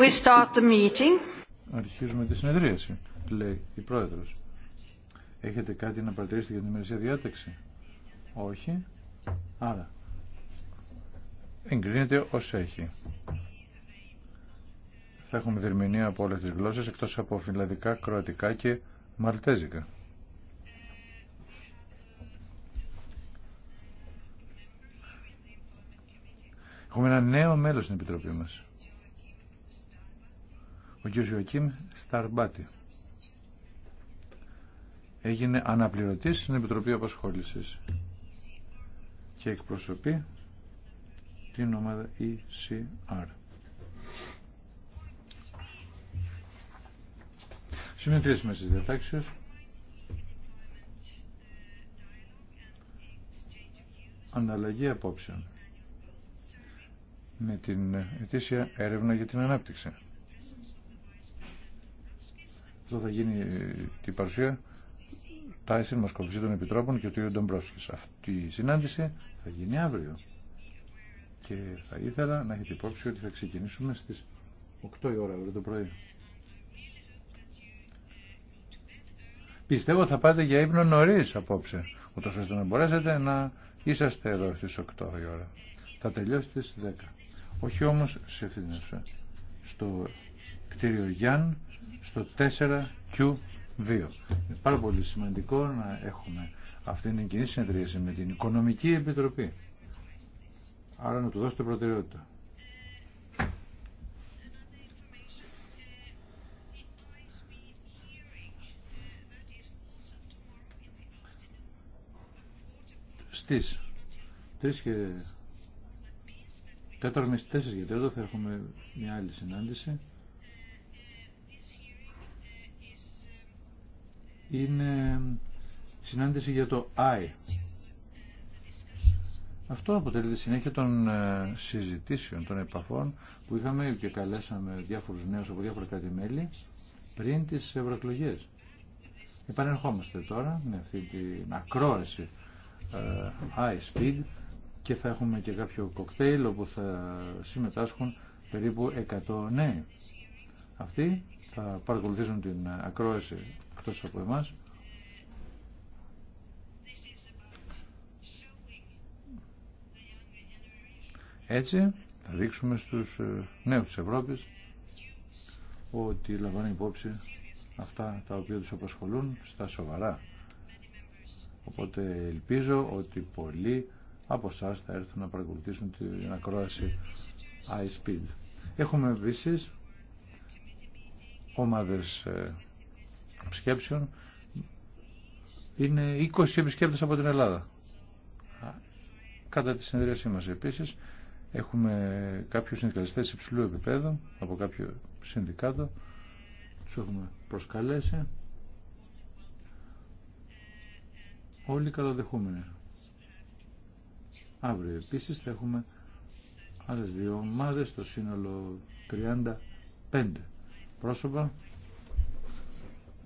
We start the meeting. Αρχίζουμε τη συνεδρίαση, λέει η πρόεδρος. Έχετε κάτι να παρατηρήσετε για την ημερησία διάταξη. Όχι. Άρα, εγκρίνεται ω έχει. Θα έχουμε δερμηνία από όλε τι γλώσσε, εκτός από φιλαδικά, κροατικά και μαλτέζικα. Έχουμε ένα νέο μέλος στην Επιτροπή μας ο κ. Ιωακήμ Σταρμπάτη. Έγινε αναπληρωτής στην Επιτροπή Απασχόλησης και εκπροσωπεί την ομάδα ECR. Σημείο με μέσα στις Ανταλλαγή απόψεων με την ετήσια έρευνα για την ανάπτυξη. Αυτό θα γίνει την παρουσία Τάισιν Μοσκοβιζή των Επιτρόπων και του Πρόσχης. Αυτή η συνάντηση θα γίνει αύριο. Και θα ήθελα να έχετε υπόψη ότι θα ξεκινήσουμε στις 8 η ώρα αύριο το πρωί. Πιστεύω θα πάτε για ύπνο νωρί απόψε, ούτως ώστε να μπορέσετε να είσαστε εδώ στις 8 η ώρα. Θα τελειώσετε στις 10. Όχι όμως σε αυτή την αίθουσα. Στο κτίριο Γιάνν στο 4Q2. Είναι πάρα πολύ σημαντικό να έχουμε αυτή την κοινή συνεδρίαση με την Οικονομική Επιτροπή. Άρα να του δώσετε προτεραιότητα. Στις 3 και 4 με 4 γιατί εδώ θα έχουμε μια άλλη συνάντηση. είναι συνάντηση για το I. Αυτό αποτελεί τη συνέχεια των ε, συζητήσεων, των επαφών που είχαμε και καλέσαμε διάφορους νέους από διάφορα κράτη-μέλη πριν τις ευρωεκλογέ. Επανερχόμαστε τώρα με αυτή την ακρόαση ε, high speed και θα έχουμε και κάποιο κοκτέιλ όπου θα συμμετάσχουν περίπου 100 νέοι. Αυτοί θα παρακολουθήσουν την ακρόαση από εμάς. Έτσι θα δείξουμε στους ε, νέους της Ευρώπης ότι λαμβάνει υπόψη αυτά τα οποία τους απασχολούν στα σοβαρά. Οπότε ελπίζω ότι πολλοί από εσά θα έρθουν να παρακολουθήσουν την ακρόαση iSpeed. Έχουμε επίση ομάδες ε, επισκέψεων είναι 20 επισκέπτες από την Ελλάδα. Κατά τη συνεδρίασή μας επίσης έχουμε κάποιους συνδικαλιστές υψηλού επίπεδου από κάποιο συνδικάτο. Τους έχουμε προσκαλέσει. Όλοι καλοδεχούμενοι. Αύριο επίσης θα έχουμε άλλες δύο ομάδες, το σύνολο 35 πρόσωπα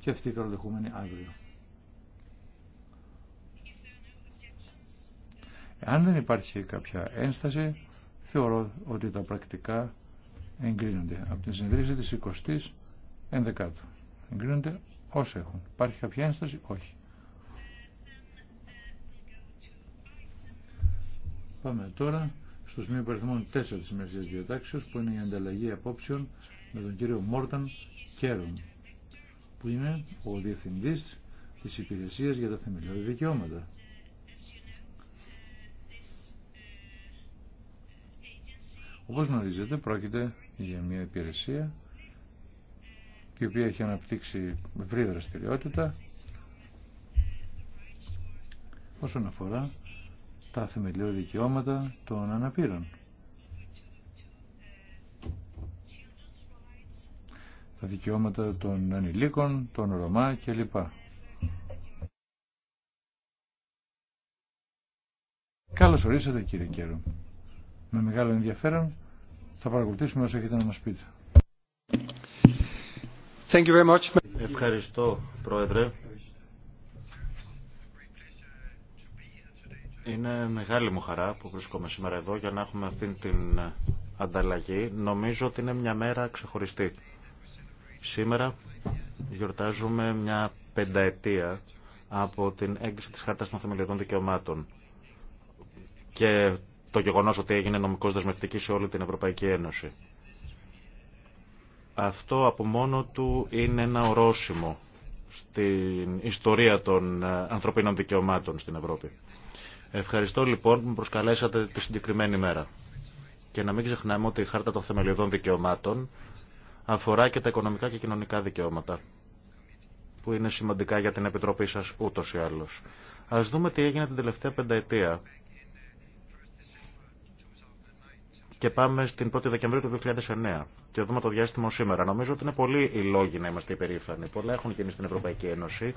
και αυτή η καλοδεχούμενη αύριο. Αν δεν υπάρχει κάποια ένσταση, θεωρώ ότι τα πρακτικά εγκρίνονται. Από την συνεδρίαση της 20ης ενδεκάτου. Εγκρίνονται όσοι έχουν. Υπάρχει κάποια ένσταση, όχι. Πάμε τώρα στο σημείο περιθμών 4 της Μεσής που είναι η ανταλλαγή απόψεων με τον κύριο Μόρταν Κέρον που είναι ο Διευθυντής της Υπηρεσίας για τα Θεμελιώδη Δικαιώματα. Όπως γνωρίζετε πρόκειται για μια υπηρεσία η οποία έχει αναπτύξει ευρύ δραστηριότητα όσον αφορά τα θεμελιώδη δικαιώματα των αναπήρων. τα δικαιώματα των ανηλίκων, των Ρωμά κλπ. Καλώς ορίσατε κύριε Κέρο. Με μεγάλο ενδιαφέρον θα παρακολουθήσουμε όσο έχετε να μας πείτε. Thank you very much. Ευχαριστώ Πρόεδρε. Είναι μεγάλη μου χαρά που βρίσκομαι σήμερα εδώ για να έχουμε αυτήν την ανταλλαγή. Νομίζω ότι είναι μια μέρα ξεχωριστή. Σήμερα γιορτάζουμε μια πενταετία από την έγκριση της Χάρτας των Θεμελιωδών Δικαιωμάτων και το γεγονός ότι έγινε νομικός δεσμευτική σε όλη την Ευρωπαϊκή Ένωση. Αυτό από μόνο του είναι ένα ορόσημο στην ιστορία των ε, ανθρωπίνων δικαιωμάτων στην Ευρώπη. Ευχαριστώ λοιπόν που με προσκαλέσατε τη συγκεκριμένη μέρα. Και να μην ξεχνάμε ότι η Χάρτα των Θεμελιωδών Δικαιωμάτων αφορά και τα οικονομικά και κοινωνικά δικαιώματα που είναι σημαντικά για την Επιτροπή σας ούτως ή άλλως. Ας δούμε τι έγινε την τελευταία πενταετία και πάμε στην 1η Δεκεμβρίου του 2009 και δούμε το διάστημα σήμερα. Νομίζω ότι είναι πολύ οι λόγοι να είμαστε υπερήφανοι. Πολλά έχουν γίνει στην Ευρωπαϊκή Ένωση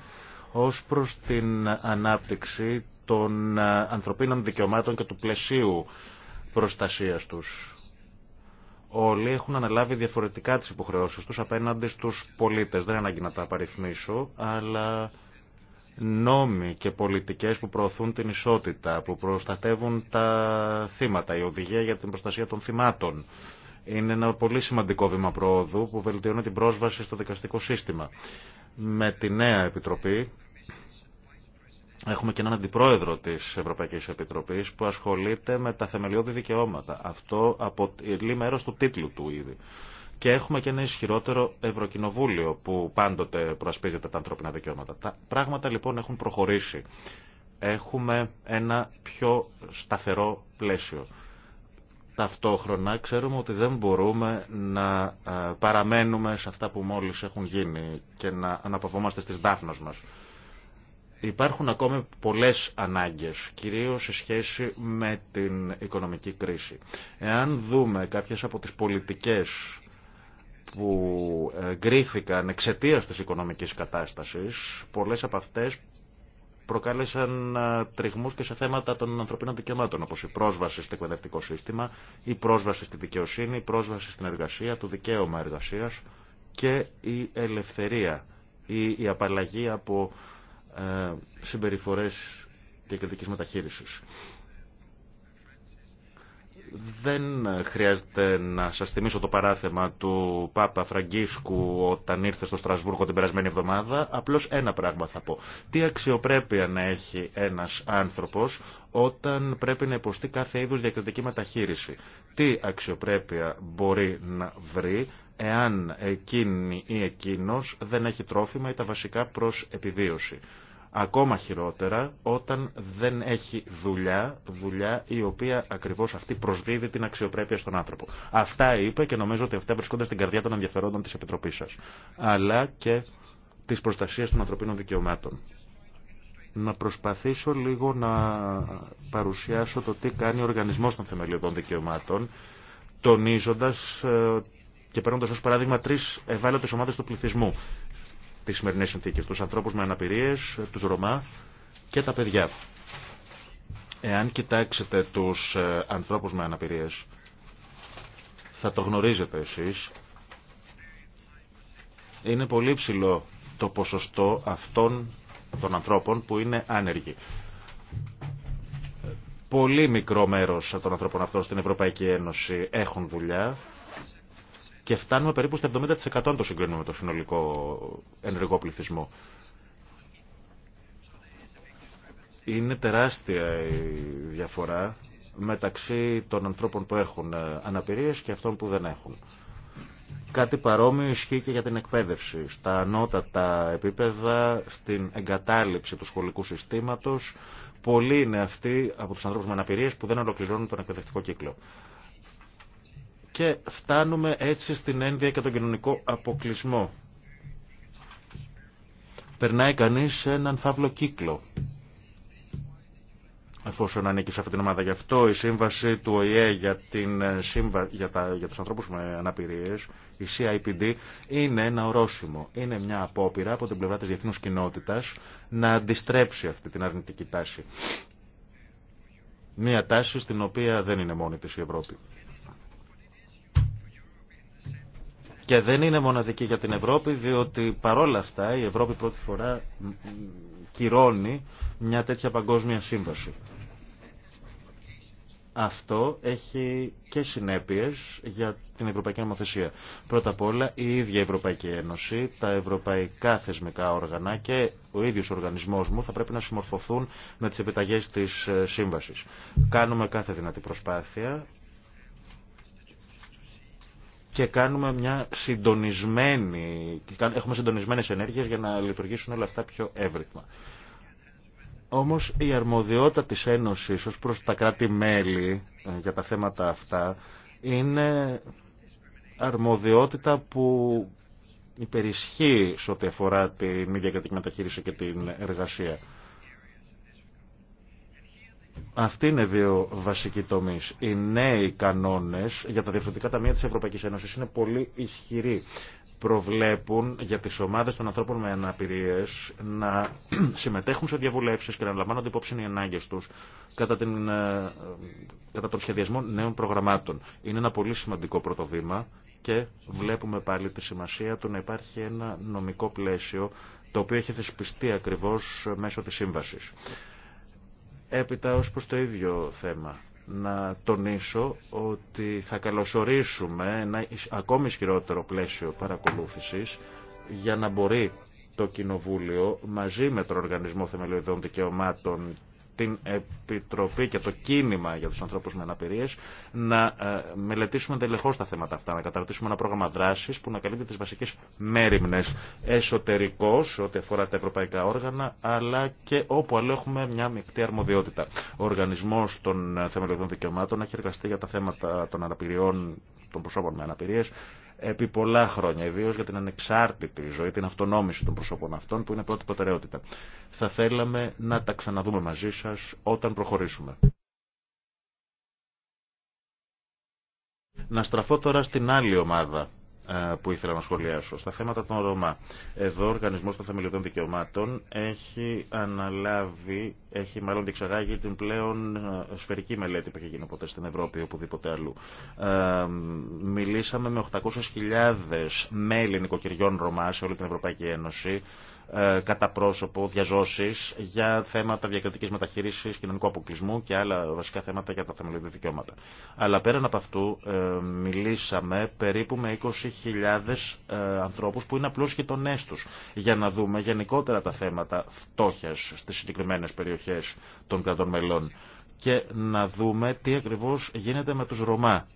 ως προς την ανάπτυξη των ανθρωπίνων δικαιωμάτων και του πλαισίου προστασίας τους Όλοι έχουν αναλάβει διαφορετικά τις υποχρεώσεις τους απέναντι στους πολίτες. Δεν ανάγκη να τα απαριθμίσω, αλλά νόμοι και πολιτικές που προωθούν την ισότητα, που προστατεύουν τα θύματα, η οδηγία για την προστασία των θυμάτων. Είναι ένα πολύ σημαντικό βήμα προόδου που βελτιώνει την πρόσβαση στο δικαστικό σύστημα. Με τη νέα Επιτροπή Έχουμε και έναν αντιπρόεδρο τη Ευρωπαϊκή Επιτροπή που ασχολείται με τα θεμελιώδη δικαιώματα. Αυτό αποτελεί μέρο του τίτλου του ήδη. Και έχουμε και ένα ισχυρότερο Ευρωκοινοβούλιο που πάντοτε προασπίζεται τα ανθρώπινα δικαιώματα. Τα πράγματα λοιπόν έχουν προχωρήσει. Έχουμε ένα πιο σταθερό πλαίσιο. Ταυτόχρονα ξέρουμε ότι δεν μπορούμε να ε, παραμένουμε σε αυτά που μόλις έχουν γίνει και να αναπαυόμαστε στις δάφνες μας. Υπάρχουν ακόμη πολλές ανάγκες, κυρίως σε σχέση με την οικονομική κρίση. Εάν δούμε κάποιες από τις πολιτικές που γκρίθηκαν εξαιτία της οικονομικής κατάστασης, πολλές από αυτές προκάλεσαν τριγμούς και σε θέματα των ανθρωπίνων δικαιωμάτων, όπως η πρόσβαση στο εκπαιδευτικό σύστημα, η πρόσβαση στη δικαιοσύνη, η πρόσβαση στην εργασία, το δικαίωμα εργασίας και η ελευθερία ή η απαλλαγή από ε, συμπεριφορές διακριτικής μεταχείρισης. Δεν χρειάζεται να σας θυμίσω το παράθεμα του Πάπα Φραγκίσκου όταν ήρθε στο Στρασβούργο την περασμένη εβδομάδα. Απλώς ένα πράγμα θα πω. Τι αξιοπρέπεια να έχει ένας άνθρωπος όταν πρέπει να υποστεί κάθε είδους διακριτική μεταχείριση. Τι αξιοπρέπεια μπορεί να βρει εάν εκείνη ή εκείνος δεν έχει τρόφιμα ή τα βασικά προς επιβίωση. Ακόμα χειρότερα όταν δεν έχει δουλειά, δουλειά η οποία ακριβώς αυτή προσδίδει την αξιοπρέπεια στον άνθρωπο. Αυτά είπε και νομίζω ότι αυτά βρισκόνται στην καρδιά των ενδιαφερόντων της Επιτροπής σας. Αλλά και της προστασίας των ανθρωπίνων δικαιωμάτων. Να προσπαθήσω λίγο να παρουσιάσω το τι κάνει ο Οργανισμός των Θεμελιωδών Δικαιωμάτων, τονίζοντας ε, και παίρνοντα ω παράδειγμα τρει ευάλωτε ομάδε του πληθυσμού τι σημερινέ συνθήκε, του ανθρώπου με αναπηρίε, του Ρωμά και τα παιδιά. Εάν κοιτάξετε του ε, ανθρώπου με αναπηρίε, θα το γνωρίζετε εσεί, είναι πολύ ψηλό το ποσοστό αυτών των ανθρώπων που είναι άνεργοι. Πολύ μικρό μέρος των ανθρώπων αυτών στην Ευρωπαϊκή Ένωση έχουν δουλειά και φτάνουμε περίπου στο 70% το συγκρίνουμε με το συνολικό ενεργό πληθυσμό. Είναι τεράστια η διαφορά μεταξύ των ανθρώπων που έχουν ε, αναπηρίες και αυτών που δεν έχουν. Κάτι παρόμοιο ισχύει και για την εκπαίδευση. Στα ανώτατα επίπεδα, στην εγκατάλειψη του σχολικού συστήματος, πολλοί είναι αυτοί από τους ανθρώπους με αναπηρίες που δεν ολοκληρώνουν τον εκπαιδευτικό κύκλο και φτάνουμε έτσι στην ένδια και τον κοινωνικό αποκλεισμό. Περνάει κανείς σε έναν φαύλο κύκλο εφόσον ανήκει σε αυτή την ομάδα. Γι' αυτό η σύμβαση του ΟΗΕ για, την, ε, για, για τους ανθρώπους με αναπηρίες, η CIPD, είναι ένα ορόσημο. Είναι μια απόπειρα από την πλευρά της διεθνούς κοινότητας να αντιστρέψει αυτή την αρνητική τάση. Μια τάση στην οποία δεν είναι μόνη της η Ευρώπη. Και δεν είναι μοναδική για την Ευρώπη, διότι παρόλα αυτά η Ευρώπη πρώτη φορά κυρώνει μια τέτοια παγκόσμια σύμβαση. Αυτό έχει και συνέπειες για την Ευρωπαϊκή Νομοθεσία. Πρώτα απ' όλα η ίδια Ευρωπαϊκή Ένωση, τα ευρωπαϊκά θεσμικά όργανα και ο ίδιος οργανισμός μου θα πρέπει να συμμορφωθούν με τις επιταγές της ε, σύμβασης. Κάνουμε κάθε δυνατή προσπάθεια και κάνουμε μια συντονισμένη, έχουμε συντονισμένες ενέργειες για να λειτουργήσουν όλα αυτά πιο εύρυθμα. Όμως η αρμοδιότητα της Ένωσης ως προς τα κράτη-μέλη ε, για τα θέματα αυτά είναι αρμοδιότητα που υπερισχύει σε ό,τι αφορά την ίδια κρατική μεταχείριση και την εργασία. Αυτοί είναι δύο βασικοί τομεί. Οι νέοι κανόνε για τα διευθυντικά ταμεία τη Ευρωπαϊκή Ένωση είναι πολύ ισχυροί. Προβλέπουν για τι ομάδε των ανθρώπων με αναπηρίε να συμμετέχουν σε διαβουλεύσει και να λαμβάνονται υπόψη οι ανάγκε του κατά, ε, κατά τον σχεδιασμό νέων προγραμμάτων. Είναι ένα πολύ σημαντικό πρώτο βήμα και βλέπουμε πάλι τη σημασία του να υπάρχει ένα νομικό πλαίσιο το οποίο έχει θεσπιστεί ακριβώ μέσω τη σύμβαση. Έπειτα ως προς το ίδιο θέμα να τονίσω ότι θα καλωσορίσουμε ένα ακόμη ισχυρότερο πλαίσιο παρακολούθησης για να μπορεί το Κοινοβούλιο μαζί με τον Οργανισμό Θεμελιωδών Δικαιωμάτων την Επιτροπή και το κίνημα για του ανθρώπου με αναπηρίες να ε, μελετήσουμε τελεχώ τα θέματα αυτά, να καταρτήσουμε ένα πρόγραμμα δράση που να καλύπτει τις βασικές μέρημνες σε ό,τι αφορά τα ευρωπαϊκά όργανα αλλά και όπου αλλού έχουμε μια μεικτή αρμοδιότητα. Ο Οργανισμό των Θεμελιωδών Δικαιωμάτων έχει εργαστεί για τα θέματα των αναπηριών των προσώπων με αναπηρίε επί πολλά χρόνια, ιδίω για την ανεξάρτητη ζωή, την αυτονόμηση των προσώπων αυτών, που είναι πρώτη προτεραιότητα. Θα θέλαμε να τα ξαναδούμε μαζί σας όταν προχωρήσουμε. Να στραφώ τώρα στην άλλη ομάδα που ήθελα να σχολιάσω. Στα θέματα των Ρωμά. Εδώ ο Οργανισμό των Θεμελιωτών Δικαιωμάτων έχει αναλάβει, έχει μάλλον διεξαγάγει την πλέον σφαιρική μελέτη που έχει γίνει ποτέ στην Ευρώπη ή οπουδήποτε αλλού. μιλήσαμε με 800.000 μέλη νοικοκυριών Ρωμά σε όλη την Ευρωπαϊκή Ένωση ε, κατά πρόσωπο διαζώσει για θέματα διακριτική μεταχείριση, κοινωνικού αποκλεισμού και άλλα βασικά θέματα για τα θεμελιώδη δικαιώματα. Αλλά πέραν από αυτού ε, μιλήσαμε περίπου με 20.000 ε, ανθρώπου που είναι απλώς γειτονέ τους για να δούμε γενικότερα τα θέματα φτώχεια στι συγκεκριμένες περιοχές των κρατών μελών και να δούμε τι ακριβώς γίνεται με τους Ρωμά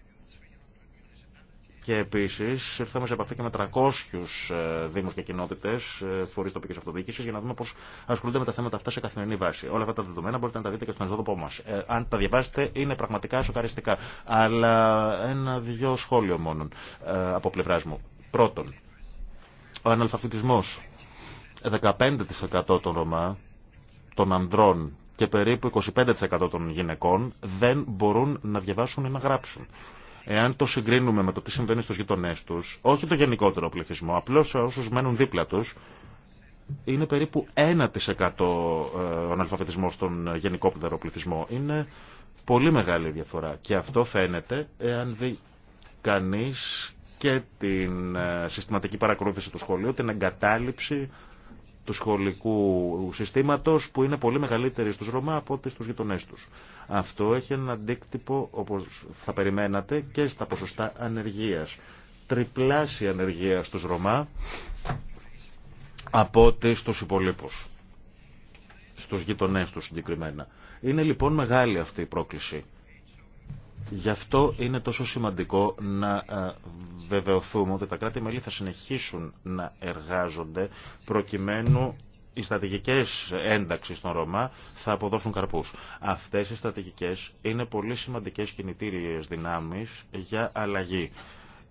και επίση ήρθαμε σε επαφή και με 300 ε, δήμου και κοινότητε, ε, φορεί τοπική αυτοδιοίκηση, για να δούμε πώ ασχολούνται με τα θέματα αυτά σε καθημερινή βάση. Όλα αυτά τα δεδομένα μπορείτε να τα δείτε και στον ιστότοπό μα. Ε, αν τα διαβάσετε, είναι πραγματικά σοκαριστικά. Αλλά ένα-δυο σχόλιο μόνο ε, από πλευρά μου. Πρώτον, ο αναλφαβητισμό. 15% των Ρωμά, των ανδρών και περίπου 25% των γυναικών δεν μπορούν να διαβάσουν ή να γράψουν. Εάν το συγκρίνουμε με το τι συμβαίνει στους γειτονές τους, όχι το γενικότερο πληθυσμό, απλώς όσους μένουν δίπλα τους, είναι περίπου 1% ε, ο αναλφαβητισμός στον γενικότερο πληθυσμό. Είναι πολύ μεγάλη διαφορά. Και αυτό φαίνεται εάν δει κανείς και την ε, συστηματική παρακολούθηση του σχολείου, την εγκατάλειψη του σχολικού συστήματος που είναι πολύ μεγαλύτερη στους Ρωμά από ό,τι στους γειτονές τους. Αυτό έχει ένα αντίκτυπο, όπως θα περιμένατε, και στα ποσοστά ανεργίας. Τριπλάσια ανεργία στους Ρωμά από ό,τι στους υπολείπους. Στους γειτονές τους συγκεκριμένα. Είναι λοιπόν μεγάλη αυτή η πρόκληση. Γι' αυτό είναι τόσο σημαντικό να ε, βεβαιωθούμε ότι τα κράτη-μέλη θα συνεχίσουν να εργάζονται προκειμένου οι στρατηγικέ ένταξει των Ρωμά θα αποδώσουν καρπούς. Αυτές οι στρατηγικέ είναι πολύ σημαντικές κινητήριε δυνάμεις για αλλαγή.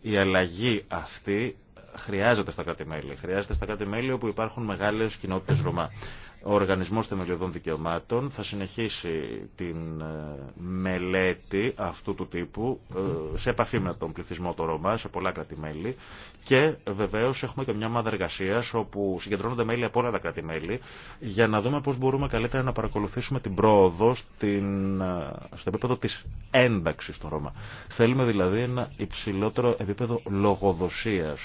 Η αλλαγή αυτή χρειάζεται στα κράτη-μέλη. Χρειάζεται στα κράτη-μέλη όπου υπάρχουν μεγάλε κοινότητε Ρωμά. Ο Οργανισμός Θεμελιωδών Δικαιωμάτων θα συνεχίσει την ε, μελέτη αυτού του τύπου ε, σε επαφή με τον πληθυσμό των Ρώμα, σε πολλά και βεβαίως έχουμε και μια ομάδα εργασία όπου συγκεντρώνονται μέλη από όλα τα κράτη-μέλη για να δούμε πώς μπορούμε καλύτερα να παρακολουθήσουμε την πρόοδο στην, ε, στο επίπεδο της ένταξης των Ρώμα. Θέλουμε δηλαδή ένα υψηλότερο επίπεδο λογοδοσίας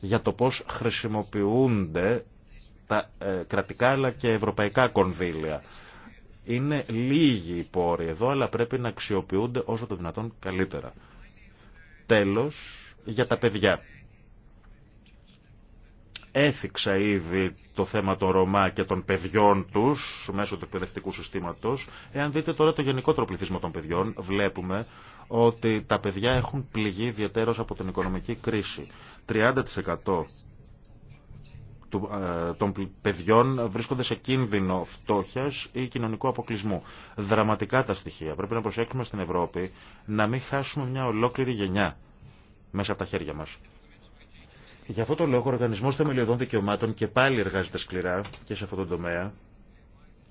για το πώς χρησιμοποιούνται τα ε, κρατικά αλλά και ευρωπαϊκά κονδύλια. Είναι λίγοι οι πόροι εδώ, αλλά πρέπει να αξιοποιούνται όσο το δυνατόν καλύτερα. Τέλος, για τα παιδιά. Έθιξα ήδη το θέμα των Ρωμά και των παιδιών τους μέσω του εκπαιδευτικού συστήματος. Εάν δείτε τώρα το γενικό πληθυσμό των παιδιών, βλέπουμε ότι τα παιδιά έχουν πληγεί ιδιαίτερως από την οικονομική κρίση. 30% ε, των παιδιών βρίσκονται σε κίνδυνο φτώχεια ή κοινωνικού αποκλεισμού. Δραματικά τα στοιχεία. Πρέπει να προσέξουμε στην Ευρώπη να μην χάσουμε μια ολόκληρη γενιά μέσα από τα χέρια μα. Για αυτό το λόγο ο Οργανισμό Θεμελιωδών Δικαιωμάτων και πάλι εργάζεται σκληρά και σε αυτόν τον τομέα.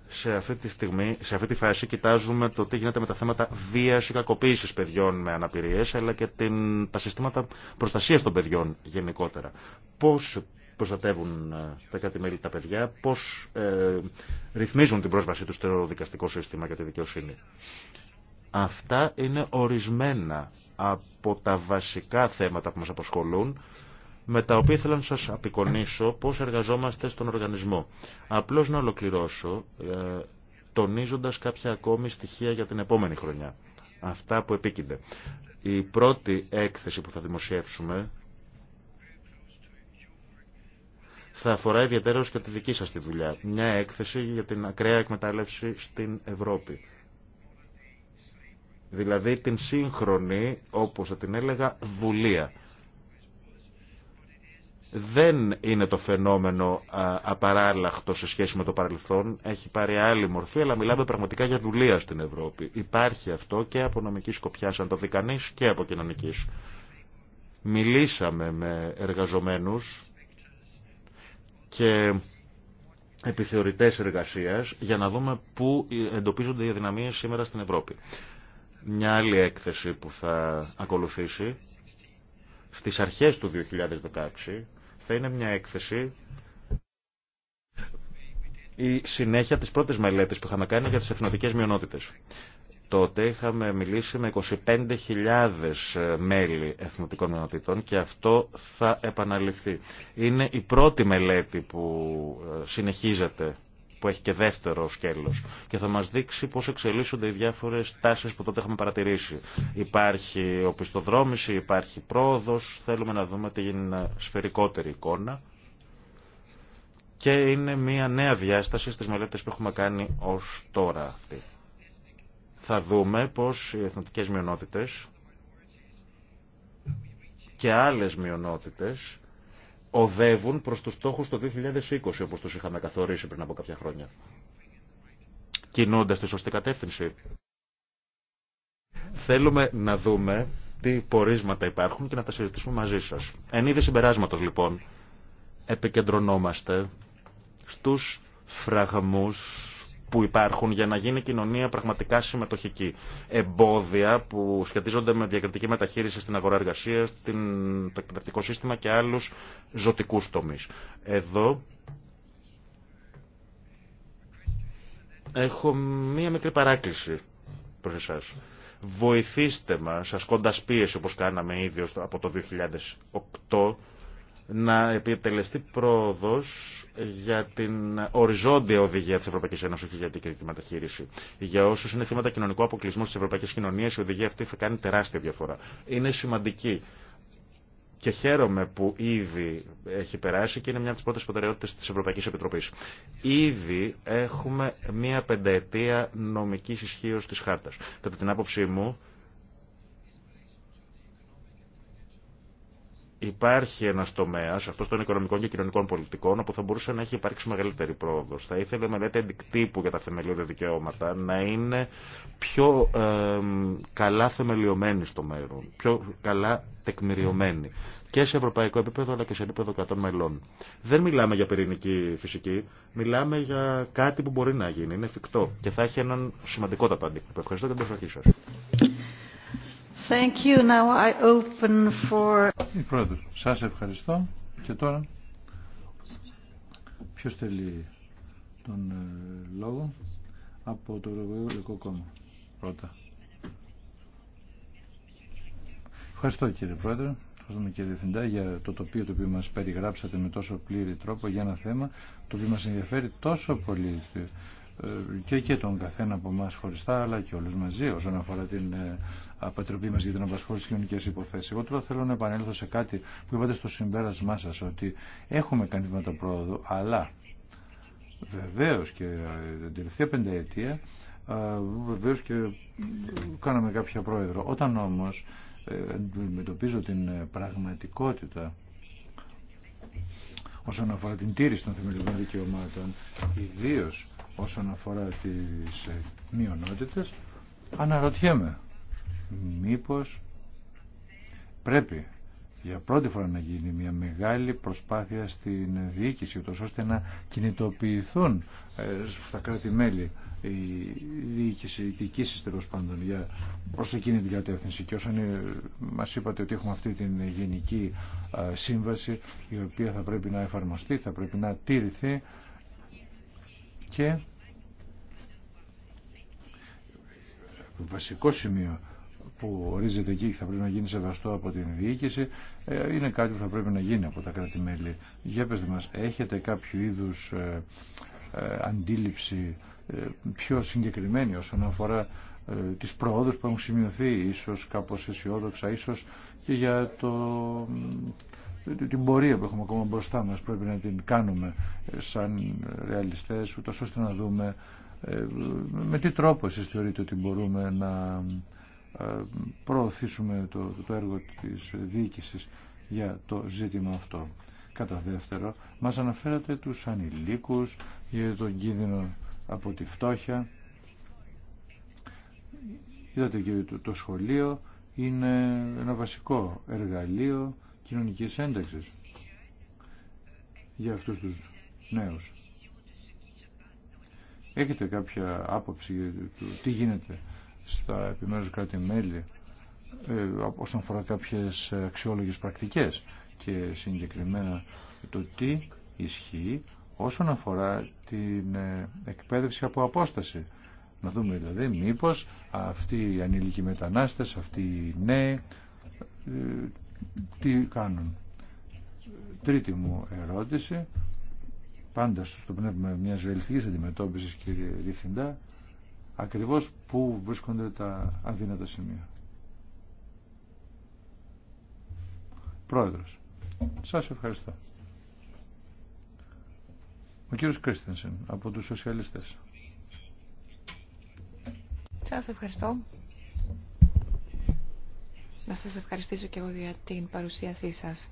Σε αυτή, τη στιγμή, σε αυτή τη φάση κοιτάζουμε το τι γίνεται με τα θέματα βίας ή κακοποίησης παιδιών με αναπηρίες αλλά και την, τα συστήματα προστασίας των παιδιών γενικότερα. Πώς προστατεύουν ε, τα κράτη-μέλη τα παιδιά, πώς ε, ρυθμίζουν την πρόσβασή τους στο δικαστικό σύστημα και τη δικαιοσύνη. Αυτά είναι ορισμένα από τα βασικά θέματα που μας απασχολούν, με τα οποία ήθελα να σας απεικονίσω πώς εργαζόμαστε στον οργανισμό. Απλώς να ολοκληρώσω, ε, τονίζοντας κάποια ακόμη στοιχεία για την επόμενη χρονιά. Αυτά που επίκυνται. Η πρώτη έκθεση που θα δημοσιεύσουμε θα αφορά ιδιαίτερω και τη δική σας τη δουλειά. Μια έκθεση για την ακραία εκμετάλλευση στην Ευρώπη. Δηλαδή την σύγχρονη, όπως θα την έλεγα, δουλεία. Δεν είναι το φαινόμενο απαράλλαχτο σε σχέση με το παρελθόν. Έχει πάρει άλλη μορφή, αλλά μιλάμε πραγματικά για δουλεία στην Ευρώπη. Υπάρχει αυτό και από νομική σκοπιά, αν το δει και από κοινωνική. Μιλήσαμε με εργαζομένους και επιθεωρητές εργασίας για να δούμε πού εντοπίζονται οι αδυναμίες σήμερα στην Ευρώπη. Μια άλλη έκθεση που θα ακολουθήσει στις αρχές του 2016 θα είναι μια έκθεση η συνέχεια της πρώτης μελέτης που είχαμε κάνει για τις εθνοτικές μειονότητες τότε είχαμε μιλήσει με 25.000 ε, μέλη εθνοτικών μειονοτήτων και αυτό θα επαναληφθεί. Είναι η πρώτη μελέτη που ε, συνεχίζεται που έχει και δεύτερο σκέλος και θα μας δείξει πώς εξελίσσονται οι διάφορες τάσεις που τότε έχουμε παρατηρήσει. Υπάρχει οπισθοδρόμηση, υπάρχει πρόοδος, θέλουμε να δούμε τι γίνει σφαιρικότερη εικόνα και είναι μια νέα διάσταση στις μελέτες που έχουμε κάνει ως τώρα αυτή θα δούμε πώς οι εθνικές μειονότητες και άλλες μειονότητες οδεύουν προς τους στόχους το 2020, όπως τους είχαμε καθορίσει πριν από κάποια χρόνια. Κινώντας τη σωστή κατεύθυνση. Θέλουμε να δούμε τι πορίσματα υπάρχουν και να τα συζητήσουμε μαζί σας. Εν είδη συμπεράσματος, λοιπόν, επικεντρωνόμαστε στους φραγμούς που υπάρχουν για να γίνει κοινωνία πραγματικά συμμετοχική. Εμπόδια που σχετίζονται με διακριτική μεταχείριση στην αγορά εργασία, το εκπαιδευτικό σύστημα και άλλου ζωτικού τομεί. Εδώ έχω μία μικρή παράκληση προς εσάς. Βοηθήστε μας, ασκώντας πίεση όπως κάναμε ήδη από το 2008, να επιτελεστεί πρόοδος για την οριζόντια οδηγία τη Ευρωπαϊκής Ένωση και για την κριτική μεταχείριση. Για όσου είναι θύματα κοινωνικού αποκλεισμού στις ευρωπαϊκές κοινωνίες η οδηγία αυτή θα κάνει τεράστια διαφορά. Είναι σημαντική και χαίρομαι που ήδη έχει περάσει και είναι μια από τι πρώτε προτεραιότητε τη Ευρωπαϊκή Επιτροπή. Ήδη έχουμε μια πενταετία νομική ισχύω τη χάρτα. Κατά την άποψή μου, υπάρχει ένα τομέα, αυτό των οικονομικών και κοινωνικών πολιτικών, όπου θα μπορούσε να έχει υπάρξει μεγαλύτερη πρόοδο. Θα ήθελε μελέτη αντικτύπου για τα θεμελιώδη δικαιώματα να είναι πιο ε, καλά θεμελιωμένη στο μέλλον, πιο καλά τεκμηριωμένη. Και σε ευρωπαϊκό επίπεδο, αλλά και σε επίπεδο κρατών μελών. Δεν μιλάμε για πυρηνική φυσική, μιλάμε για κάτι που μπορεί να γίνει, είναι εφικτό και θα έχει έναν σημαντικότατο αντίκτυπο. Ευχαριστώ για την προσοχή σα. Thank you. Now ε, σας ευχαριστώ. Και τώρα, ποιος θέλει τον ε, λόγο από το Ευρωπαϊκό Κόμμα. Πρώτα. Ευχαριστώ κύριε Πρόεδρε. Ευχαριστούμε κύριε Διευθυντά για το τοπίο το οποίο μας περιγράψατε με τόσο πλήρη τρόπο για ένα θέμα το οποίο μας ενδιαφέρει τόσο πολύ ε, ε, και, και τον καθένα από εμά χωριστά, αλλά και όλου μαζί όσον αφορά την ε, αποτροπή μα για την απασχόληση κοινωνικέ υποθέσει. Εγώ τώρα θέλω να επανέλθω σε κάτι που είπατε στο συμπέρασμά σα, ότι έχουμε κάνει βήματα πρόοδο, αλλά βεβαίω και ε, την τελευταία πενταετία βεβαίω και κάναμε κάποια πρόεδρο. Όταν όμω αντιμετωπίζω την πραγματικότητα όσον αφορά την τήρηση των θεμελιωδών δικαιωμάτων, ιδίω όσον αφορά τις ε, μειονότητες αναρωτιέμαι μήπως πρέπει για πρώτη φορά να γίνει μια μεγάλη προσπάθεια στην διοίκηση ώστε να κινητοποιηθούν ε, στα κράτη-μέλη η διοίκηση, η διοικήσεις τέλο πάντων για προς εκείνη την κατεύθυνση και όσον ε, μας είπατε ότι έχουμε αυτή την γενική σύμβαση η οποία θα πρέπει να εφαρμοστεί, θα πρέπει να τήρηθει και βασικό σημείο που ορίζεται εκεί και θα πρέπει να γίνει σεβαστό από την διοίκηση ε, είναι κάτι που θα πρέπει να γίνει από τα κράτη-μέλη. Για πετε μας, έχετε κάποιο είδους ε, ε, αντίληψη πιο συγκεκριμένη όσον αφορά τις προόδους που έχουν σημειωθεί ίσως κάπως αισιόδοξα, ίσως και για το την πορεία που έχουμε ακόμα μπροστά μας πρέπει να την κάνουμε ε, σαν ρεαλιστές ούτως ώστε να δούμε ε, με τι τρόπο εσείς θεωρείτε ότι μπορούμε να ε, προωθήσουμε το, το έργο της διοίκησης για το ζήτημα αυτό. Κατά δεύτερο, μας αναφέρατε τους ανηλίκους για τον κίνδυνο από τη φτώχεια. Είδατε και το σχολείο είναι ένα βασικό εργαλείο κοινωνικής ένταξης για αυτούς τους νέους. Έχετε κάποια άποψη το τι γίνεται στα επιμέρους κράτη-μέλη ε, όσον αφορά κάποιες αξιόλογες πρακτικές και συγκεκριμένα το τι ισχύει όσον αφορά την ε, εκπαίδευση από απόσταση. Να δούμε δηλαδή μήπως αυτοί οι ανήλικοι μετανάστες, αυτοί οι νέοι ε, τι κάνουν. Τρίτη μου ερώτηση, πάντα στο πνεύμα μιας ρεαλιστικής αντιμετώπισης κύριε Διευθυντά, ακριβώς πού βρίσκονται τα αδύνατα σημεία. Πρόεδρος, σας ευχαριστώ. Ο κύριος Κρίστενσεν από τους Σοσιαλιστές. Σας ευχαριστώ. Να σας ευχαριστήσω και εγώ για την παρουσίασή σας.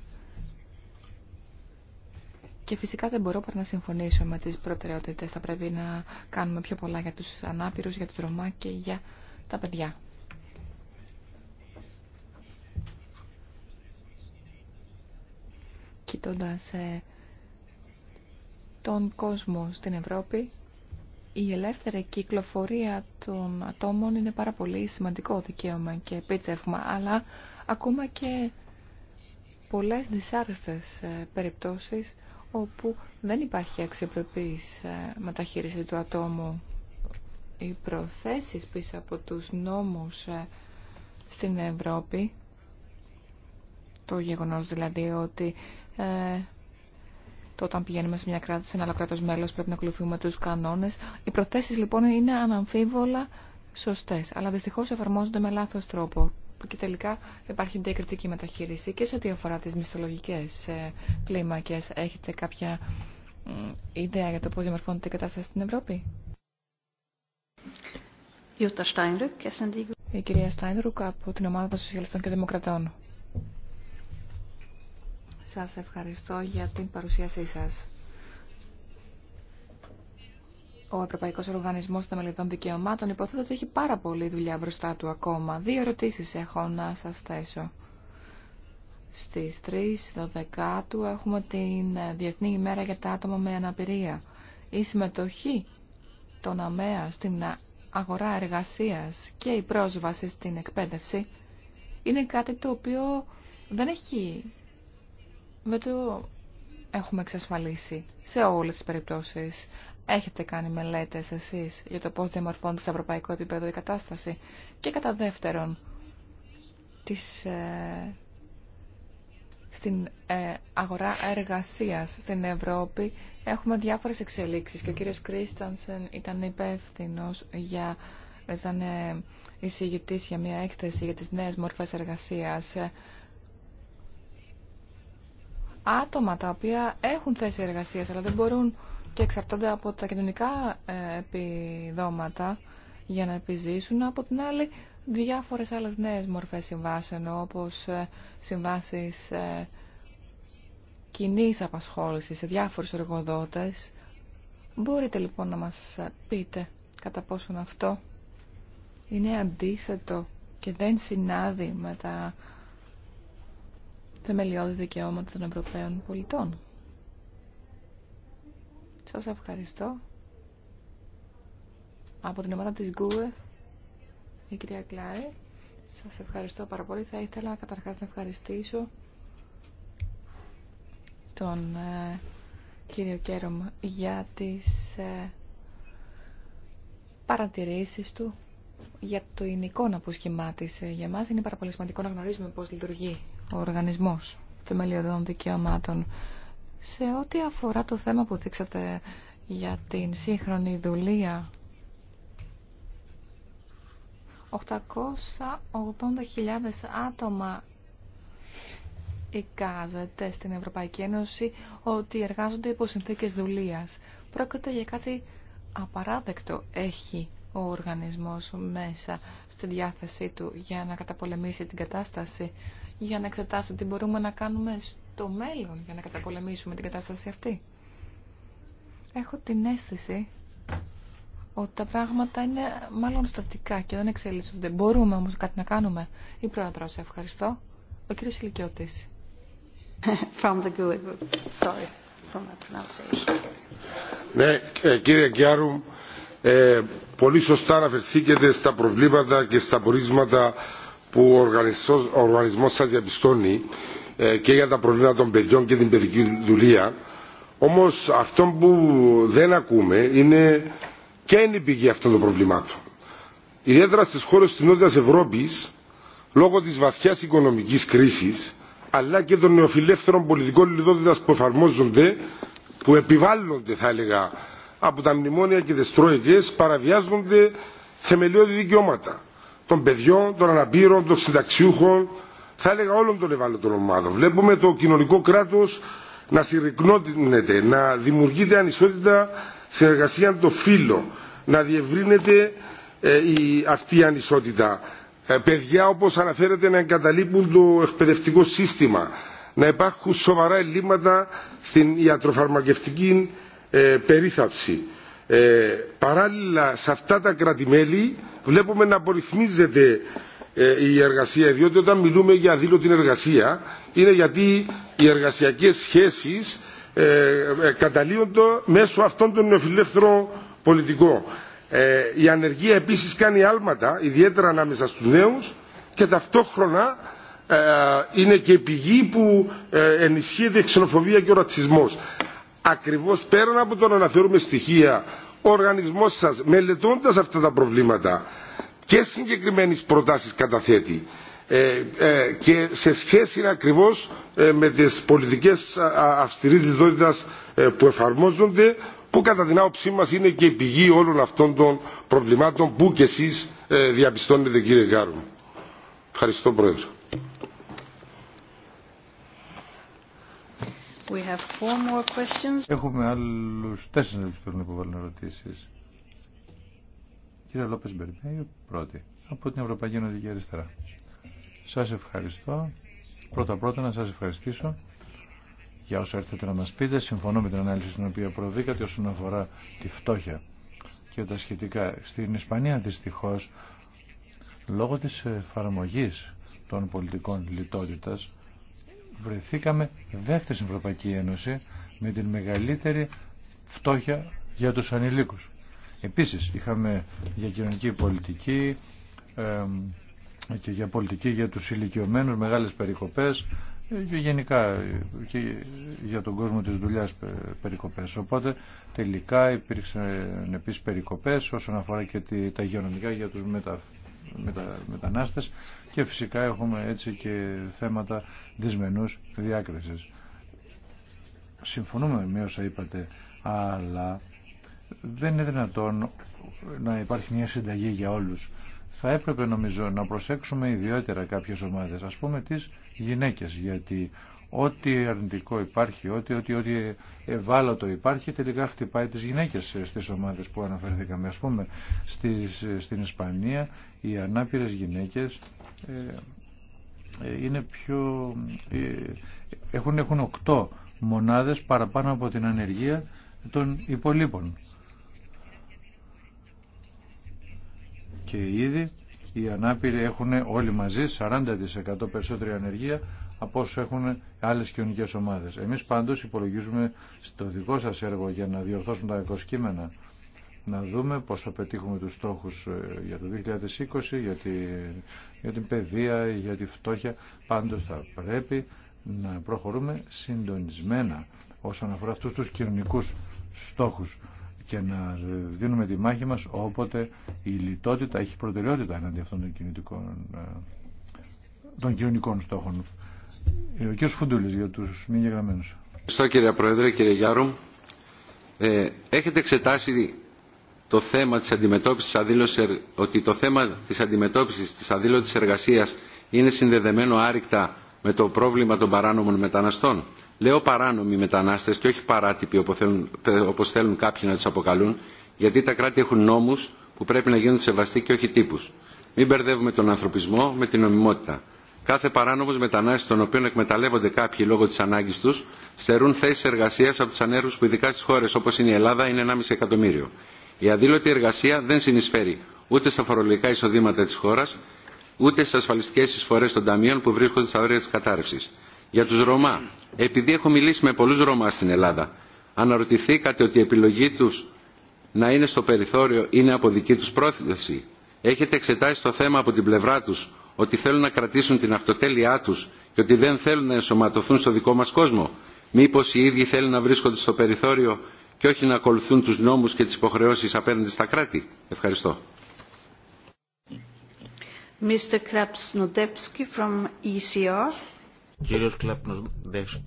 Και φυσικά δεν μπορώ παρά να συμφωνήσω με τις προτεραιότητες. Θα πρέπει να κάνουμε πιο πολλά για τους ανάπηρους, για τους τρομά και για τα παιδιά. Κοιτώντας ε, τον κόσμο στην Ευρώπη, η ελεύθερη κυκλοφορία των ατόμων είναι πάρα πολύ σημαντικό δικαίωμα και επίτευγμα, αλλά ακόμα και πολλές δυσάρεστες ε, περιπτώσεις όπου δεν υπάρχει αξιοπρεπής ε, μεταχείριση του ατόμου. Οι προθέσεις πίσω από τους νόμους ε, στην Ευρώπη, το γεγονός δηλαδή ότι το όταν πηγαίνουμε σε, μια κράτη, σε ένα άλλο κράτος μέλος πρέπει να ακολουθούμε τους κανόνες. Οι προθέσεις λοιπόν είναι αναμφίβολα σωστές, αλλά δυστυχώς εφαρμόζονται με λάθος τρόπο και τελικά υπάρχει διακριτική μεταχείριση και σε ό,τι αφορά τις μισθολογικές ε, κλίμακες. Έχετε κάποια ιδέα για το πώς διαμορφώνεται η κατάσταση στην Ευρώπη? Η κυρία Στάινρουκ από την ομάδα των Σοσιαλιστών και Δημοκρατών. Σας ευχαριστώ για την παρουσίασή σας. Ο Ευρωπαϊκό Οργανισμό Θεμελιωδών Δικαιωμάτων υποθέτω ότι έχει πάρα πολλή δουλειά μπροστά του ακόμα. Δύο ερωτήσει έχω να σα θέσω. Στι 3 του έχουμε την Διεθνή ημέρα για τα άτομα με αναπηρία. Η συμμετοχή των ΑΜΕΑ στην αγορά εργασία και η πρόσβαση στην εκπαίδευση είναι κάτι το οποίο δεν έχει με το έχουμε εξασφαλίσει σε όλες τις περιπτώσεις. Έχετε κάνει μελέτες εσείς για το πώς διαμορφώνεται σε ευρωπαϊκό επίπεδο η κατάσταση. Και κατά δεύτερον, ε, στην ε, αγορά εργασίας στην Ευρώπη έχουμε διάφορες εξελίξεις και ο κύριος Κρίστανσεν ήταν υπεύθυνο για ήταν ε, εισηγητής για μια έκθεση για τις νέες μορφές εργασίας άτομα τα οποία έχουν θέση εργασίας αλλά δεν μπορούν και εξαρτώνται από τα κοινωνικά ε, επιδόματα για να επιζήσουν. Από την άλλη, διάφορες άλλες νέες μορφές συμβάσεων, όπως ε, συμβάσεις ε, κοινή απασχόλησης σε διάφορους εργοδότες. Μπορείτε λοιπόν να μας πείτε κατά πόσον αυτό είναι αντίθετο και δεν συνάδει με τα θεμελιώδη δικαιώματα των Ευρωπαίων πολιτών. Σας ευχαριστώ. Από την ομάδα της Γκούε, η κυρία Κλάρη. σας ευχαριστώ πάρα πολύ. Θα ήθελα καταρχάς να ευχαριστήσω τον ε, κύριο Κέρομ για τις ε, παρατηρήσεις του, για το εικόνα που σχημάτισε για μας. Είναι πάρα πολύ σημαντικό να γνωρίζουμε πώς λειτουργεί ο οργανισμός θεμελιωδών δικαιωμάτων. Σε ό,τι αφορά το θέμα που δείξατε για την σύγχρονη δουλεία 880.000 άτομα εικάζεται στην Ευρωπαϊκή Ένωση ότι εργάζονται υπό συνθήκες δουλείας. Πρόκειται για κάτι απαράδεκτο έχει ο οργανισμός μέσα στη διάθεσή του για να καταπολεμήσει την κατάσταση για να εξετάσετε τι μπορούμε να κάνουμε στο μέλλον για να καταπολεμήσουμε την κατάσταση αυτή. Έχω την αίσθηση ότι τα πράγματα είναι μάλλον στατικά και δεν εξελίσσονται. Μπορούμε όμως κάτι να κάνουμε. Η Πρόεδρος, ευχαριστώ. Ο κύριος Ηλικιώτης. From the Sorry from my pronunciation. Ναι, ε, κύριε Κιάρου, ε, πολύ σωστά αναφερθήκετε στα προβλήματα και στα πορίσματα που ο οργανισμός, ο σας διαπιστώνει ε, και για τα προβλήματα των παιδιών και την παιδική δουλεία. Όμως αυτό που δεν ακούμε είναι και είναι η πηγή αυτών των προβλημάτων. Ιδιαίτερα στις χώρες της Νότιας Ευρώπης, λόγω της βαθιάς οικονομικής κρίσης, αλλά και των νεοφιλεύθερων πολιτικών λιτότητας που εφαρμόζονται, που επιβάλλονται θα έλεγα από τα μνημόνια και τις τρόικες, παραβιάζονται θεμελιώδη δικαιώματα των παιδιών, των αναπήρων, των συνταξιούχων, θα έλεγα όλων των ευάλωτων ομάδων. Βλέπουμε το κοινωνικό κράτος να συρρυκνώνεται, να δημιουργείται ανισότητα σε με το φύλων, να διευρύνεται ε, η, αυτή η ανισότητα. Ε, παιδιά όπως αναφέρεται να εγκαταλείπουν το εκπαιδευτικό σύστημα, να υπάρχουν σοβαρά ελλείμματα στην ιατροφαρμακευτική ε, περίθαψη ε, παράλληλα σε αυτά τα κρατημέλη βλέπουμε να απορριθμίζεται ε, η εργασία διότι όταν μιλούμε για δήλωτη εργασία είναι γιατί οι εργασιακές σχέσεις ε, ε καταλύονται μέσω αυτών των νεοφιλελεύθερων πολιτικών. Ε, η ανεργία επίσης κάνει άλματα ιδιαίτερα ανάμεσα στους νέους και ταυτόχρονα είναι και πηγή που ενισχύεται η ξενοφοβία και ο ρατσισμός ακριβώς πέραν από το να αναφέρουμε στοιχεία, ο οργανισμός σας μελετώντας αυτά τα προβλήματα και συγκεκριμένες προτάσεις καταθέτει ε, ε, και σε σχέση ακριβώς ε, με τις πολιτικές αυστηρής λιτότητας που εφαρμόζονται που κατά την άποψή μας είναι και η πηγή όλων αυτών των προβλημάτων που και εσείς διαπιστώνετε κύριε Γκάρου. Ευχαριστώ Πρόεδρε. Έχουμε άλλους τέσσερις που θέλουν να υποβάλουν ερωτήσεις. Κύριε Λόπες Μπερμπέγιο, πρώτη, από την Ευρωπαϊκή Ενωτική Αριστερά. Σας ευχαριστώ. Πρώτα-πρώτα να σας ευχαριστήσω για όσα έρθετε να μας πείτε. Συμφωνώ με την ανάλυση στην οποία προδίκατε όσον αφορά τη φτώχεια και τα σχετικά. Στην Ισπανία δυστυχώς, λόγω της εφαρμογής των πολιτικών λιτότητας, βρεθήκαμε δεύτερη στην Ευρωπαϊκή Ένωση με την μεγαλύτερη φτώχεια για τους ανηλίκους. Επίσης είχαμε για κοινωνική πολιτική και για πολιτική για τους ηλικιωμένους μεγάλες περικοπές και γενικά για τον κόσμο της δουλειάς περικοπές. Οπότε τελικά υπήρξαν επίσης περικοπές όσον αφορά και τα υγειονομικά για τους μετα, μετανάστες και φυσικά έχουμε έτσι και θέματα δυσμενούς διάκρισης. Συμφωνούμε με όσα είπατε, αλλά δεν είναι δυνατόν να υπάρχει μια συνταγή για όλους. Θα έπρεπε νομίζω να προσέξουμε ιδιαίτερα κάποιες ομάδες, ας πούμε τις γυναίκες, γιατί Ό,τι αρνητικό υπάρχει, ό,τι, ό,τι, ό,τι ευάλωτο υπάρχει τελικά χτυπάει τις γυναίκες στις ομάδες που αναφερθήκαμε. Ας πούμε στις, στην Ισπανία οι ανάπηρες γυναίκες ε, ε είναι πιο, ε, έχουν, έχουν οκτώ μονάδες παραπάνω από την ανεργία των υπολείπων. Και ήδη οι ανάπηροι έχουν όλοι μαζί 40% περισσότερη ανεργία από όσους έχουν άλλες κοινωνικές ομάδες. Εμείς πάντως υπολογίζουμε στο δικό σας έργο για να διορθώσουμε τα οικοσκήμενα να δούμε πώς θα πετύχουμε τους στόχους ε, για το 2020, για, για την παιδεία, για τη φτώχεια. Πάντως θα πρέπει να προχωρούμε συντονισμένα όσον αφορά αυτούς τους κοινωνικούς στόχους και να δίνουμε τη μάχη μας όποτε η λιτότητα έχει προτεραιότητα εναντί αυτών των, ε, των κοινωνικών στόχων. Ε, ο κ. Φουντούλη για του μη γεγραμμένους. Ευχαριστώ κύριε Πρόεδρε, κύριε Γιάρου. Ε, έχετε εξετάσει το θέμα της αντιμετώπισης ότι το θέμα της αντιμετώπισης της αδήλωτης εργασίας είναι συνδεδεμένο άρρηκτα με το πρόβλημα των παράνομων μεταναστών. Λέω παράνομοι μετανάστες και όχι παράτυποι όπως θέλουν, θέλουν κάποιοι να τους αποκαλούν, γιατί τα κράτη έχουν νόμους που πρέπει να γίνουν σεβαστοί και όχι τύπους. Μην μπερδεύουμε τον ανθρωπισμό με την νομιμότητα κάθε παράνομο μετανάστη, τον οποίο εκμεταλλεύονται κάποιοι λόγω τη ανάγκη του, στερούν θέσει εργασία από του ανέργου που ειδικά στι χώρε όπω είναι η Ελλάδα είναι 1,5 εκατομμύριο. Η αδήλωτη εργασία δεν συνεισφέρει ούτε στα φορολογικά εισοδήματα τη χώρα, ούτε στι ασφαλιστικέ εισφορέ των ταμείων που βρίσκονται στα όρια τη κατάρρευση. Για του Ρωμά, επειδή έχω μιλήσει με πολλού Ρωμά στην Ελλάδα, αναρωτηθήκατε ότι η επιλογή του να είναι στο περιθώριο είναι από δική του πρόθεση. Έχετε εξετάσει το θέμα από την πλευρά του ότι θέλουν να κρατήσουν την αυτοτέλειά τους και ότι δεν θέλουν να ενσωματωθούν στο δικό μας κόσμο. Μήπως οι ίδιοι θέλουν να βρίσκονται στο περιθώριο και όχι να ακολουθούν τους νόμους και τις υποχρεώσεις απέναντι στα κράτη. Ευχαριστώ. Mr. From ECR. Κύριος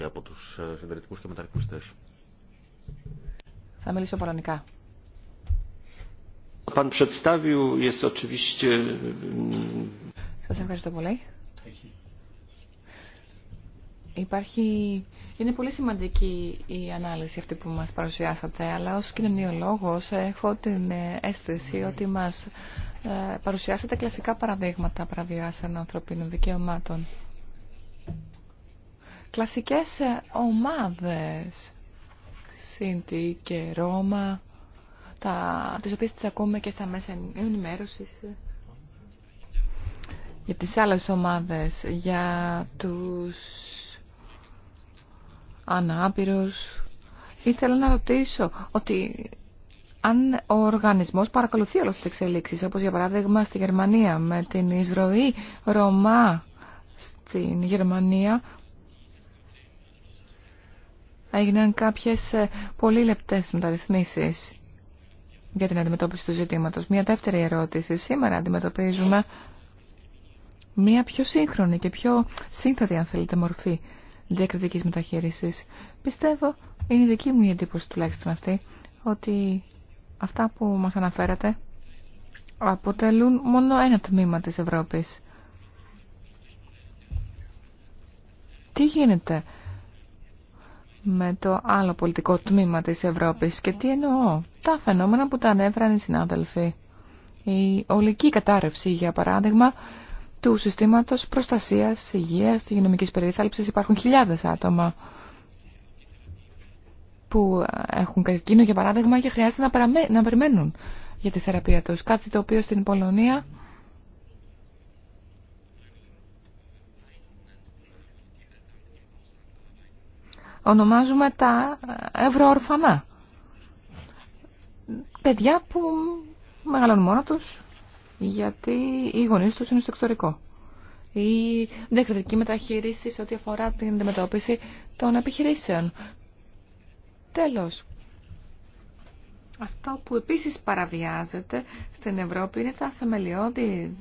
από τους ε, συντηρητικούς και μεταρρυθμιστές. Θα μιλήσω σας ευχαριστώ πολύ. Υπάρχει... Είναι πολύ σημαντική η ανάλυση αυτή που μας παρουσιάσατε, αλλά ως κοινωνιολόγος έχω την ε, αίσθηση ναι. ότι μας ε, παρουσιάσατε κλασικά παραδείγματα παραβιάσεων ανθρωπίνων δικαιωμάτων. Κλασικές ε, ομάδες, Σύντη και Ρώμα, τα... τις οποίες τις ακούμε και στα μέσα ενημέρωσης για τις άλλες ομάδες, για τους ανάπηρους. Ήθελα να ρωτήσω ότι αν ο οργανισμός παρακολουθεί όλες τις εξελίξεις, όπως για παράδειγμα στη Γερμανία με την εισρωή Ρωμά στην Γερμανία, έγιναν κάποιες ε, πολύ λεπτές μεταρρυθμίσεις για την αντιμετώπιση του ζητήματος. Μια δεύτερη ερώτηση. Σήμερα αντιμετωπίζουμε μια πιο σύγχρονη και πιο σύνθετη, αν θέλετε, μορφή διακριτικής μεταχείρισης. Πιστεύω, είναι η δική μου η εντύπωση τουλάχιστον αυτή, ότι αυτά που μας αναφέρατε αποτελούν μόνο ένα τμήμα της Ευρώπης. Τι γίνεται με το άλλο πολιτικό τμήμα της Ευρώπης και τι εννοώ. Τα φαινόμενα που τα ανέφεραν οι συνάδελφοι. Η ολική κατάρρευση, για παράδειγμα, του συστήματος προστασίας υγείας της υγειονομικής περιθάλψης. Υπάρχουν χιλιάδες άτομα που έχουν καρκίνο για παράδειγμα και χρειάζεται να, να περιμένουν για τη θεραπεία τους. Κάτι το οποίο στην Πολωνία ονομάζουμε τα ευρωορφανά. Παιδιά που μεγαλώνουν μόνο τους, γιατί οι γονεί του είναι στο εξωτερικό. Η διακριτική μεταχείριση σε ό,τι αφορά την αντιμετώπιση των επιχειρήσεων. Τέλος. Αυτό που επίσης παραβιάζεται στην Ευρώπη είναι τα θεμελιώδη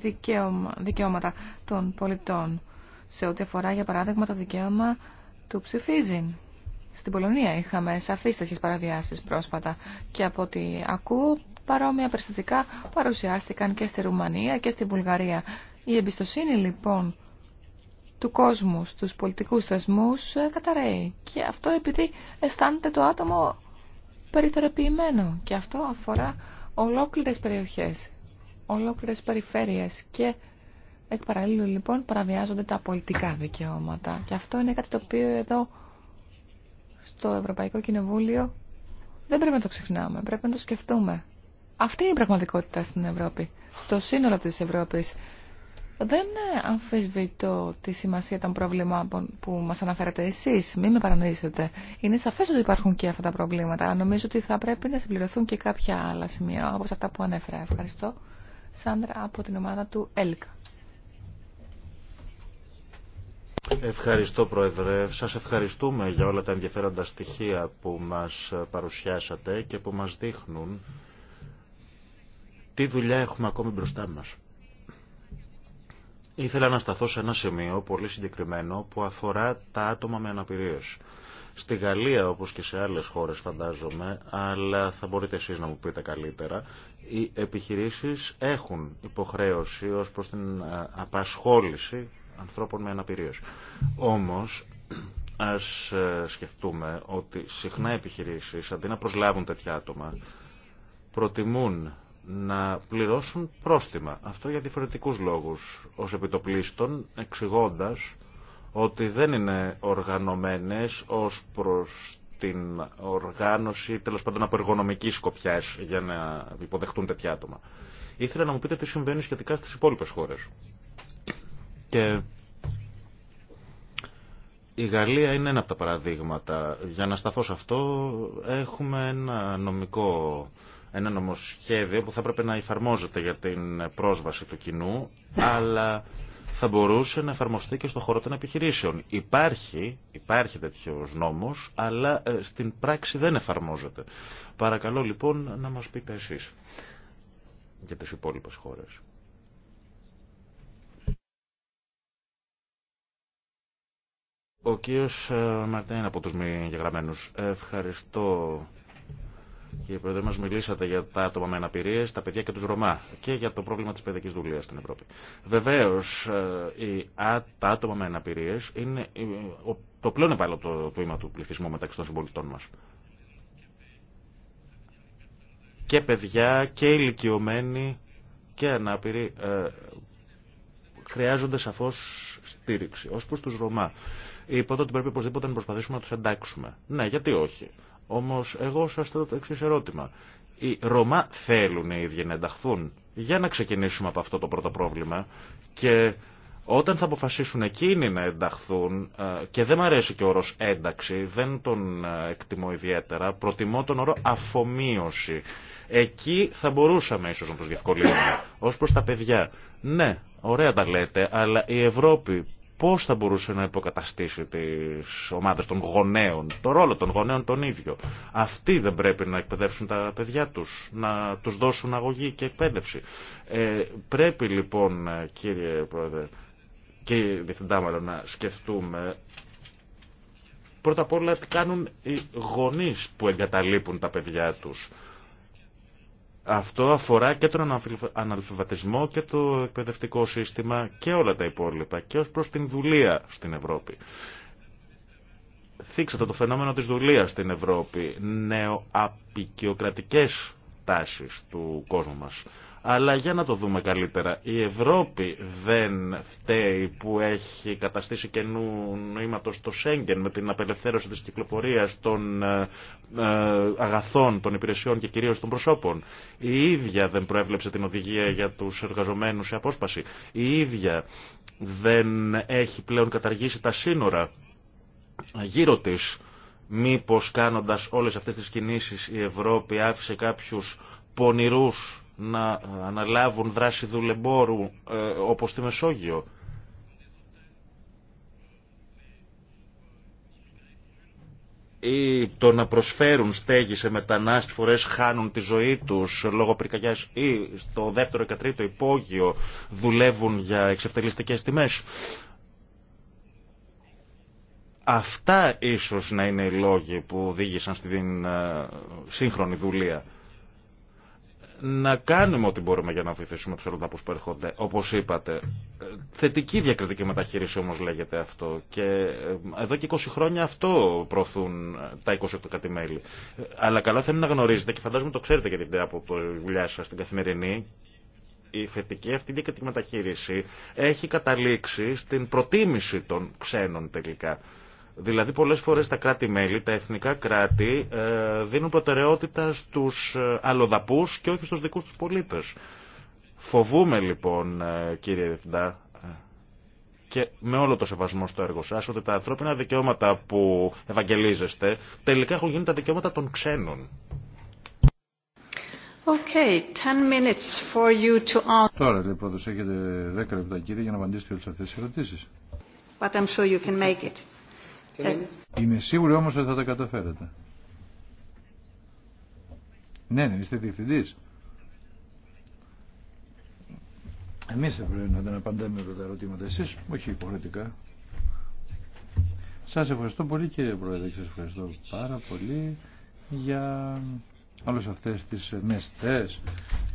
δικαιώματα των πολιτών. Σε ό,τι αφορά, για παράδειγμα, το δικαίωμα του ψηφίζει. Στην Πολωνία είχαμε σαφείς παραβιάσεις πρόσφατα και από ό,τι ακούω παρόμοια περιστατικά παρουσιάστηκαν και στη Ρουμανία και στη Βουλγαρία. Η εμπιστοσύνη λοιπόν του κόσμου στους πολιτικούς θεσμούς ε, καταραίει και αυτό επειδή αισθάνεται το άτομο περιθωρεποιημένο. και αυτό αφορά ολόκληρες περιοχές, ολόκληρες περιφέρειες και εκ παραλλήλου λοιπόν παραβιάζονται τα πολιτικά δικαιώματα και αυτό είναι κάτι το οποίο εδώ στο Ευρωπαϊκό Κοινοβούλιο δεν πρέπει να το ξεχνάμε, πρέπει να το σκεφτούμε. Αυτή είναι η πραγματικότητα στην Ευρώπη, στο σύνολο της Ευρώπης. Δεν αμφισβητώ τη σημασία των προβλημάτων που μας αναφέρατε εσείς, μην με παρανοήσετε. Είναι σαφές ότι υπάρχουν και αυτά τα προβλήματα, αλλά νομίζω ότι θα πρέπει να συμπληρωθούν και κάποια άλλα σημεία, όπως αυτά που ανέφερα. Ευχαριστώ, Σάντρα, από την ομάδα του ΕΛΚΑ. Ευχαριστώ Πρόεδρε. Σας ευχαριστούμε για όλα τα ενδιαφέροντα στοιχεία που μας παρουσιάσατε και που μας δείχνουν τι δουλειά έχουμε ακόμη μπροστά μας. Ήθελα να σταθώ σε ένα σημείο πολύ συγκεκριμένο που αφορά τα άτομα με αναπηρίες. Στη Γαλλία, όπως και σε άλλες χώρες φαντάζομαι, αλλά θα μπορείτε εσείς να μου πείτε καλύτερα, οι επιχειρήσεις έχουν υποχρέωση ως προς την ε, απασχόληση ανθρώπων με αναπηρίες. Όμως, ας ε, σκεφτούμε ότι συχνά επιχειρήσεις, αντί να προσλάβουν τέτοια άτομα, προτιμούν να πληρώσουν πρόστιμα. Αυτό για διαφορετικούς λόγους, ως επιτοπλίστων εξηγώντα ότι δεν είναι οργανωμένες ως προς την οργάνωση, τέλος πάντων από εργονομική σκοπιά για να υποδεχτούν τέτοια άτομα. Ήθελα να μου πείτε τι συμβαίνει σχετικά στις υπόλοιπες χώρες. Και η Γαλλία είναι ένα από τα παραδείγματα. Για να σταθώ σε αυτό έχουμε ένα νομικό ένα νομοσχέδιο που θα έπρεπε να εφαρμόζεται για την πρόσβαση του κοινού, αλλά θα μπορούσε να εφαρμοστεί και στον χώρο των επιχειρήσεων. Υπάρχει, υπάρχει τέτοιο νόμο, αλλά ε, στην πράξη δεν εφαρμόζεται. Παρακαλώ λοιπόν να μα πείτε εσεί για τι υπόλοιπε χώρε. Ο κύριος ε, Μαρτέν από τους μη γεγραμμένους. Ευχαριστώ Κύριε Πρόεδρε, μα μιλήσατε για τα άτομα με αναπηρίε, τα παιδιά και του Ρωμά και για το πρόβλημα τη παιδική δουλεία στην Ευρώπη. Βεβαίω, ε, τα άτομα με αναπηρίε είναι ε, το πλέον ευάλωτο τμήμα του πληθυσμού μεταξύ των συμπολιτών μα. Και παιδιά και ηλικιωμένοι και ανάπηροι ε, χρειάζονται σαφώ στήριξη. Ω προ του Ρωμά, είπατε ότι πρέπει οπωσδήποτε να προσπαθήσουμε να του εντάξουμε. Ναι, γιατί όχι. Όμως εγώ σας θέλω το εξή ερώτημα. Οι Ρωμά θέλουν οι ίδιοι να ενταχθούν. Για να ξεκινήσουμε από αυτό το πρώτο πρόβλημα και όταν θα αποφασίσουν εκείνοι να ενταχθούν, ε, και δεν μου αρέσει και ο όρος ένταξη, δεν τον ε, εκτιμώ ιδιαίτερα, προτιμώ τον όρο αφομοίωση. Εκεί θα μπορούσαμε ίσως να τους διευκολύνουμε, ως προς τα παιδιά. Ναι, ωραία τα λέτε, αλλά η Ευρώπη πώς θα μπορούσε να υποκαταστήσει τις ομάδες των γονέων, το ρόλο των γονέων τον ίδιο. Αυτοί δεν πρέπει να εκπαιδεύσουν τα παιδιά τους, να τους δώσουν αγωγή και εκπαίδευση. Ε, πρέπει λοιπόν ε, κύριε Πρόεδρε, κύριε Διευθυντά να σκεφτούμε πρώτα απ' όλα τι κάνουν οι γονείς που εγκαταλείπουν τα παιδιά τους. Αυτό αφορά και τον αναλφαβητισμό και το εκπαιδευτικό σύστημα και όλα τα υπόλοιπα και ως προς την δουλεία στην Ευρώπη. Θίξατε το φαινόμενο της δουλείας στην Ευρώπη, νεοαπικιοκρατικές τάσεις του κόσμου μας. Αλλά για να το δούμε καλύτερα. Η Ευρώπη δεν φταίει που έχει καταστήσει καινού νοήματο το Σέγγεν με την απελευθέρωση της κυκλοφορία των ε, ε, αγαθών, των υπηρεσιών και κυρίω των προσώπων. Η ίδια δεν προέβλεψε την οδηγία για του εργαζομένου σε απόσπαση. Η ίδια δεν έχει πλέον καταργήσει τα σύνορα γύρω τη Μήπως κάνοντας όλες αυτές τις κινήσεις η Ευρώπη άφησε κάποιους πονηρούς να αναλάβουν δράση δουλεμπόρου ε, όπως στη Μεσόγειο. ή το να προσφέρουν στέγη σε μετανάστε φορές χάνουν τη ζωή τους λόγω πυρκαγιάς ή στο δεύτερο και τρίτο υπόγειο δουλεύουν για εξευτελιστικές τιμές. Αυτά ίσως να είναι οι λόγοι που οδήγησαν στην ε, σύγχρονη δουλεία να κάνουμε ό,τι μπορούμε για να βοηθήσουμε του αλλοδαπού που έρχονται, όπω είπατε. Θετική διακριτική μεταχείριση όμω λέγεται αυτό. Και ε, εδώ και 20 χρόνια αυτό προωθούν τα 28 κατημέλη. Αλλά καλά είναι να γνωρίζετε και φαντάζομαι το ξέρετε γιατί από τη δουλειά σα την καθημερινή. Η θετική αυτή διακριτική μεταχείριση έχει καταλήξει στην προτίμηση των ξένων τελικά. Δηλαδή πολλές φορές τα κράτη-μέλη, τα εθνικά κράτη ε, δίνουν προτεραιότητα στους ε, αλλοδαπούς και όχι στους δικούς τους πολίτες. Φοβούμε λοιπόν ε, κύριε Διευθυντά και με όλο το σεβασμό στο έργο σας ότι τα ανθρώπινα δικαιώματα που ευαγγελίζεστε τελικά έχουν γίνει τα δικαιώματα των ξένων. Okay, 10 minutes for you to Τώρα λοιπόν έχετε δέκα λεπτά κύριε για να απαντήσετε όλες αυτές τις ερωτήσεις. But I'm you can make it. Είμαι σίγουρη όμως ότι θα τα καταφέρετε. Ναι, ναι, είστε διευθυντής. Εμείς θα πρέπει να τα απαντάμε τα ερωτήματα. Εσείς, όχι υποχρεωτικά. Σας ευχαριστώ πολύ κύριε Πρόεδρε και σας ευχαριστώ πάρα πολύ για όλες αυτές τις μεστές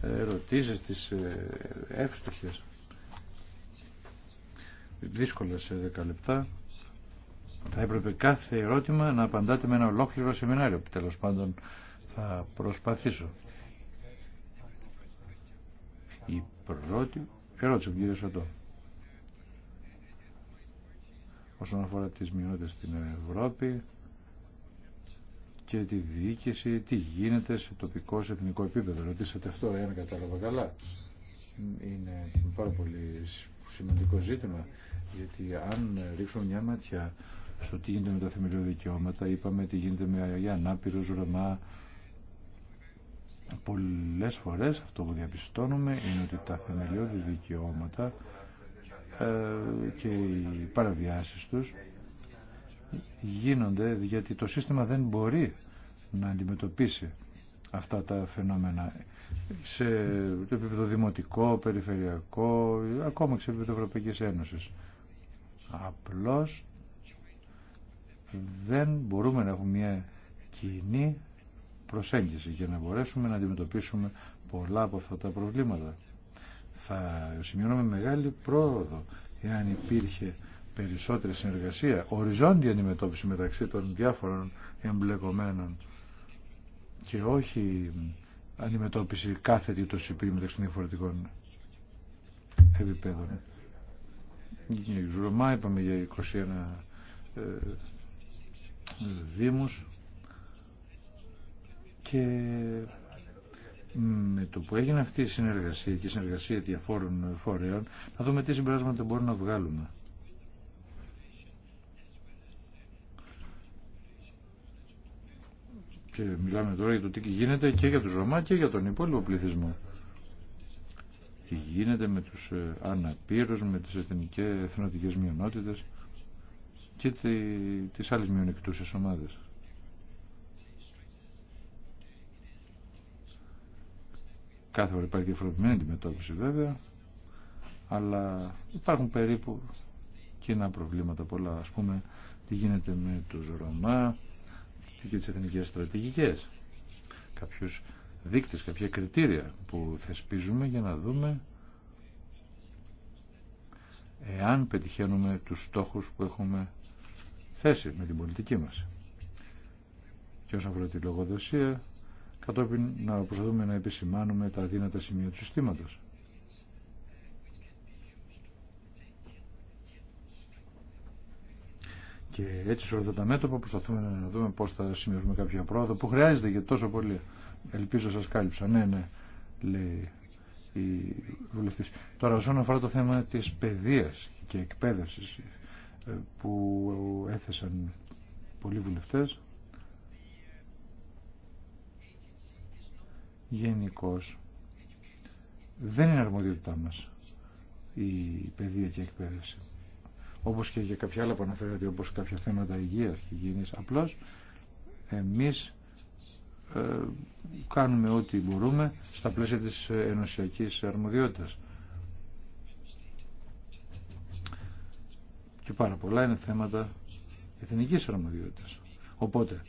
ερωτήσεις, τις ε, εύστοχες. Δύσκολα ε, σε 10 λεπτά θα έπρεπε κάθε ερώτημα να απαντάτε με ένα ολόκληρο σεμινάριο που τέλος πάντων θα προσπαθήσω. Η πρώτη ερώτηση του κύριε Σωτό. Όσον αφορά τις μειότητες στην Ευρώπη και τη διοίκηση, τι γίνεται σε τοπικό, σε εθνικό επίπεδο. Ρωτήσατε αυτό, εάν κατάλαβα καλά. Είναι πάρα πολύ σημαντικό ζήτημα, γιατί αν ρίξουμε μια ματιά στο τι γίνεται με τα θεμελιώδη δικαιώματα, είπαμε τι γίνεται με για ανάπηρο, Ρωμά. Πολλέ φορές αυτό που διαπιστώνουμε είναι ότι τα θεμελιώδη δικαιώματα ε, και οι παραβιάσει τους γίνονται γιατί το σύστημα δεν μπορεί να αντιμετωπίσει αυτά τα φαινόμενα σε επίπεδο δημοτικό, περιφερειακό, ακόμα και σε επίπεδο Ευρωπαϊκής Ένωσης. Απλώς δεν μπορούμε να έχουμε μια κοινή προσέγγιση για να μπορέσουμε να αντιμετωπίσουμε πολλά από αυτά τα προβλήματα. Θα σημειώνουμε μεγάλη πρόοδο εάν υπήρχε περισσότερη συνεργασία, οριζόντια αντιμετώπιση μεταξύ των διάφορων εμπλεκομένων και όχι αντιμετώπιση κάθετη του ΣΥΠΗ μεταξύ των διαφορετικών επίπεδων. είπαμε για 21 Δήμους και με το που έγινε αυτή η συνεργασία και η συνεργασία διαφόρων φορέων να δούμε τι συμπεράσματα μπορούμε να βγάλουμε. Και μιλάμε τώρα για το τι γίνεται και για τους Ρωμά και για τον υπόλοιπο πληθυσμό. Τι γίνεται με τους ε, αναπήρους, με τις εθνικές, εθνοτικές μειονότητες και τις άλλες μειονεκτούσες ομάδες. Κάθε φορά υπάρχει διαφορετική αντιμετώπιση βέβαια, αλλά υπάρχουν περίπου κοινά προβλήματα πολλά. Ας πούμε, τι γίνεται με τους Ρωμά και τις εθνικές στρατηγικές. Κάποιους δείκτες, κάποια κριτήρια που θεσπίζουμε για να δούμε εάν πετυχαίνουμε τους στόχους που έχουμε θέση με την πολιτική μας. Και όσον αφορά τη λογοδοσία, κατόπιν να προσπαθούμε να επισημάνουμε τα δύνατα σημεία του συστήματος. Και έτσι σε όλα τα μέτωπα προσπαθούμε να δούμε πώς θα σημειώσουμε κάποια πρόοδο που χρειάζεται για τόσο πολύ. Ελπίζω σας κάλυψα. Ναι, ναι, λέει η βουλευτής. Τώρα όσον αφορά το θέμα της παιδείας και εκπαίδευσης που έθεσαν πολλοί βουλευτές. Γενικώ δεν είναι αρμοδιότητά μας η παιδεία και η εκπαίδευση. Όπως και για κάποια άλλα που αναφέρατε, όπως κάποια θέματα υγείας και υγιεινής. Απλώς εμείς ε, κάνουμε ό,τι μπορούμε στα πλαίσια της ενωσιακής αρμοδιότητας. και πάρα πολλά είναι θέματα εθνικής αρμοδιότητας. Οπότε,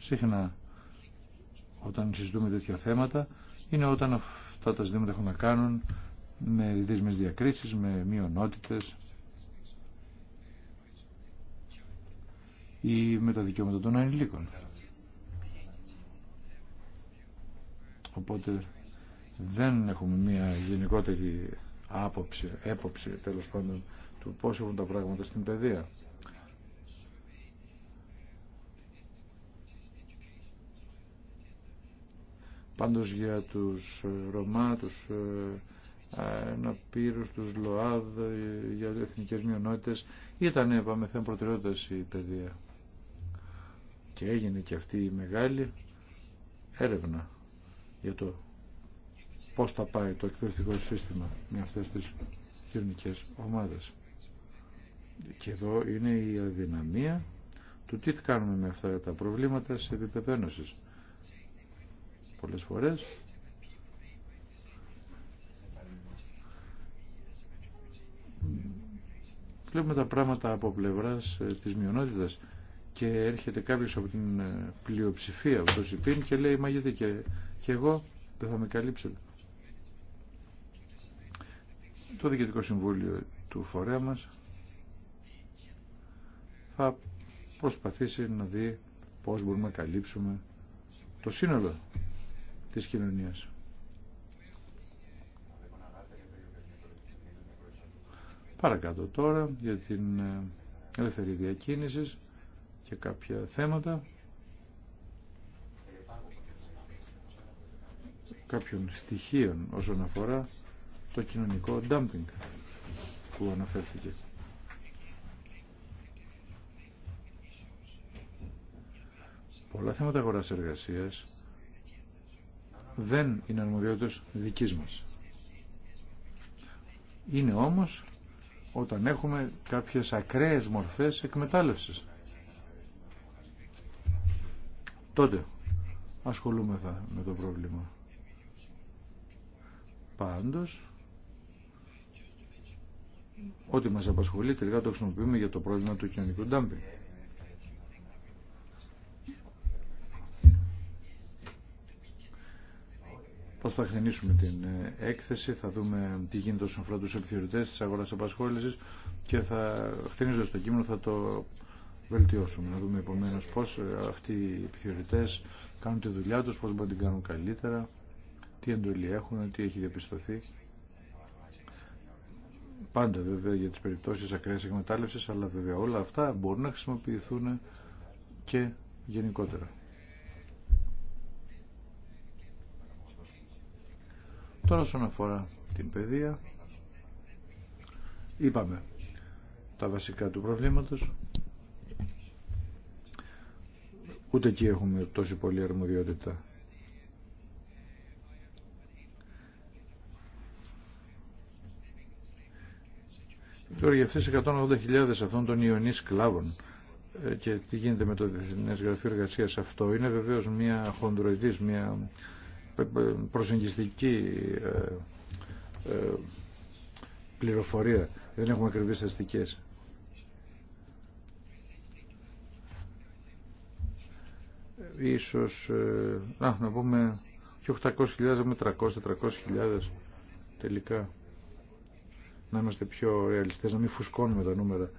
συχνά όταν συζητούμε τέτοια θέματα είναι όταν αυτά τα ζητήματα έχουν να κάνουν με διδύσμες διακρίσεις, με μειονότητες ή με τα δικαιώματα των ανηλίκων. Οπότε δεν έχουμε μια γενικότερη άποψη, έποψη τέλος πάντων του πώς έχουν τα πράγματα στην παιδεία. Πάντως για τους ε, Ρωμά, τους ε, ε, αναπήρους, τους ΛΟΑΔ, για εθνικές μειονότητες, ήταν, είπαμε, θέμα προτεραιότητας η παιδεία. Και έγινε και αυτή η μεγάλη έρευνα για το πώς θα πάει το εκπαιδευτικό σύστημα με αυτές τις κοινωνικές ομάδες. Και εδώ είναι η αδυναμία του τι θα κάνουμε με αυτά τα προβλήματα σε επίπεδο Πολλές φορές βλέπουμε τα πράγματα από πλευράς ε, της μειονότητας και έρχεται κάποιος από την ε, πλειοψηφία από το ΣΥΠΗΝ και λέει μα γιατί και, και εγώ δεν θα με καλύψετε. Το Διοικητικό Συμβούλιο του φορέα μας θα προσπαθήσει να δει πώς μπορούμε να καλύψουμε το σύνολο της κοινωνίας. Παρακάτω τώρα για την ε, ελεύθερη διακίνηση και κάποια θέματα κάποιων στοιχείων όσον αφορά το κοινωνικό dumping που αναφέρθηκε. πολλά θέματα αγοράς εργασίας δεν είναι αρμοδιότητες δικής μας. Είναι όμως όταν έχουμε κάποιες ακραίες μορφές εκμετάλλευσης. Τότε ασχολούμεθα με το πρόβλημα. Πάντως, ό,τι μας απασχολεί τελικά το χρησιμοποιούμε για το πρόβλημα του κοινωνικού ντάμπινγκ. Πώς θα χτενίσουμε την ε, έκθεση, θα δούμε τι γίνεται όσον αφορά τους επιθεωρητές της αγοράς απασχόλησης και θα το κείμενο θα το βελτιώσουμε. Να δούμε επομένω πώς ε, αυτοί οι επιθεωρητές κάνουν τη δουλειά τους, πώς μπορούν να την κάνουν καλύτερα, τι εντολή έχουν, τι έχει διαπιστωθεί. Πάντα βέβαια για τις περιπτώσεις ακραίας εκμετάλλευσης, αλλά βέβαια όλα αυτά μπορούν να χρησιμοποιηθούν και γενικότερα. Τώρα όσον αφορά την παιδεία, είπαμε τα βασικά του προβλήματος. Ούτε εκεί έχουμε τόση πολλή αρμοδιότητα. Τώρα για αυτές 180.000 αυτών των ιονί σκλάβων ε, και τι γίνεται με το Διεθνές Γραφείο Εργασίας αυτό είναι βεβαίως μια χονδροειδής, μια προσεγγιστική ε, ε, πληροφορία. Δεν έχουμε ακριβείς αστικές. Ίσως, ε, να πούμε και 800.000 με 300-400.000 τελικά. Να είμαστε πιο ρεαλιστές, να μην φουσκώνουμε τα νούμερα.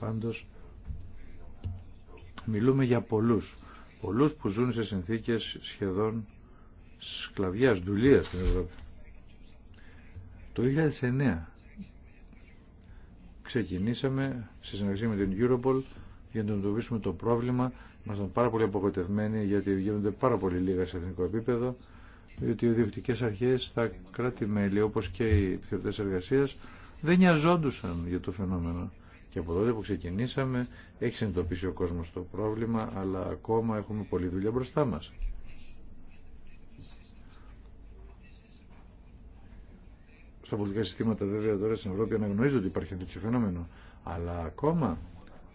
Πάντως, μιλούμε για πολλούς. Πολλούς που ζουν σε συνθήκες σχεδόν σκλαβιάς, δουλειά στην Ευρώπη. Το 2009 ξεκινήσαμε σε συνεργασία με την Europol για να αντιμετωπίσουμε το πρόβλημα. Ήμασταν πάρα πολύ απογοητευμένοι γιατί γίνονται πάρα πολύ λίγα σε εθνικό επίπεδο διότι οι διοικητικέ αρχέ, τα κράτη-μέλη όπω και οι επιθεωρητέ εργασία δεν νοιαζόντουσαν για το φαινόμενο. Και από τότε που ξεκινήσαμε έχει συνειδητοποιήσει ο κόσμο το πρόβλημα, αλλά ακόμα έχουμε πολλή δουλειά μπροστά μα. Στα πολιτικά συστήματα βέβαια τώρα στην Ευρώπη αναγνωρίζονται ότι υπάρχει ένα τέτοιο φαινόμενο. Αλλά ακόμα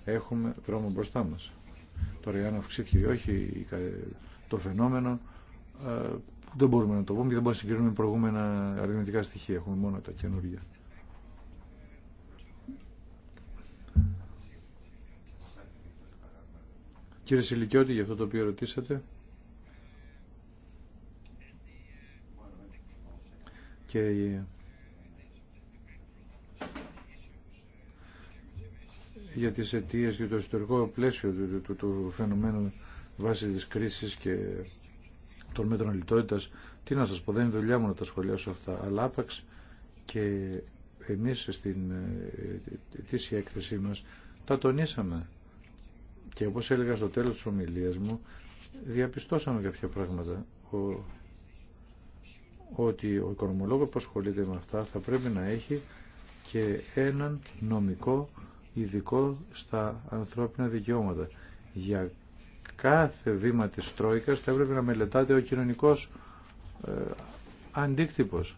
έχουμε δρόμο μπροστά μας. Τώρα αν αυξήθηκε ή όχι το φαινόμενο ε, δεν μπορούμε να το πούμε και δεν μπορούμε να συγκρίνουμε προηγούμενα αριθμητικά στοιχεία. Έχουμε μόνο τα καινούργια. Κύριε Σιλικιώτη, για αυτό το οποίο ρωτήσατε. Και για τις αιτίε για το ιστορικό πλαίσιο του, του, φαινομένου βάσει της κρίσης και των μέτρων λιτότητας. Τι να σας πω, δεν είναι δουλειά μου να τα σχολιάσω αυτά, αλλά άπαξ και εμείς στην ε, ε, ετήσια έκθεσή μας τα τονίσαμε. Και όπως έλεγα στο τέλος της ομιλίας μου, διαπιστώσαμε κάποια πράγματα. ότι ο οικονομολόγος που ασχολείται με αυτά θα πρέπει να έχει και έναν νομικό ειδικό στα ανθρώπινα δικαιώματα. Για κάθε βήμα της Τρόικας θα έπρεπε να μελετάτε ο κοινωνικός ε, αντίκτυπος.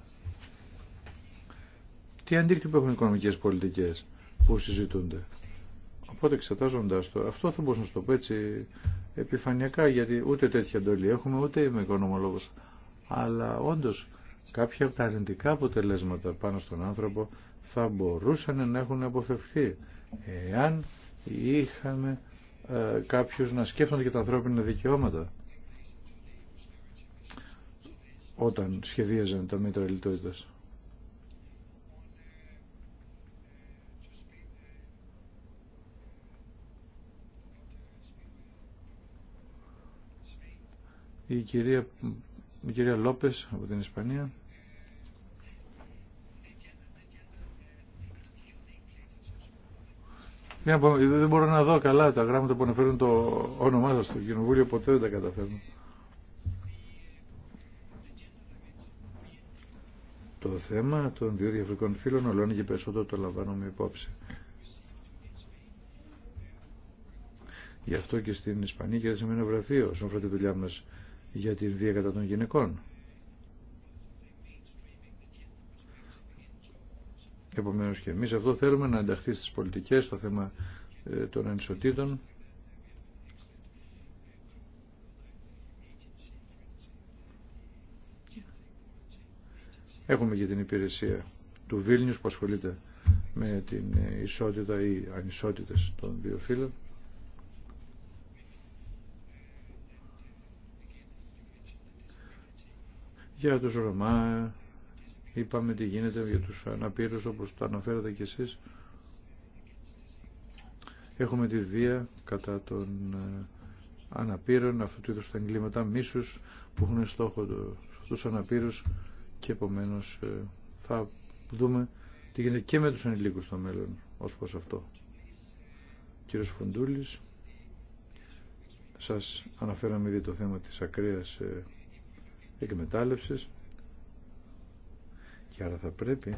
Τι αντίκτυπο έχουν οι οικονομικές πολιτικές που συζητούνται. Οπότε εξετάζοντα το, αυτό θα μπορούσα να το πω έτσι επιφανειακά, γιατί ούτε τέτοια εντολή έχουμε, ούτε είμαι οικονομολόγος. Αλλά όντω κάποια από τα αρνητικά αποτελέσματα πάνω στον άνθρωπο θα μπορούσαν να έχουν αποφευχθεί εάν είχαμε ε, κάποιους να σκέφτονται και τα ανθρώπινα δικαιώματα όταν σχεδίαζαν τα Μήτρα λιτότητας. Η κυρία, η κυρία Λόπες από την Ισπανία. Ναι, δεν μπορώ να δω καλά τα γράμματα που αναφέρουν το όνομά σας στο κοινοβούλιο, ποτέ δεν τα καταφέρνω. Το θέμα των δύο διαφορετικών φύλων ολώνει και περισσότερο το με υπόψη. Γι' αυτό και στην Ισπανία και σε Εμένα όσον αφορά τη δουλειά μα για την βία κατά των γυναικών. Επομένως και εμείς αυτό θέλουμε να ενταχθεί στις πολιτικές ...στο θέμα ε, των ανισοτήτων. Έχουμε και την υπηρεσία του Βίλνιους που ασχολείται με την ε, ισότητα ή ανισότητες των δύο φύλων. Για τους Ρωμά, Είπαμε τι γίνεται για τους αναπήρους όπως το αναφέρατε κι εσείς. Έχουμε τη βία κατά των ε, αναπήρων, αυτού του είδους τα εγκλήματα μίσους που έχουν στόχο τους αναπήρους και επομένως ε, θα δούμε τι γίνεται και με τους ανηλίκους στο μέλλον ως προς αυτό. κύριος Φουντούλης, σας αναφέραμε ήδη το θέμα της ακραίας ε, εκμετάλλευσης. Και άρα θα πρέπει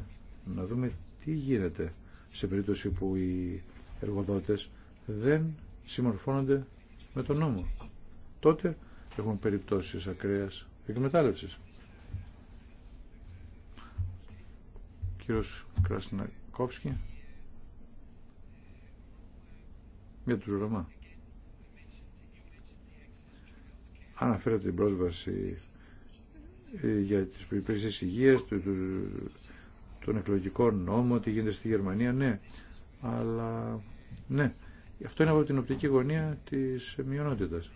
να δούμε τι γίνεται σε περίπτωση που οι εργοδότες δεν συμμορφώνονται με τον νόμο. Τότε έχουμε περιπτώσεις ακραίας εκμετάλλευσης. Κύριος Κρασνακόφσκι για τους Ρωμά. Αναφέρεται την πρόσβαση ε, για τις περιπτώσεις υγείας, του, τον εκλογικό νόμο, τι γίνεται στη Γερμανία, ναι. Αλλά, ναι, αυτό είναι από την οπτική γωνία της μειονότητας.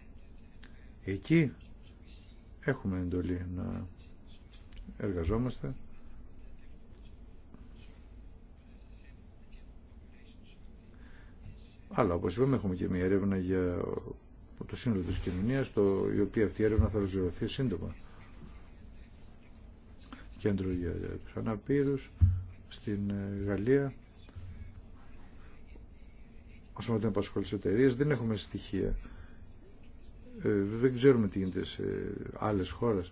Εκεί έχουμε εντολή να εργαζόμαστε. Αλλά όπως είπαμε έχουμε και μια έρευνα για το σύνολο της κοινωνίας, το, η οποία αυτή η έρευνα θα ολοκληρωθεί σύντομα κέντρο για τους αναπήρους στην ε, Γαλλία όσον με την απασχόληση εταιρείε, δεν έχουμε στοιχεία. Ε, δεν ξέρουμε τι γίνεται σε άλλες χώρες.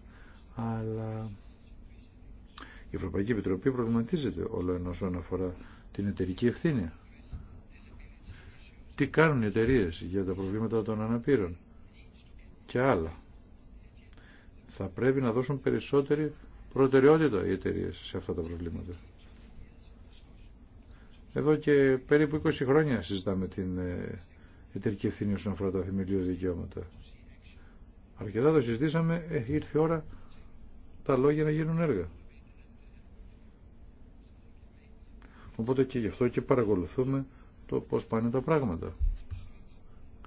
Αλλά η Ευρωπαϊκή Επιτροπή προβληματίζεται όλο ενώ αφορά την εταιρική ευθύνη. Τι κάνουν οι εταιρείε για τα προβλήματα των αναπήρων και άλλα. Θα πρέπει να δώσουν περισσότερη προτεραιότητα οι εταιρείε σε αυτά τα προβλήματα. Εδώ και περίπου 20 χρόνια συζητάμε την ε, εταιρική ευθύνη όσον αφορά τα θεμελιώδη δικαιώματα. Αρκετά το συζητήσαμε, ε, ήρθε η ώρα τα λόγια να γίνουν έργα. Οπότε και γι' αυτό και παρακολουθούμε το πώς πάνε τα πράγματα.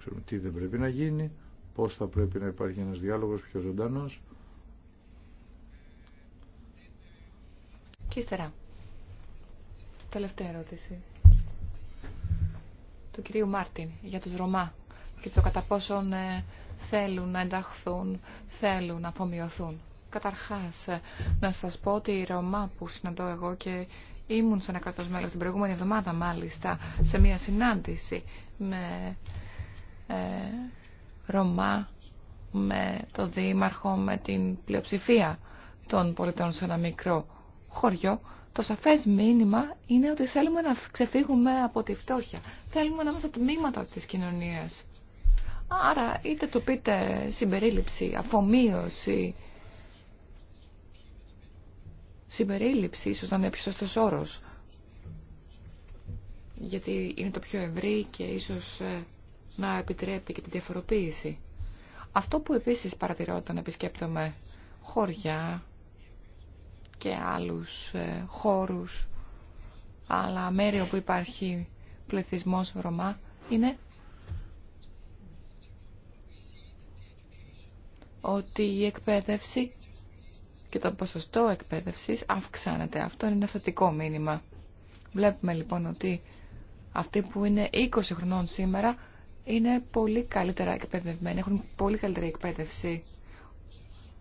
Ξέρουμε τι δεν πρέπει να γίνει, πώς θα πρέπει να υπάρχει ένας διάλογος πιο ζωντανός, Και ύστερα. Τελευταία ερώτηση. Του κυρίου Μάρτιν για τους Ρωμά και το κατά πόσον ε, θέλουν να ενταχθούν, θέλουν να αφομοιωθούν. Καταρχάς, ε, να σας πω ότι οι Ρωμά που συναντώ εγώ και ήμουν σε ένα κρατός μέλος την προηγούμενη εβδομάδα μάλιστα, σε μια συνάντηση με ε, Ρωμά, με το Δήμαρχο, με την πλειοψηφία των πολιτών σε ένα μικρό χωριό, το σαφές μήνυμα είναι ότι θέλουμε να ξεφύγουμε από τη φτώχεια. Θέλουμε να είμαστε τμήματα της κοινωνίας. Άρα είτε το πείτε συμπερίληψη, αφομοίωση, συμπερίληψη ίσως να είναι πιο σωστός όρος, γιατί είναι το πιο ευρύ και ίσως ε, να επιτρέπει και τη διαφοροποίηση. Αυτό που επίσης παρατηρώ όταν επισκέπτομαι χωριά, και άλλους ε, χώρους, αλλά μέρη όπου υπάρχει πληθυσμός Ρωμά είναι ότι η εκπαίδευση και το ποσοστό εκπαίδευσης αυξάνεται. Αυτό είναι ένα θετικό μήνυμα. Βλέπουμε λοιπόν ότι αυτοί που είναι 20 χρονών σήμερα είναι πολύ καλύτερα εκπαιδευμένοι, έχουν πολύ καλύτερη εκπαίδευση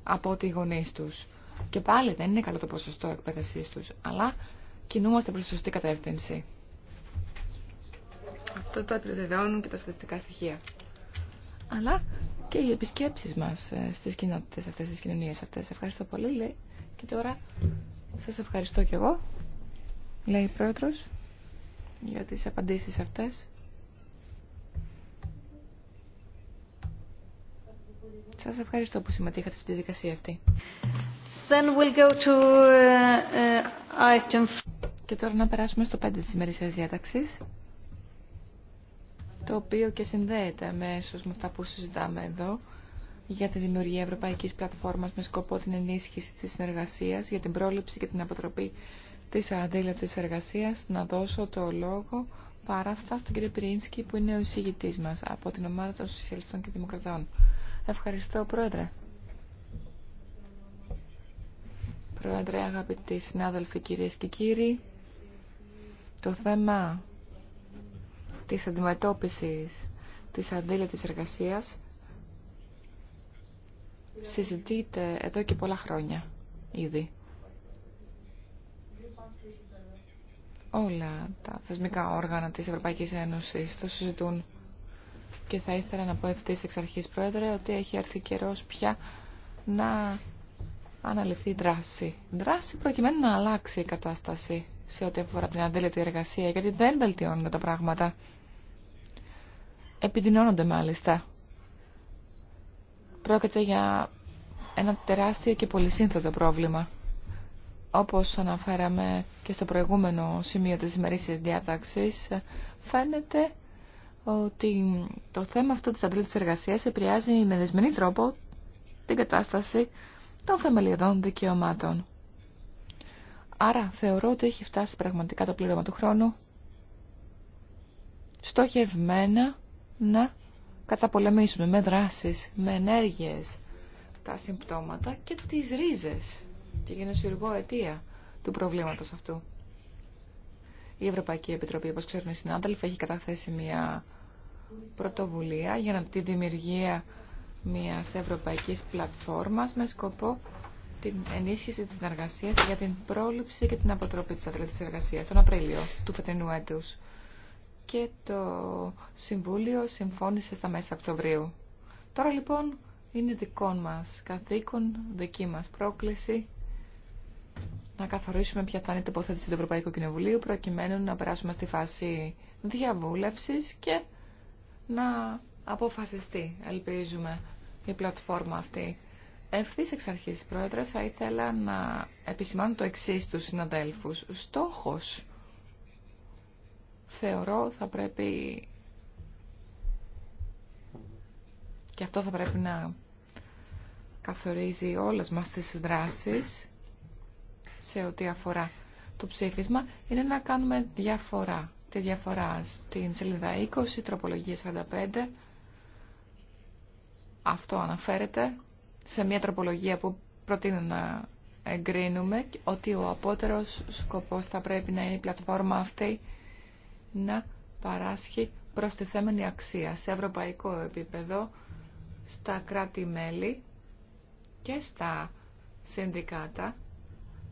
από ό,τι οι γονείς τους. Και πάλι δεν είναι καλό το ποσοστό εκπαίδευσή του. αλλά κινούμαστε προς σωστή κατεύθυνση. Αυτό το επιβεβαιώνουν και τα στατιστικά στοιχεία. Αλλά και οι επισκέψεις μας ε, στις κοινότητε αυτές, στις κοινωνίε αυτές. Ευχαριστώ πολύ, λέει. Και τώρα σας ευχαριστώ κι εγώ, λέει η Πρόεδρος, για τι απαντήσεις αυτές. Σας ευχαριστώ που συμμετείχατε στη διαδικασία αυτή. Uh, uh, και τώρα να περάσουμε στο 5 της ημερησίας διάταξης, το οποίο και συνδέεται αμέσως με αυτά που συζητάμε εδώ για τη δημιουργία Ευρωπαϊκής Πλατφόρμας με σκοπό την ενίσχυση της συνεργασίας για την πρόληψη και την αποτροπή της της εργασίας. Να δώσω το λόγο παρά αυτά στον κύριο Πυρίνσκι που είναι ο εισηγητής μας από την ομάδα των Σοσιαλιστών και Δημοκρατών. Ευχαριστώ Πρόεδρε. Πρόεδρε, αγαπητοί συνάδελφοι, κυρίες και κύριοι, το θέμα της αντιμετώπισης της αντίλητης εργασίας συζητείται εδώ και πολλά χρόνια ήδη. Όλα τα θεσμικά όργανα της Ευρωπαϊκής Ένωσης το συζητούν και θα ήθελα να πω ευθύς εξ αρχής, Πρόεδρε, ότι έχει έρθει καιρός πια να αναλυθεί δράση. Δράση προκειμένου να αλλάξει η κατάσταση σε ό,τι αφορά την αντίληπτη εργασία, γιατί δεν βελτιώνονται τα πράγματα. Επιδεινώνονται μάλιστα. Πρόκειται για ένα τεράστιο και πολυσύνθετο πρόβλημα. Όπως αναφέραμε και στο προηγούμενο σημείο της ημερήσιας διάταξης, φαίνεται ότι το θέμα αυτό της αντίληψης εργασίας επηρεάζει με δεσμενή τρόπο την κατάσταση των θεμελιωδών δικαιωμάτων. Άρα θεωρώ ότι έχει φτάσει πραγματικά το πλήρωμα του χρόνου στοχευμένα να καταπολεμήσουμε με δράσεις, με ενέργειες τα συμπτώματα και τις ρίζες, τη γενεσιουργό αιτία του προβλήματος αυτού. Η Ευρωπαϊκή Επιτροπή, όπως ξέρουν οι συνάδελφοι, έχει καταθέσει μια πρωτοβουλία για να τη δημιουργία μιας ευρωπαϊκής πλατφόρμας με σκοπό την ενίσχυση της συνεργασίας για την πρόληψη και την αποτροπή της αθλητικής εργασίας τον Απρίλιο του φετινού έτους. Και το Συμβούλιο συμφώνησε στα μέσα Οκτωβρίου. Τώρα λοιπόν είναι δικό μας καθήκον, δική μας πρόκληση να καθορίσουμε ποια θα είναι η τοποθέτηση του Ευρωπαϊκού Κοινοβουλίου προκειμένου να περάσουμε στη φάση διαβούλευσης και να αποφασιστεί, ελπίζουμε, η πλατφόρμα αυτή. Ευθύ εξ αρχή, Πρόεδρε, θα ήθελα να επισημάνω το εξή στου συναδέλφου. Στόχο, θεωρώ, θα πρέπει. Και αυτό θα πρέπει να καθορίζει όλες μας τις δράσεις σε ό,τι αφορά το ψήφισμα είναι να κάνουμε διαφορά. Τη διαφορά στην σελίδα 20, τροπολογία 45, αυτό αναφέρεται σε μια τροπολογία που προτείνω να εγκρίνουμε ότι ο απότερος σκοπός θα πρέπει να είναι η πλατφόρμα αυτή να παράσχει προστιθέμενη αξία σε ευρωπαϊκό επίπεδο στα κράτη-μέλη και στα συνδικάτα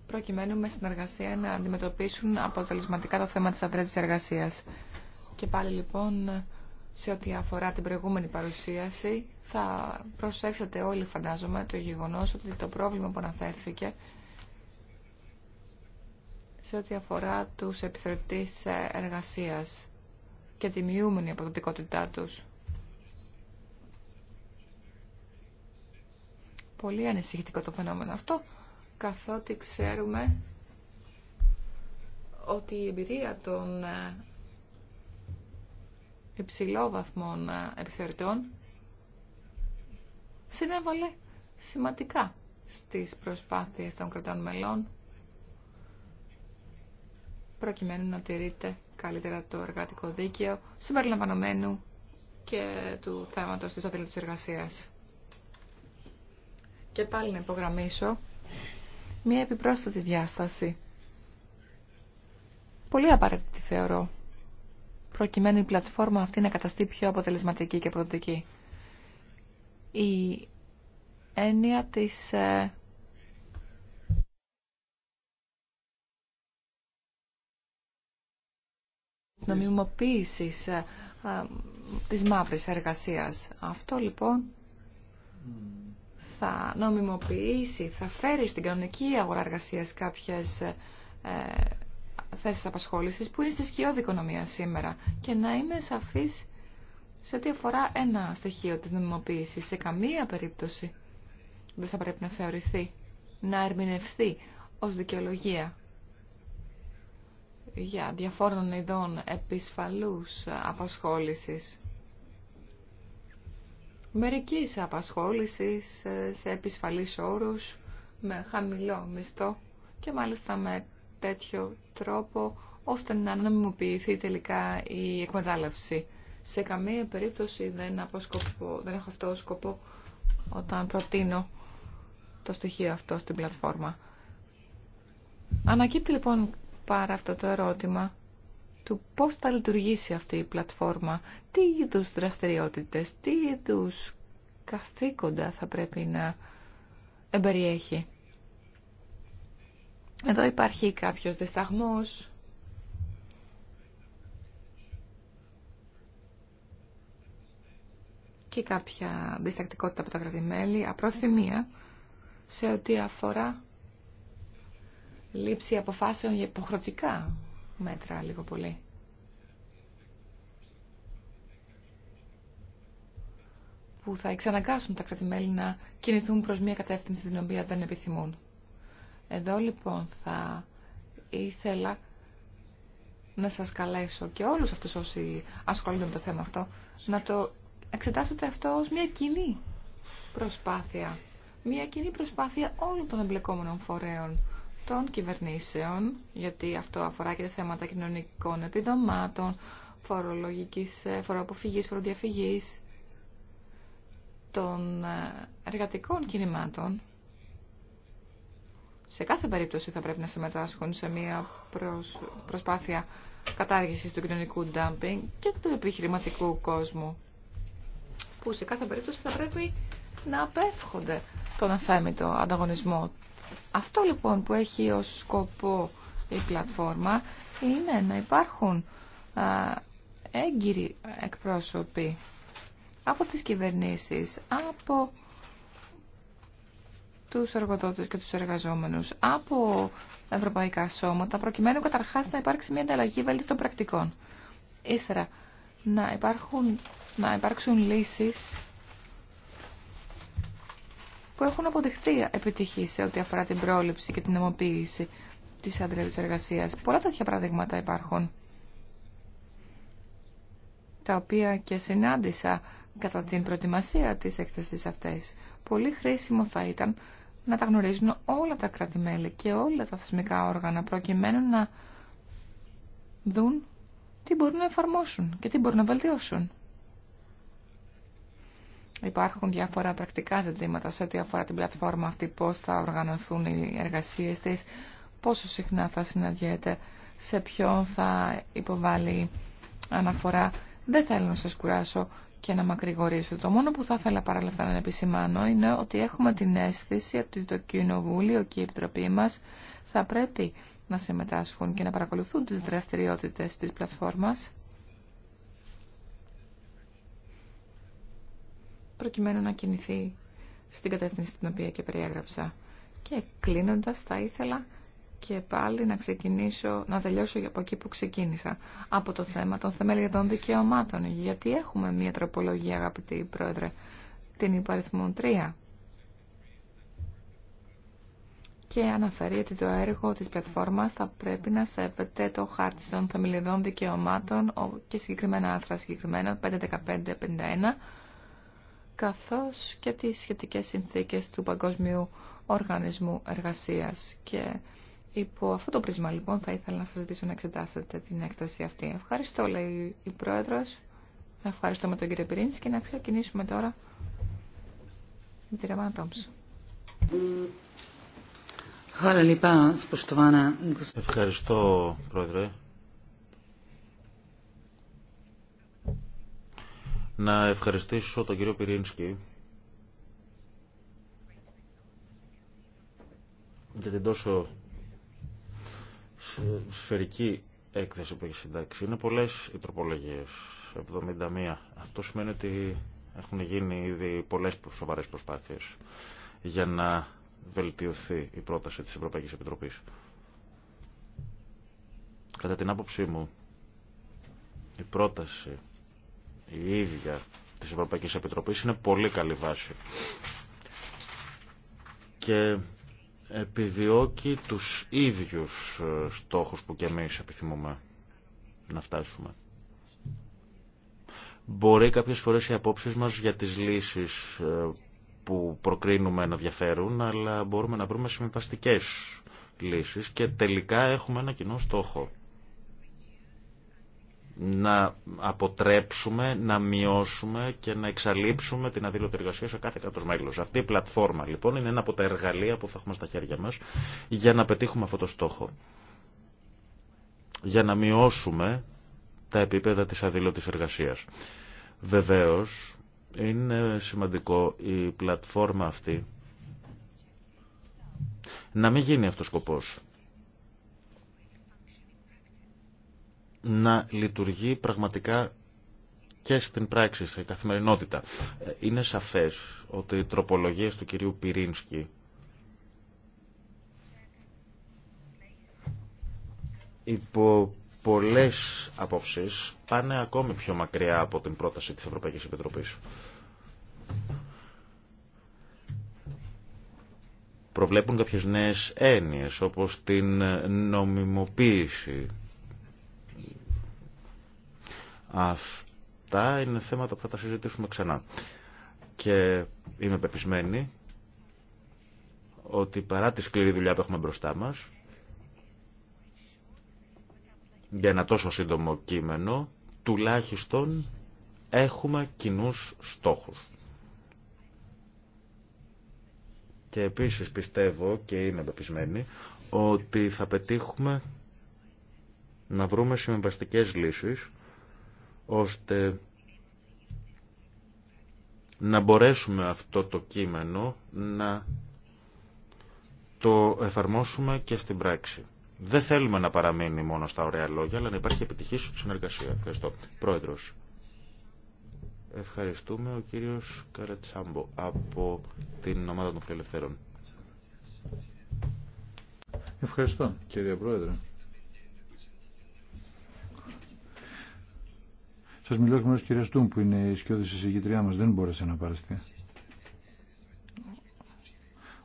προκειμένου με συνεργασία να αντιμετωπίσουν αποτελεσματικά το θέμα της αδρέτης εργασίας. Και πάλι λοιπόν σε ό,τι αφορά την προηγούμενη παρουσίαση θα προσέξετε όλοι φαντάζομαι το γεγονός ότι το πρόβλημα που αναφέρθηκε σε ό,τι αφορά τους επιθεωρητές εργασίας και τη μειούμενη αποδοτικότητά τους. Πολύ ανησυχητικό το φαινόμενο αυτό, καθότι ξέρουμε ότι η εμπειρία των ε, υψηλόβαθμων ε, επιθεωρητών συνέβαλε σημαντικά στις προσπάθειες των κρατών μελών προκειμένου να τηρείται καλύτερα το εργατικό δίκαιο συμπεριλαμβανομένου και του θέματος της αδελφής εργασίας. Και πάλι να υπογραμμίσω μια επιπρόσθετη διάσταση. Πολύ απαραίτητη θεωρώ, προκειμένου η πλατφόρμα αυτή να καταστεί πιο αποτελεσματική και αποδοτική η έννοια της ε, νομιμοποίησης ε, ε, της μαύρης εργασίας. Αυτό λοιπόν θα νομιμοποιήσει, θα φέρει στην κανονική αγορά εργασίας κάποιες ε, θέσεις απασχόλησης που είναι στη σκιώδη οικονομία σήμερα. Και να είμαι σαφής σε ό,τι αφορά ένα στοιχείο της νομιμοποίησης. Σε καμία περίπτωση δεν θα πρέπει να θεωρηθεί, να ερμηνευθεί ως δικαιολογία για διαφόρων ειδών επισφαλούς απασχόλησης. Μερικής απασχόλησης ε, σε επισφαλείς όρους, με χαμηλό μισθό και μάλιστα με τέτοιο τρόπο ώστε να νομιμοποιηθεί τελικά η εκμετάλλευση σε καμία περίπτωση δεν, αποσκοπώ, δεν έχω αυτό σκοπό όταν προτείνω το στοιχείο αυτό στην πλατφόρμα. Ανακύπτει λοιπόν πάρα αυτό το ερώτημα του πώς θα λειτουργήσει αυτή η πλατφόρμα, τι είδου δραστηριότητες, τι είδου καθήκοντα θα πρέπει να εμπεριέχει. Εδώ υπάρχει κάποιος δισταγμός, κάποια διστακτικότητα από τα κρατημέλη, απροθυμία σε ό,τι αφορά λήψη αποφάσεων για υποχρεωτικά μέτρα λίγο πολύ. που θα εξαναγκάσουν τα κρατημέλη να κινηθούν προς μια κατεύθυνση την οποία δεν επιθυμούν. Εδώ λοιπόν θα ήθελα να σας καλέσω και όλους αυτούς όσοι ασχολούνται με το θέμα αυτό να το εξετάσετε αυτό ως μια κοινή προσπάθεια. Μια κοινή προσπάθεια όλων των εμπλεκόμενων φορέων των κυβερνήσεων, γιατί αυτό αφορά και τα θέματα κοινωνικών επιδομάτων, φορολογικής, ε, φοροαποφυγής, φοροδιαφυγής, των ε, εργατικών κινημάτων. Σε κάθε περίπτωση θα πρέπει να συμμετάσχουν σε μια προσπάθεια κατάργησης του κοινωνικού ντάμπινγκ και του επιχειρηματικού κόσμου που σε κάθε περίπτωση θα πρέπει να απέφχονται τον αφέμητο ανταγωνισμό. Αυτό λοιπόν που έχει ως σκοπό η πλατφόρμα είναι να υπάρχουν έγκυροι εκπρόσωποι από τις κυβερνήσεις, από τους εργοδότες και τους εργαζόμενους, από ευρωπαϊκά σώματα, προκειμένου καταρχάς να υπάρξει μια ανταλλαγή βέλτιστων πρακτικών. Ύστερα, να, υπάρχουν, να υπάρξουν λύσεις που έχουν αποδειχθεί επιτυχή σε ό,τι αφορά την πρόληψη και την νομοποίηση της αντρεύης εργασίας. Πολλά τέτοια παραδείγματα υπάρχουν, τα οποία και συνάντησα κατά την προετοιμασία της έκθεσης αυτές. Πολύ χρήσιμο θα ήταν να τα γνωρίζουν όλα τα κρατη και όλα τα θεσμικά όργανα, προκειμένου να δουν τι μπορούν να εφαρμόσουν και τι μπορούν να βελτιώσουν. Υπάρχουν διάφορα πρακτικά ζητήματα σε ό,τι αφορά την πλατφόρμα αυτή, πώς θα οργανωθούν οι εργασίες της, πόσο συχνά θα συναντιέται, σε ποιον θα υποβάλει αναφορά. Δεν θέλω να σας κουράσω και να μακρηγορήσω. Το μόνο που θα ήθελα παράλληλα αυτά να επισημάνω είναι ότι έχουμε την αίσθηση ότι το Κοινοβούλιο και η Επιτροπή μας θα πρέπει να συμμετάσχουν και να παρακολουθούν τις δραστηριότητες της πλατφόρμας προκειμένου να κινηθεί στην κατεύθυνση την οποία και περιέγραψα. Και κλείνοντας θα ήθελα και πάλι να ξεκινήσω, να τελειώσω από εκεί που ξεκίνησα, από το θέμα των θεμελιωδών δικαιωμάτων, γιατί έχουμε μία τροπολογία αγαπητοί Πρόεδρε, την υπαριθμόν και αναφέρει ότι το έργο της πλατφόρμας θα πρέπει να σέβεται το χάρτη των θεμελιωδών δικαιωμάτων και συγκεκριμένα άρθρα συγκεκριμένα 5.15.51 καθώς και τις σχετικές συνθήκες του Παγκόσμιου Οργανισμού Εργασίας. Και υπό αυτό το πρίσμα λοιπόν θα ήθελα να σας ζητήσω να εξετάσετε την έκταση αυτή. Ευχαριστώ λέει η Πρόεδρος, ευχαριστώ με τον κύριο Πυρίνης και να ξεκινήσουμε τώρα με τη Ρεμάνα Τόμψ. Ευχαριστώ, Πρόεδρε. Να ευχαριστήσω τον κύριο Πυρίνσκι για την τόσο σφαιρική έκθεση που έχει συντάξει. Είναι πολλές οι τροπολογίες, 71. Αυτό σημαίνει ότι έχουν γίνει ήδη πολλές σοβαρές προσπάθειες για να βελτιωθεί η πρόταση της Ευρωπαϊκής Επιτροπής. Κατά την άποψή μου, η πρόταση η ίδια της Ευρωπαϊκής Επιτροπής είναι πολύ καλή βάση και επιδιώκει τους ίδιους ε, στόχους που και εμείς επιθυμούμε να φτάσουμε. Μπορεί κάποιες φορές οι απόψεις μας για τις λύσεις ε, που προκρίνουμε να διαφέρουν, αλλά μπορούμε να βρούμε συμβαστικές λύσεις και τελικά έχουμε ένα κοινό στόχο. Να αποτρέψουμε, να μειώσουμε και να εξαλείψουμε την αδήλωτη εργασία σε κάθε κράτο μέλος. Αυτή η πλατφόρμα λοιπόν είναι ένα από τα εργαλεία που θα έχουμε στα χέρια μας για να πετύχουμε αυτό το στόχο. Για να μειώσουμε τα επίπεδα της αδήλωτης εργασίας. Βεβαίως, είναι σημαντικό η πλατφόρμα αυτή να μην γίνει αυτός ο σκοπός. Να λειτουργεί πραγματικά και στην πράξη, σε καθημερινότητα. Είναι σαφές ότι οι τροπολογίες του κυρίου Πυρίνσκι υπό πολλές απόψεις πάνε ακόμη πιο μακριά από την πρόταση της Ευρωπαϊκής Επιτροπής. Προβλέπουν κάποιες νέες έννοιες όπως την νομιμοποίηση. Αυτά είναι θέματα που θα τα συζητήσουμε ξανά. Και είμαι πεπισμένη ότι παρά τη σκληρή δουλειά που έχουμε μπροστά μας, για ένα τόσο σύντομο κείμενο, τουλάχιστον έχουμε κοινού στόχους. Και επίσης πιστεύω και είμαι πεπισμένη ότι θα πετύχουμε να βρούμε συμβαστικές λύσεις ώστε να μπορέσουμε αυτό το κείμενο να το εφαρμόσουμε και στην πράξη. Δεν θέλουμε να παραμείνει μόνο στα ωραία λόγια, αλλά να υπάρχει επιτυχής συνεργασία. Ευχαριστώ. Πρόεδρο. Ευχαριστούμε ο κύριος Καρατσάμπο από την ομάδα των φιλελευθέρων. Ευχαριστώ κύριε Πρόεδρε. Σας μιλώ εκ μέρου κυρία που είναι η σκιώδη συζητητριά μας. Δεν μπόρεσε να παραστεί.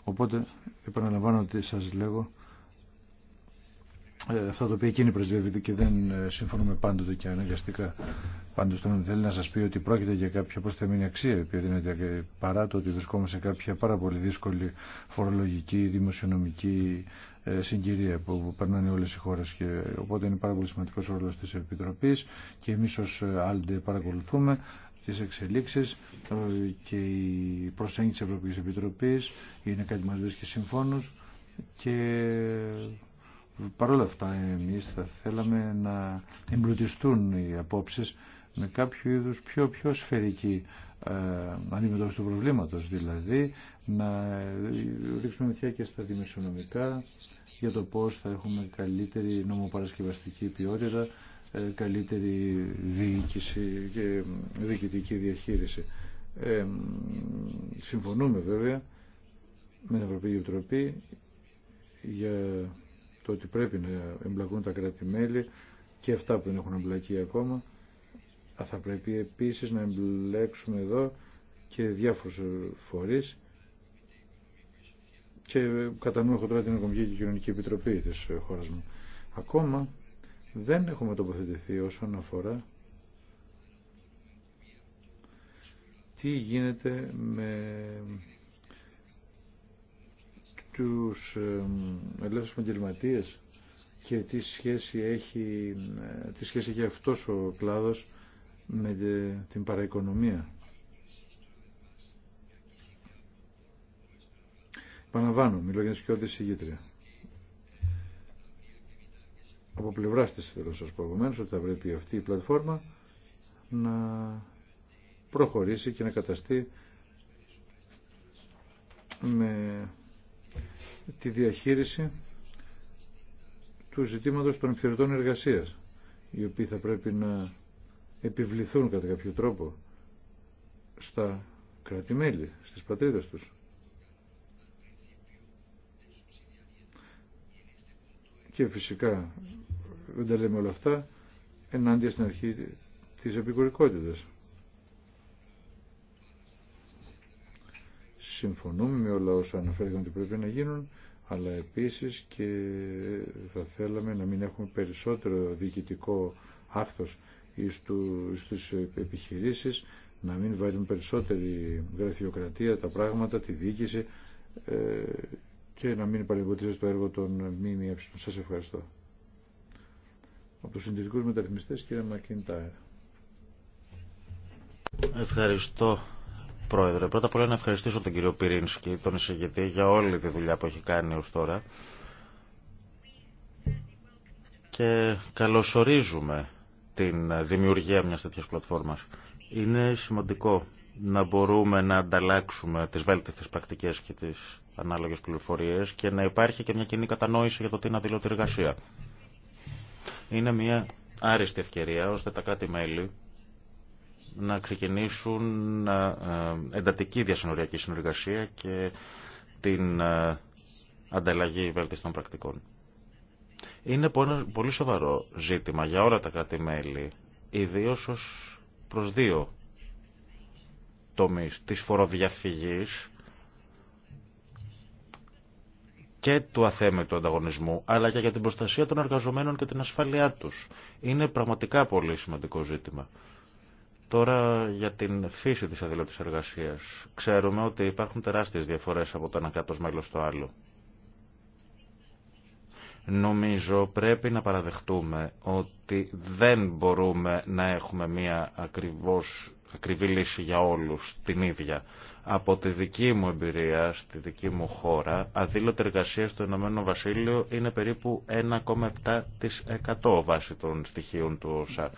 Οπότε επαναλαμβάνω ότι σας λέγω ε, αυτά τα οποία εκείνη πρεσβεύεται και δεν ε, συμφωνούμε πάντοτε και αναγκαστικά. Πάντως τον θέλει να σας πει ότι πρόκειται για κάποια προσθεμένη αξία επειδή παρά το ότι βρισκόμαστε σε κάποια πάρα πολύ δύσκολη φορολογική, δημοσιονομική ε, συγκυρία που περνάνε όλες οι χώρες οπότε είναι πάρα πολύ σημαντικός ο ρόλο της Επιτροπής και εμείς ως Άλντε παρακολουθούμε τις εξελίξεις και η προσέγγιση της Ευρωπαϊκής Επιτροπής είναι κάτι που μας βρίσκει συμφώνους και Παρ' όλα αυτά εμείς θα θέλαμε να εμπλουτιστούν οι απόψεις με κάποιο είδους πιο, πιο σφαιρική ε, αντιμετώπιση του προβλήματος. Δηλαδή να ρίξουμε μυθιά και στα δημοσιονομικά για το πώς θα έχουμε καλύτερη νομοπαρασκευαστική ποιότητα, ε, καλύτερη διοίκηση και ε, διοικητική διαχείριση. Ε, συμφωνούμε βέβαια με την Ευρωπαϊκή Επιτροπή για το ότι πρέπει να εμπλακούν τα κράτη-μέλη και αυτά που δεν έχουν εμπλακεί ακόμα. Θα πρέπει επίσης να εμπλέξουμε εδώ και διάφορους φορείς και κατά νου έχω τώρα την Οικονομική και Κοινωνική Επιτροπή της χώρας μου. Ακόμα δεν έχουμε τοποθετηθεί όσον αφορά τι γίνεται με τους ελεύθερους επαγγελματίε και τι σχέση έχει, ε, τι σχέση έχει αυτός ο κλάδος με ε, την παραοικονομία. Παναβάνω, μιλώ για σκιώδη συγγήτρια. Από πλευράς της θέλω να σα πω ότι θα πρέπει αυτή η πλατφόρμα να προχωρήσει και να καταστεί με τη διαχείριση του ζητήματος των επιθεωρητών εργασίας, οι οποίοι θα πρέπει να επιβληθούν κατά κάποιο τρόπο στα κρατημέλη, στις πατρίδες τους. Και φυσικά δεν τα λέμε όλα αυτά ενάντια στην αρχή της επικουρικότητας. συμφωνούμε με όλα όσα αναφέρθηκαν ότι πρέπει να γίνουν, αλλά επίσης και θα θέλαμε να μην έχουμε περισσότερο διοικητικό άχθος στις επιχειρήσεις, να μην βάζουμε περισσότερη γραφειοκρατία, τα πράγματα, τη διοίκηση ε, και να μην παρεμποτίζεται το έργο των ΜΜΕ. Σας ευχαριστώ. Από τους συντηρητικούς μεταρρυθμιστές, κύριε Μακιντάερ. Ευχαριστώ Πρόεδρε. Πρώτα απ' όλα να ευχαριστήσω τον κύριο Πυρίνσκι, τον εισηγητή, για όλη τη δουλειά που έχει κάνει ως τώρα. Και καλωσορίζουμε την δημιουργία μιας τέτοιας πλατφόρμας. Είναι σημαντικό να μπορούμε να ανταλλάξουμε τις βέλτιστες πρακτικές και τις ανάλογες πληροφορίες και να υπάρχει και μια κοινή κατανόηση για το τι είναι αδειλωτή εργασία. Είναι μια άριστη ευκαιρία ώστε τα κράτη-μέλη να ξεκινήσουν ε, ε, εντατική διασυνοριακή συνεργασία και την ε, ανταλλαγή βέλτιστων πρακτικών. Είναι πολύ σοβαρό ζήτημα για όλα τα κράτη-μέλη, ιδίως ως προς δύο τομείς της φοροδιαφυγής και του αθέμετου ανταγωνισμού, αλλά και για την προστασία των εργαζομένων και την ασφάλειά τους. Είναι πραγματικά πολύ σημαντικό ζήτημα. Τώρα για την φύση της αδειλωτής εργασίας. Ξέρουμε ότι υπάρχουν τεράστιες διαφορές από το ένα κράτος μέλος στο άλλο. Νομίζω πρέπει να παραδεχτούμε ότι δεν μπορούμε να έχουμε μία ακριβώς, ακριβή λύση για όλους την ίδια. Από τη δική μου εμπειρία, στη δική μου χώρα, αδήλωτη εργασία στο Ηνωμένο Βασίλειο είναι περίπου 1,7% βάσει των στοιχείων του ΩΣΑ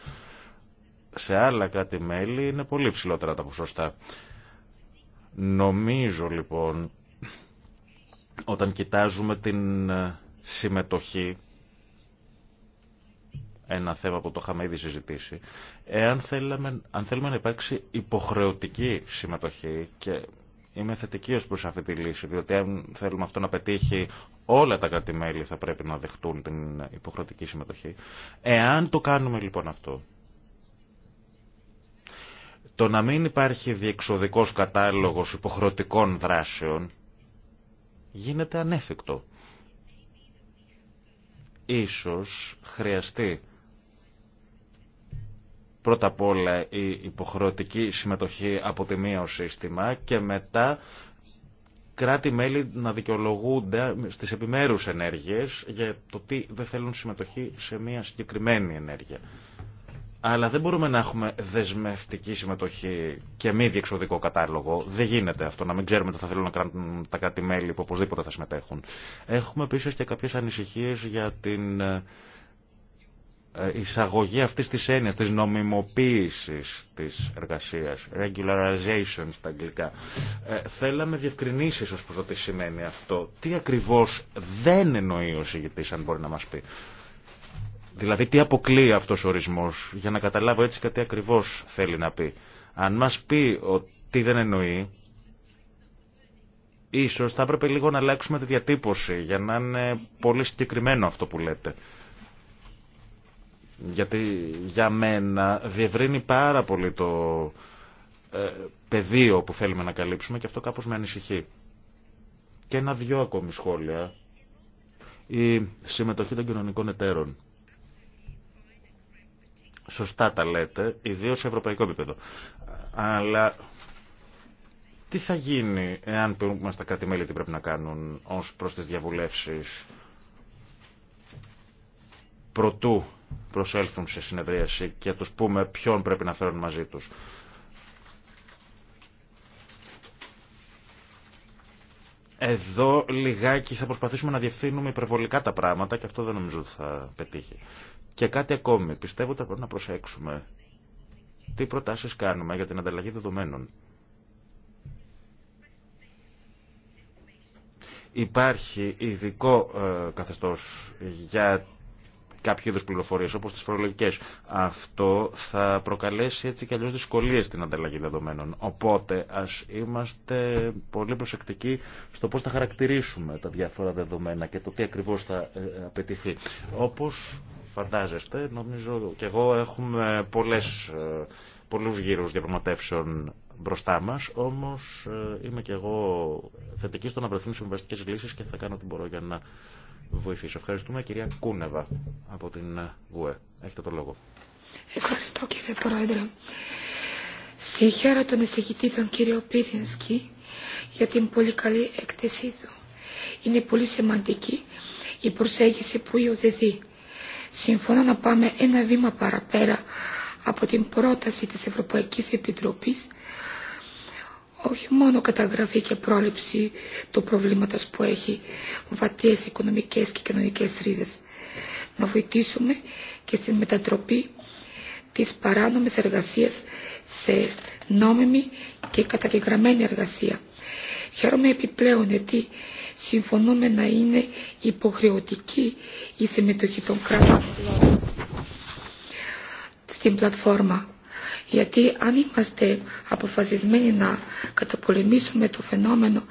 σε άλλα κράτη-μέλη είναι πολύ ψηλότερα τα ποσοστά. Νομίζω λοιπόν, όταν κοιτάζουμε την ε, συμμετοχή, ένα θέμα που το είχαμε ήδη συζητήσει, εάν θέλαμε, αν θέλουμε να υπάρξει υποχρεωτική συμμετοχή και είμαι θετική ως προς αυτή τη λύση, διότι αν θέλουμε αυτό να πετύχει όλα τα κράτη-μέλη θα πρέπει να δεχτούν την υποχρεωτική συμμετοχή. Εάν το κάνουμε λοιπόν αυτό, το να μην υπάρχει διεξοδικός κατάλογος υποχρεωτικών δράσεων γίνεται ανέφικτο. Ίσως χρειαστεί πρώτα απ' όλα η υποχρεωτική συμμετοχή από τη μία σύστημα και μετά κράτη-μέλη να δικαιολογούνται στις επιμέρους ενέργειες για το τι δεν θέλουν συμμετοχή σε μία συγκεκριμένη ενέργεια. Αλλά δεν μπορούμε να έχουμε δεσμευτική συμμετοχή και μη διεξοδικό κατάλογο. Δεν γίνεται αυτό, να μην ξέρουμε τι θα θέλουν να κάνουν τα κράτη-μέλη που οπωσδήποτε θα συμμετέχουν. Έχουμε επίση και κάποιε ανησυχίε για την ε, εισαγωγή αυτή τη έννοια, τη νομιμοποίηση τη εργασία, regularization στα αγγλικά. Ε, θέλαμε διευκρινήσει ω προ το τι σημαίνει αυτό. Τι ακριβώ δεν εννοεί ο συγητή, αν μπορεί να μα πει. Δηλαδή τι αποκλεί αυτός ο ορισμός, για να καταλάβω έτσι κάτι ακριβώς θέλει να πει. Αν μας πει ότι δεν εννοεί, ίσως θα έπρεπε λίγο να αλλάξουμε τη διατύπωση για να είναι πολύ συγκεκριμένο αυτό που λέτε. Γιατί για μένα διευρύνει πάρα πολύ το ε, πεδίο που θέλουμε να καλύψουμε και αυτό κάπως με ανησυχεί. Και ένα-δυο ακόμη σχόλια. Η συμμετοχή των κοινωνικών εταίρων. Σωστά τα λέτε, ιδίω σε ευρωπαϊκό επίπεδο. Αλλά τι θα γίνει εάν πούμε στα κράτη-μέλη τι πρέπει να κάνουν ω προ τι διαβουλευσει προτού προσέλθουν σε συνεδρίαση και του πούμε ποιον πρέπει να φέρουν μαζί τους. Εδώ λιγάκι θα προσπαθήσουμε να διευθύνουμε υπερβολικά τα πράγματα και αυτό δεν νομίζω ότι θα πετύχει. Και κάτι ακόμη. Πιστεύω ότι θα πρέπει να προσέξουμε τι προτάσεις κάνουμε για την ανταλλαγή δεδομένων. Υπάρχει ειδικό ε, καθεστώς για κάποιο είδου πληροφορίε, όπως τις φορολογικές. Αυτό θα προκαλέσει έτσι κι αλλιώς δυσκολίε στην ανταλλαγή δεδομένων. Οπότε ας είμαστε πολύ προσεκτικοί στο πώς θα χαρακτηρίσουμε τα διάφορα δεδομένα και το τι ακριβώς θα ε, ε, απαιτηθεί. Όπως φαντάζεστε. Νομίζω και εγώ έχουμε πολλές, ε, πολλούς γύρους διαπραγματεύσεων μπροστά μας, όμως ε, είμαι και εγώ θετική στο να βρεθούν συμβαστικές λύσεις και θα κάνω ό,τι μπορώ για να βοηθήσω. Ευχαριστούμε κυρία Κούνεβα από την ΒΟΕ. Ε, Έχετε το λόγο. Ευχαριστώ κύριε Πρόεδρε. Συγχαίρω τον εισηγητή τον κύριο Πίδινσκι για την πολύ καλή έκθεσή του. Είναι πολύ σημαντική η προσέγγιση που υιοθετεί συμφωνώ να πάμε ένα βήμα παραπέρα από την πρόταση της Ευρωπαϊκής Επιτροπής όχι μόνο καταγραφή και πρόληψη του προβλήματος που έχει βατίες οικονομικές και κοινωνικές ρίζες. Να βοηθήσουμε και στην μετατροπή της παράνομης εργασίας σε νόμιμη και καταγεγραμμένη εργασία Χαίρομαι επιπλέον γιατί συμφωνούμε να είναι υποχρεωτική η συμμετοχή των κράτων στην πλατφόρμα. Γιατί αν είμαστε αποφασισμένοι να καταπολεμήσουμε το φαινόμενο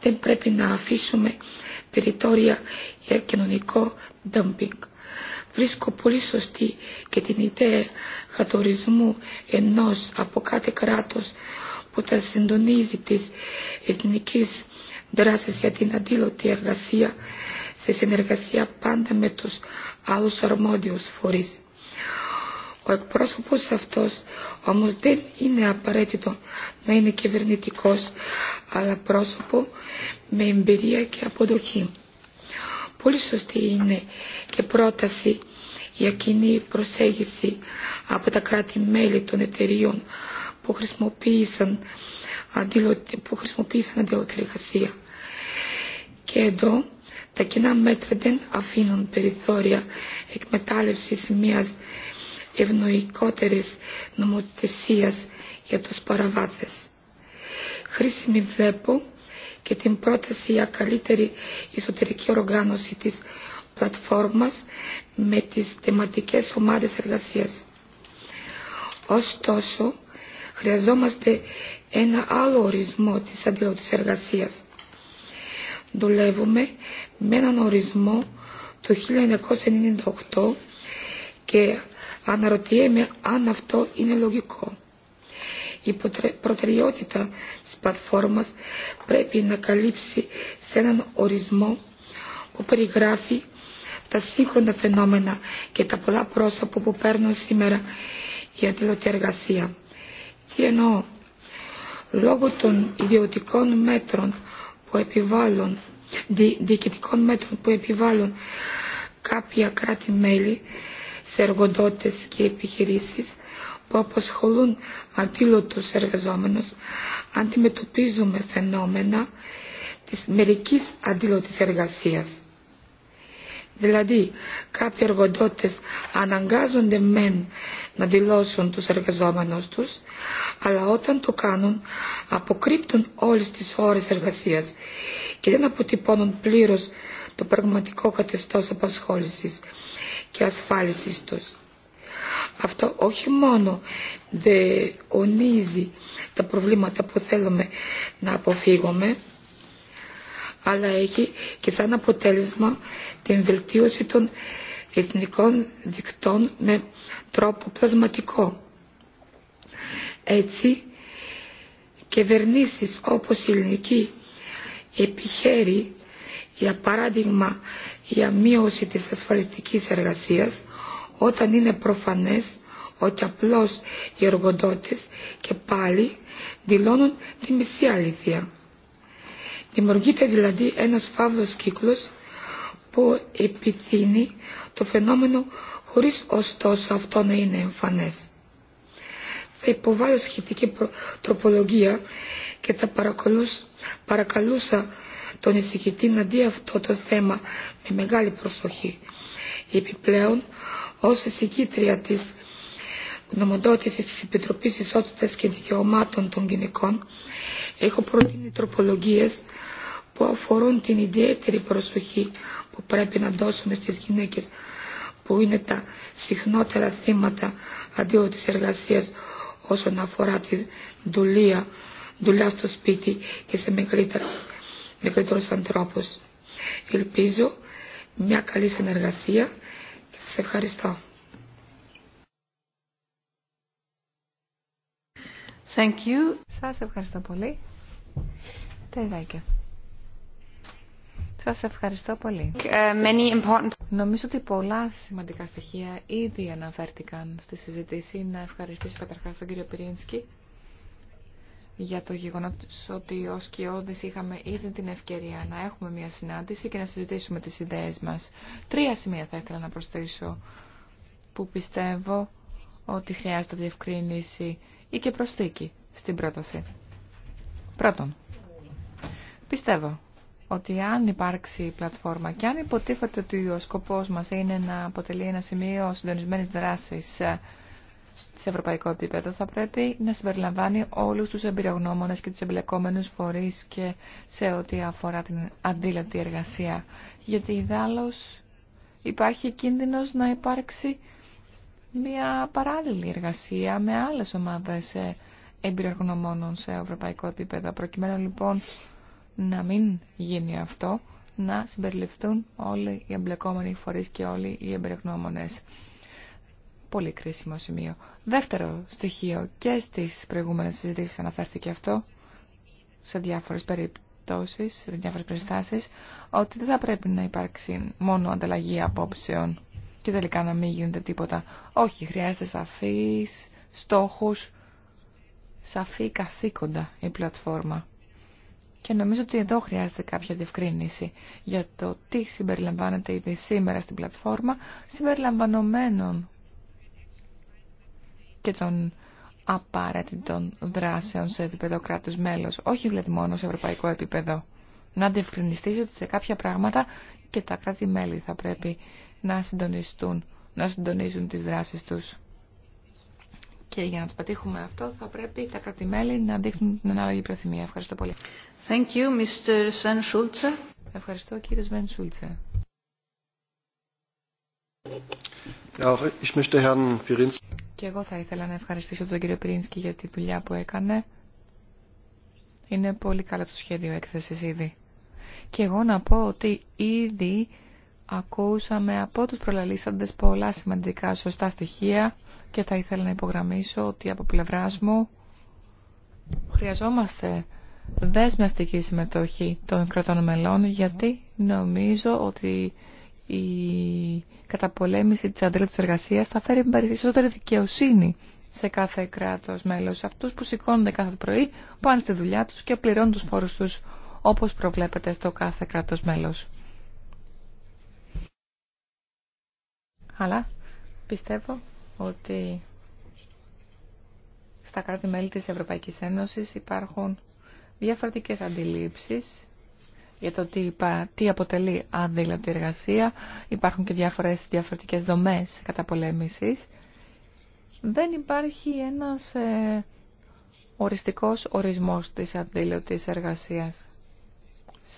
δεν πρέπει να αφήσουμε περιτόρια για κοινωνικό dumping. Βρίσκω πολύ σωστή και την ιδέα χατορισμού ενός από κάθε κράτος που θα συντονίζει τις εθνικές δράσεις για την αντίλωτη εργασία σε συνεργασία πάντα με τους άλλους αρμόδιους φορείς. Ο εκπρόσωπος αυτός όμως δεν είναι απαραίτητο να είναι κυβερνητικός, αλλά πρόσωπο με εμπειρία και αποδοχή. Πολύ σωστή είναι και πρόταση για κοινή προσέγγιση από τα κράτη-μέλη των εταιριών που χρησιμοποίησαν, αντίλο, που χρησιμοποίησαν Και εδώ τα κοινά μέτρα δεν αφήνουν περιθώρια εκμετάλλευσης μιας ευνοϊκότερης νομοθεσίας για τους παραβάτες. Χρήσιμη βλέπω και την πρόταση για καλύτερη εσωτερική οργάνωση της πλατφόρμας με τις θεματικές ομάδες εργασίας. Ωστόσο, Χρειαζόμαστε ένα άλλο ορισμό της αντιδότης εργασίας. Δουλεύουμε με έναν ορισμό το 1998 και αναρωτιέμαι αν αυτό είναι λογικό. Η προτεραιότητα της πλατφόρμας πρέπει να καλύψει σε έναν ορισμό που περιγράφει τα σύγχρονα φαινόμενα και τα πολλά πρόσωπα που παίρνουν σήμερα η αντιλωτή εργασία. Τι εννοώ. Λόγω των ιδιωτικών μέτρων που επιβάλλουν, διοικητικών μέτρων που επιβάλλουν κάποια κράτη-μέλη σε εργοδότες και επιχειρήσεις που απασχολούν αντίλωτου εργαζόμενους, αντιμετωπίζουμε φαινόμενα της μερικής αντίλωτη εργασίας Δηλαδή κάποιοι εργοδότες αναγκάζονται μεν να δηλώσουν τους εργαζόμενους τους, αλλά όταν το κάνουν αποκρύπτουν όλες τις ώρες εργασίας και δεν αποτυπώνουν πλήρως το πραγματικό καθεστώς απασχόλησης και ασφάλισης τους. Αυτό όχι μόνο δεν ονίζει τα προβλήματα που θέλουμε να αποφύγουμε, αλλά έχει και σαν αποτέλεσμα την βελτίωση των εθνικών δικτών με τρόπο πλασματικό. Έτσι, κυβερνήσεις όπως η ελληνική επιχαίρει για παράδειγμα για μείωση της ασφαλιστικής εργασίας όταν είναι προφανές ότι απλώς οι εργοδότες και πάλι δηλώνουν τη μισή αλήθεια. Δημιουργείται δηλαδή ένας φαύλος κύκλος που επιθύνει το φαινόμενο χωρίς ωστόσο αυτό να είναι εμφανές. Θα υποβάλω σχετική τροπολογία και θα παρακαλούσα τον εισηγητή να δει αυτό το θέμα με μεγάλη προσοχή. Επιπλέον, ως εισηγήτρια της γνωμοδότησης της Επιτροπής Ισότητας και Δικαιωμάτων των Γυναικών, έχω προτείνει τροπολογίες που αφορούν την ιδιαίτερη προσοχή που πρέπει να δώσουμε στις γυναίκες που είναι τα συχνότερα θύματα της εργασίας όσον αφορά τη δουλεία, δουλειά στο σπίτι και σε μεγαλύτερους ανθρώπους. Ελπίζω μια καλή συνεργασία και σας ευχαριστώ. Thank Σας ευχαριστώ πολύ. ειδάκια. Σας ευχαριστώ πολύ. Ε, Νομίζω ότι πολλά σημαντικά στοιχεία ήδη αναφέρθηκαν στη συζήτηση. Να ευχαριστήσω καταρχάς τον κύριο Πυρίνσκι για το γεγονός ότι ως κοιόδης είχαμε ήδη την ευκαιρία να έχουμε μια συνάντηση και να συζητήσουμε τις ιδέες μας. Τρία σημεία θα ήθελα να προσθέσω που πιστεύω ότι χρειάζεται διευκρίνηση ή και προσθήκη στην πρόταση. Πρώτον, πιστεύω ότι αν υπάρξει πλατφόρμα και αν υποτίθεται ότι ο σκοπός μας είναι να αποτελεί ένα σημείο συντονισμένης δράσης ε, σε ευρωπαϊκό επίπεδο θα πρέπει να συμπεριλαμβάνει όλους τους εμπειρογνώμονες και τους εμπλεκόμενους φορείς και σε ό,τι αφορά την αντίλατη εργασία. Γιατί ιδάλλως υπάρχει κίνδυνος να υπάρξει μια παράλληλη εργασία με άλλες ομάδες εμπειρογνωμόνων σε ευρωπαϊκό επίπεδο. Προκειμένου λοιπόν να μην γίνει αυτό, να συμπεριληφθούν όλοι οι εμπλεκόμενοι φορείς και όλοι οι εμπειρογνώμονες. Πολύ κρίσιμο σημείο. Δεύτερο στοιχείο και στις προηγούμενες συζητήσεις αναφέρθηκε αυτό σε διάφορες περιπτώσεις, σε διάφορες περιστάσεις, ότι δεν θα πρέπει να υπάρξει μόνο ανταλλαγή απόψεων και τελικά να μην γίνεται τίποτα. Όχι, χρειάζεται σαφείς στόχους, σαφή καθήκοντα η πλατφόρμα. Και νομίζω ότι εδώ χρειάζεται κάποια διευκρίνηση για το τι συμπεριλαμβάνεται ήδη σήμερα στην πλατφόρμα συμπεριλαμβανομένων και των απαραίτητων δράσεων σε επίπεδο κράτους μέλος, όχι δηλαδή μόνο σε ευρωπαϊκό επίπεδο. Να διευκρινιστεί ότι σε κάποια πράγματα και τα κράτη-μέλη θα πρέπει να συντονιστούν, να συντονίζουν τις δράσεις τους. Και για να το πατήχουμε αυτό θα πρέπει τα κρατημέλη να δείχνουν την ανάλογη προθυμία. Ευχαριστώ πολύ. Thank you, Mr. Sven Schulze. Ευχαριστώ κύριε Σβέν Σούλτσε. Και εγώ θα ήθελα να ευχαριστήσω τον κύριο Πυρίνσκι για τη δουλειά που έκανε. Είναι πολύ καλό το σχέδιο έκθεσης ήδη. Και εγώ να πω ότι ήδη Ακούσαμε από τους προλαλήσαντες πολλά σημαντικά σωστά στοιχεία και θα ήθελα να υπογραμμίσω ότι από πλευρά μου χρειαζόμαστε δεσμευτική συμμετοχή των κρατών μελών γιατί νομίζω ότι η καταπολέμηση της αντίληψης εργασίας θα φέρει περισσότερη δικαιοσύνη σε κάθε κράτος μέλος. Αυτούς που σηκώνονται κάθε πρωί πάνε στη δουλειά τους και πληρώνουν τους φόρους τους όπως προβλέπεται στο κάθε κράτος μέλος. αλλά πιστεύω ότι στα κράτη-μέλη της Ευρωπαϊκής Ένωσης υπάρχουν διαφορετικές αντιλήψεις για το τι, αποτελεί αδήλωτη εργασία. Υπάρχουν και διάφορες διαφορετικές δομές καταπολέμησης. Δεν υπάρχει ένας ε, οριστικός ορισμός της αδήλωτης εργασίας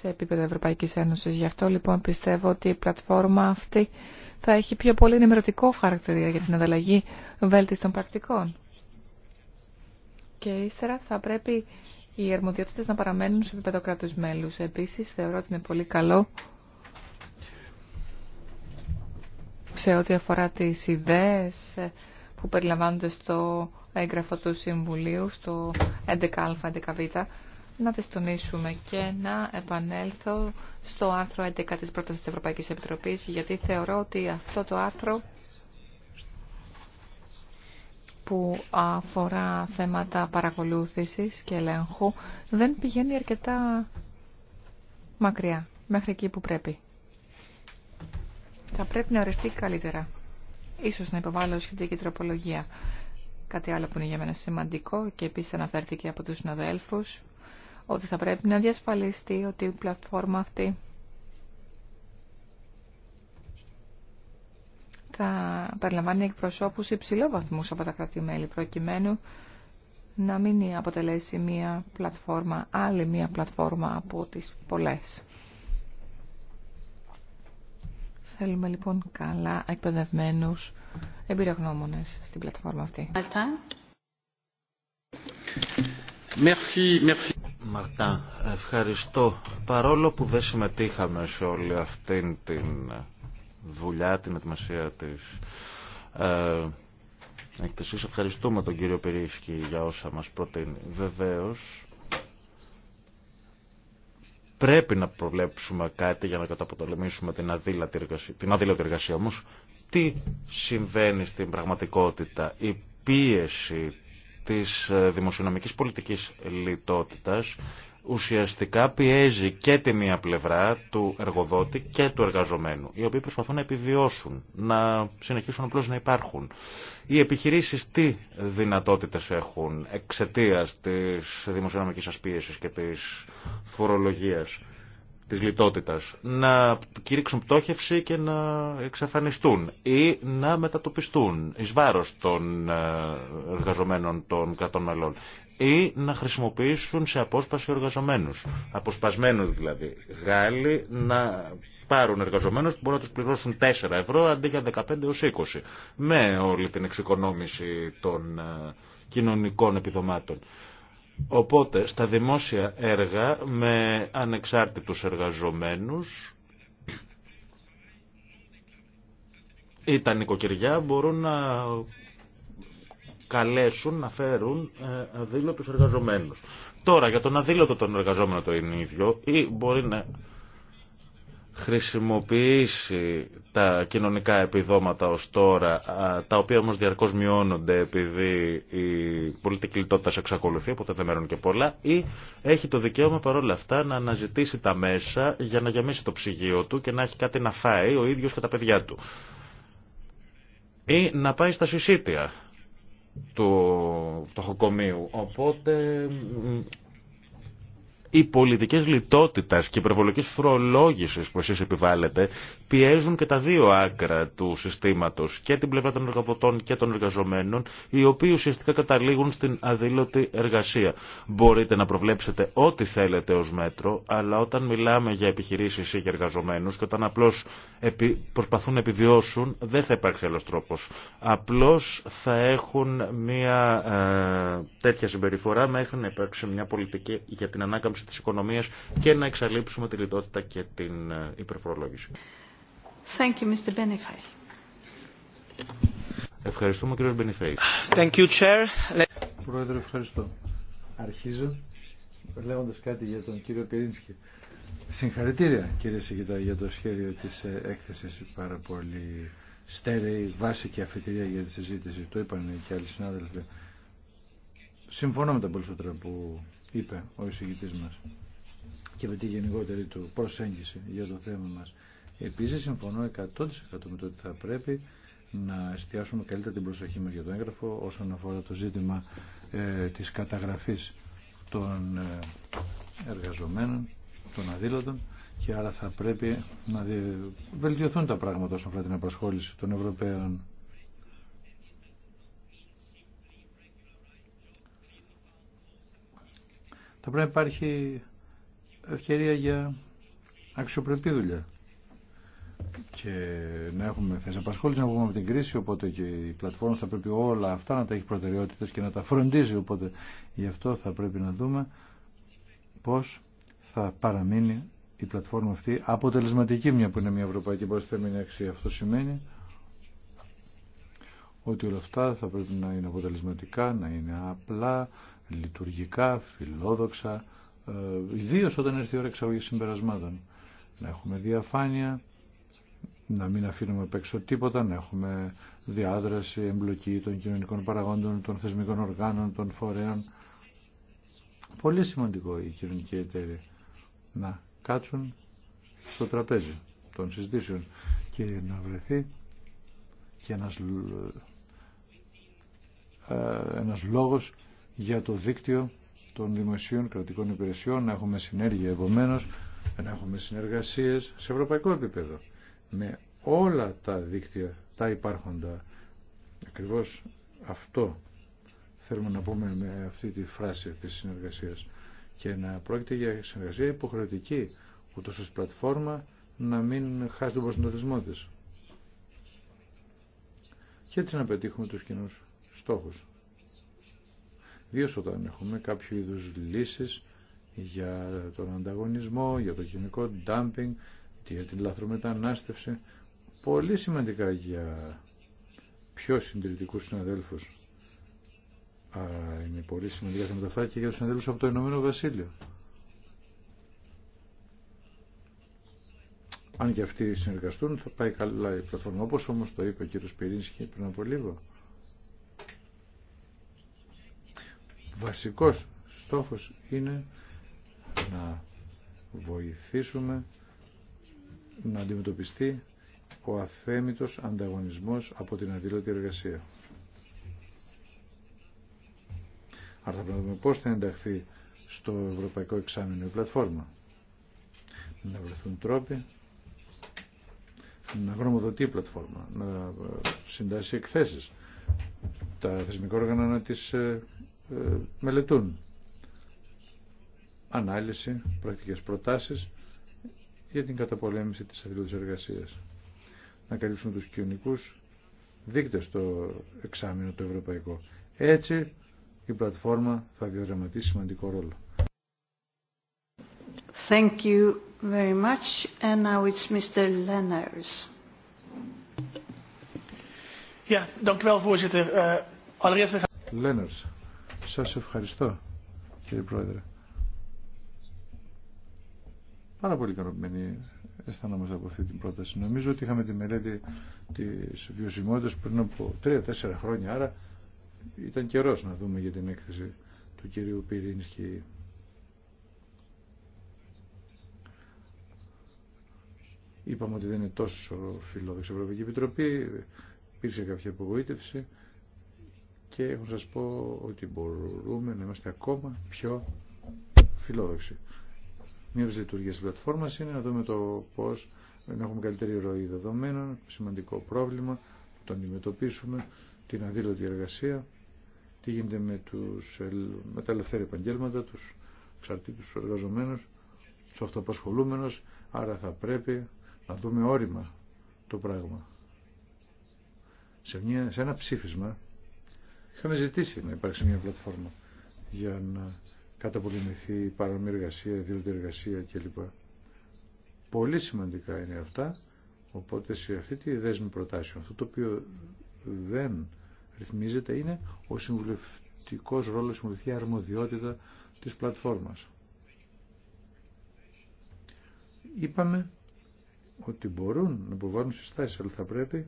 σε επίπεδο Ευρωπαϊκής Ένωσης. Γι' αυτό λοιπόν πιστεύω ότι η πλατφόρμα αυτή θα έχει πιο πολύ ενημερωτικό χαρακτήρα για την ανταλλαγή βέλτιστων πρακτικών. Και ύστερα θα πρέπει οι αρμοδιότητες να παραμένουν σε επίπεδο κράτους μέλους. Επίσης, θεωρώ ότι είναι πολύ καλό σε ό,τι αφορά τις ιδέες που περιλαμβάνονται στο έγγραφο του Συμβουλίου, στο 11α, 11β, να τις τονίσουμε και να επανέλθω στο άρθρο 11 της πρότασης της Ευρωπαϊκής Επιτροπής γιατί θεωρώ ότι αυτό το άρθρο που αφορά θέματα παρακολούθησης και ελέγχου δεν πηγαίνει αρκετά μακριά, μέχρι εκεί που πρέπει. Θα πρέπει να οριστεί καλύτερα. Ίσως να υποβάλλω σχετική τροπολογία. Κάτι άλλο που είναι για μένα σημαντικό και επίσης αναφέρθηκε από τους συναδέλφους ότι θα πρέπει να διασφαλιστεί ότι η πλατφόρμα αυτή θα περιλαμβάνει εκπροσώπους υψηλό βαθμούς από τα κράτη-μέλη προκειμένου να μην αποτελέσει μία πλατφόρμα, άλλη μία πλατφόρμα από τις πολλές. Θέλουμε λοιπόν καλά εκπαιδευμένους εμπειρογνώμονες στην πλατφόρμα αυτή. Μαρτά, ευχαριστώ. Παρόλο που δεν συμμετείχαμε σε όλη αυτήν την δουλειά, την ετοιμασία της ε, ευχαριστούμε τον κύριο Πυρίσκη για όσα μας προτείνει. Βεβαίως, πρέπει να προβλέψουμε κάτι για να καταπολεμήσουμε την αδύλατη εργασία. Την όμως, τι συμβαίνει στην πραγματικότητα. Η πίεση της ε, δημοσιονομικής πολιτικής λιτότητας ουσιαστικά πιέζει και τη μία πλευρά του εργοδότη και του εργαζομένου, οι οποίοι προσπαθούν να επιβιώσουν, να συνεχίσουν απλώς να υπάρχουν. Οι επιχειρήσεις τι δυνατότητες έχουν εξαιτία της δημοσιονομικής ασπίεσης και της φορολογίας της λιτότητας, να κηρύξουν πτώχευση και να εξαφανιστούν ή να μετατοπιστούν εις βάρος των ε, εργαζομένων των κρατών μελών ή να χρησιμοποιήσουν σε απόσπαση εργαζομένους, αποσπασμένους δηλαδή, Γάλλοι να πάρουν εργαζομένους που μπορούν να τους πληρώσουν 4 ευρώ αντί για 15 ως 20 με όλη την εξοικονόμηση των ε, κοινωνικών επιδομάτων. Οπότε στα δημόσια έργα με ανεξάρτητους εργαζομένους ή τα νοικοκυριά μπορούν να καλέσουν να φέρουν ε, αδήλωτους εργαζομένους. Τώρα για τον αδήλωτο τον εργαζόμενο το είναι ίδιο ή μπορεί να χρησιμοποιήσει τα κοινωνικά επιδόματα ως τώρα, τα οποία όμως διαρκώς μειώνονται επειδή η πολιτική λιτότητα σε εξακολουθεί, οπότε δεν μένουν και πολλά, ή έχει το δικαίωμα παρόλα αυτά να αναζητήσει τα μέσα για να γεμίσει το ψυγείο του και να έχει κάτι να φάει ο ίδιος και τα παιδιά του. Ή να πάει στα συσίτια του τοχοκομείου. Οπότε οι πολιτικές λιτότητας και υπερβολικής φρολόγησης που εσείς επιβάλλετε πιέζουν και τα δύο άκρα του συστήματος και την πλευρά των εργοδοτών και των εργαζομένων οι οποίοι ουσιαστικά καταλήγουν στην αδήλωτη εργασία. Μπορείτε να προβλέψετε ό,τι θέλετε ως μέτρο αλλά όταν μιλάμε για επιχειρήσεις ή για εργαζομένους και όταν απλώς προσπαθούν να επιβιώσουν δεν θα υπάρξει άλλος τρόπος. Απλώς θα έχουν μια ε, τέτοια συμπεριφορά μέχρι να υπάρξει μια πολιτική για την ανάκαμψη Τη της οικονομίας και να εξαλείψουμε τη λιτότητα και την ε, υπερφορολόγηση. Thank you, Mr. Ευχαριστούμε κύριο Μπενιφέη. Thank you, Chair. Πρόεδρε, ευχαριστώ. Αρχίζω λέγοντα κάτι για τον κύριο Πυρίνσκι. Συγχαρητήρια κύριε Σιγητά για το σχέδιο της ε, έκθεσης πάρα πολύ στέρεη βάση και αφετηρία για τη συζήτηση. Το είπαν και άλλοι συνάδελφοι. Συμφωνώ με τα περισσότερα που είπε ο εισηγητής μας και με τη γενικότερη του προσέγγιση για το θέμα μας. Επίσης συμφωνώ 100% με το ότι θα πρέπει να εστιάσουμε καλύτερα την προσοχή μας για το έγγραφο όσον αφορά το ζήτημα ε, της καταγραφής των ε, εργαζομένων, των αδήλωτων και άρα θα πρέπει να βελτιωθούν τα πράγματα όσον αφορά την απασχόληση των Ευρωπαίων θα πρέπει να υπάρχει ευκαιρία για αξιοπρεπή δουλειά. Και να έχουμε θέσει απασχόληση, να βγούμε από την κρίση, οπότε και η πλατφόρμα θα πρέπει όλα αυτά να τα έχει προτεραιότητες και να τα φροντίζει, οπότε γι' αυτό θα πρέπει να δούμε πώς θα παραμείνει η πλατφόρμα αυτή αποτελεσματική μια που είναι μια ευρωπαϊκή προσθέμενη αξία. Αυτό σημαίνει ότι όλα αυτά θα πρέπει να είναι αποτελεσματικά, να είναι απλά, λειτουργικά, φιλόδοξα, ε, ιδίω όταν έρθει η ώρα εξαγωγής συμπερασμάτων. Να έχουμε διαφάνεια, να μην αφήνουμε απ' έξω τίποτα, να έχουμε διάδραση, εμπλοκή των κοινωνικών παραγόντων, των θεσμικών οργάνων, των φορέων. Πολύ σημαντικό η κοινωνικοί εταίροι να κάτσουν στο τραπέζι των συζητήσεων και να βρεθεί και ένας, ε, ένας λόγος για το δίκτυο των δημοσίων κρατικών υπηρεσιών, να έχουμε συνέργεια επομένω, να έχουμε συνεργασίες σε ευρωπαϊκό επίπεδο με όλα τα δίκτυα, τα υπάρχοντα. Ακριβώς αυτό θέλουμε να πούμε με αυτή τη φράση της συνεργασίας και να πρόκειται για συνεργασία υποχρεωτική, ούτω ως πλατφόρμα να μην χάσει τον προσνοτισμό της. Και έτσι να πετύχουμε τους κοινούς στόχους. Ιδίως όταν έχουμε κάποιο είδους λύσεις για τον ανταγωνισμό, για το κοινικό dumping, για την λαθρομετανάστευση. Πολύ σημαντικά για πιο συντηρητικούς συναδέλφους. Α, είναι πολύ σημαντικά θέματα αυτά και για τους συναδέλφους από το Ηνωμένο Βασίλειο. Αν και αυτοί συνεργαστούν θα πάει καλά η πλατφόρμα. Όπως όμως το είπε ο κύριος Πυρίνσκι πριν από λίγο. βασικός στόχος είναι να βοηθήσουμε να αντιμετωπιστεί ο αθέμητος ανταγωνισμός από την αντίλωτη εργασία. Άρα θα πρέπει να δούμε πώς θα ενταχθεί στο Ευρωπαϊκό Εξάμεινο η πλατφόρμα. Να βρεθούν τρόποι να γνωμοδοτεί η πλατφόρμα, να συντάσσει εκθέσεις, τα θεσμικά όργανα να τις ε, ε, μελετούν. Ανάλυση, πρακτικές προτάσεις για την καταπολέμηση της αθλητικής εργασίας. Να καλύψουν τους κοινωνικούς δείκτες στο εξάμεινο το ευρωπαϊκό. Έτσι η πλατφόρμα θα διαδραματίσει σημαντικό ρόλο. Thank you very much. And now it's Mr. Lenners. Ja, dank u wel, voorzitter. Uh, allereerst... Lenners. Σας ευχαριστώ κύριε Πρόεδρε. Πάρα πολύ ικανοποιημένοι αισθανόμαστε από αυτή την πρόταση. Νομίζω ότι είχαμε τη μελέτη τη βιωσιμότητας πριν από τρία-τέσσερα χρόνια, άρα ήταν καιρός να δούμε για την έκθεση του κυρίου Πυρίνσκη. Είπαμε ότι δεν είναι τόσο φιλόδοξη η Ευρωπαϊκή Επιτροπή, υπήρξε κάποια απογοήτευση και έχω να σας πω ότι μπορούμε να είμαστε ακόμα πιο φιλόδοξοι. Μία από τις λειτουργίες της πλατφόρμας είναι να δούμε το πώς να έχουμε καλύτερη ροή δεδομένων, σημαντικό πρόβλημα, το αντιμετωπίσουμε, την αδίλωτη εργασία, τι γίνεται με, τους, ε, με τα ελευθερία επαγγέλματα, τους εξαρτήτους εργαζομένους, τους αυτοαπασχολούμενους, άρα θα πρέπει να δούμε όρημα το πράγμα. Σε, σε ένα ψήφισμα Είχαμε ζητήσει να υπάρξει μια πλατφόρμα για να καταπολεμηθεί η παραμή εργασία, δίωτη εργασία κλπ. Πολύ σημαντικά είναι αυτά, οπότε σε αυτή τη δέσμη προτάσεων, αυτό το οποίο δεν ρυθμίζεται είναι ο συμβουλευτικός ρόλος, η συμβουλευτική αρμοδιότητα της πλατφόρμας. Είπαμε ότι μπορούν να υποβάλουν συστάσεις, αλλά θα πρέπει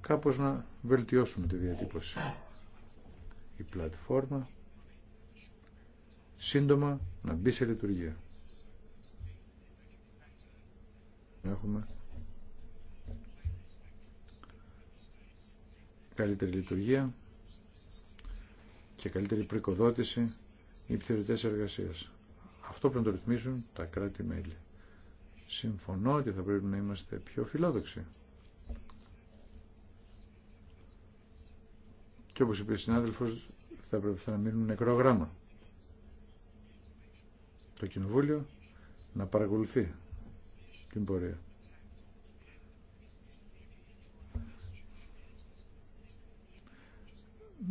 κάπως να βελτιώσουμε τη διατύπωση η πλατφόρμα σύντομα να μπει σε λειτουργία. Έχουμε καλύτερη λειτουργία και καλύτερη πρικοδότηση υπηρετές εργασίας. Αυτό πρέπει να το ρυθμίσουν τα κράτη-μέλη. Συμφωνώ ότι θα πρέπει να είμαστε πιο φιλόδοξοι. και όπως είπε ο συνάδελφος θα πρέπει να μείνουν νεκρό γράμμα. Το Κοινοβούλιο να παρακολουθεί την πορεία.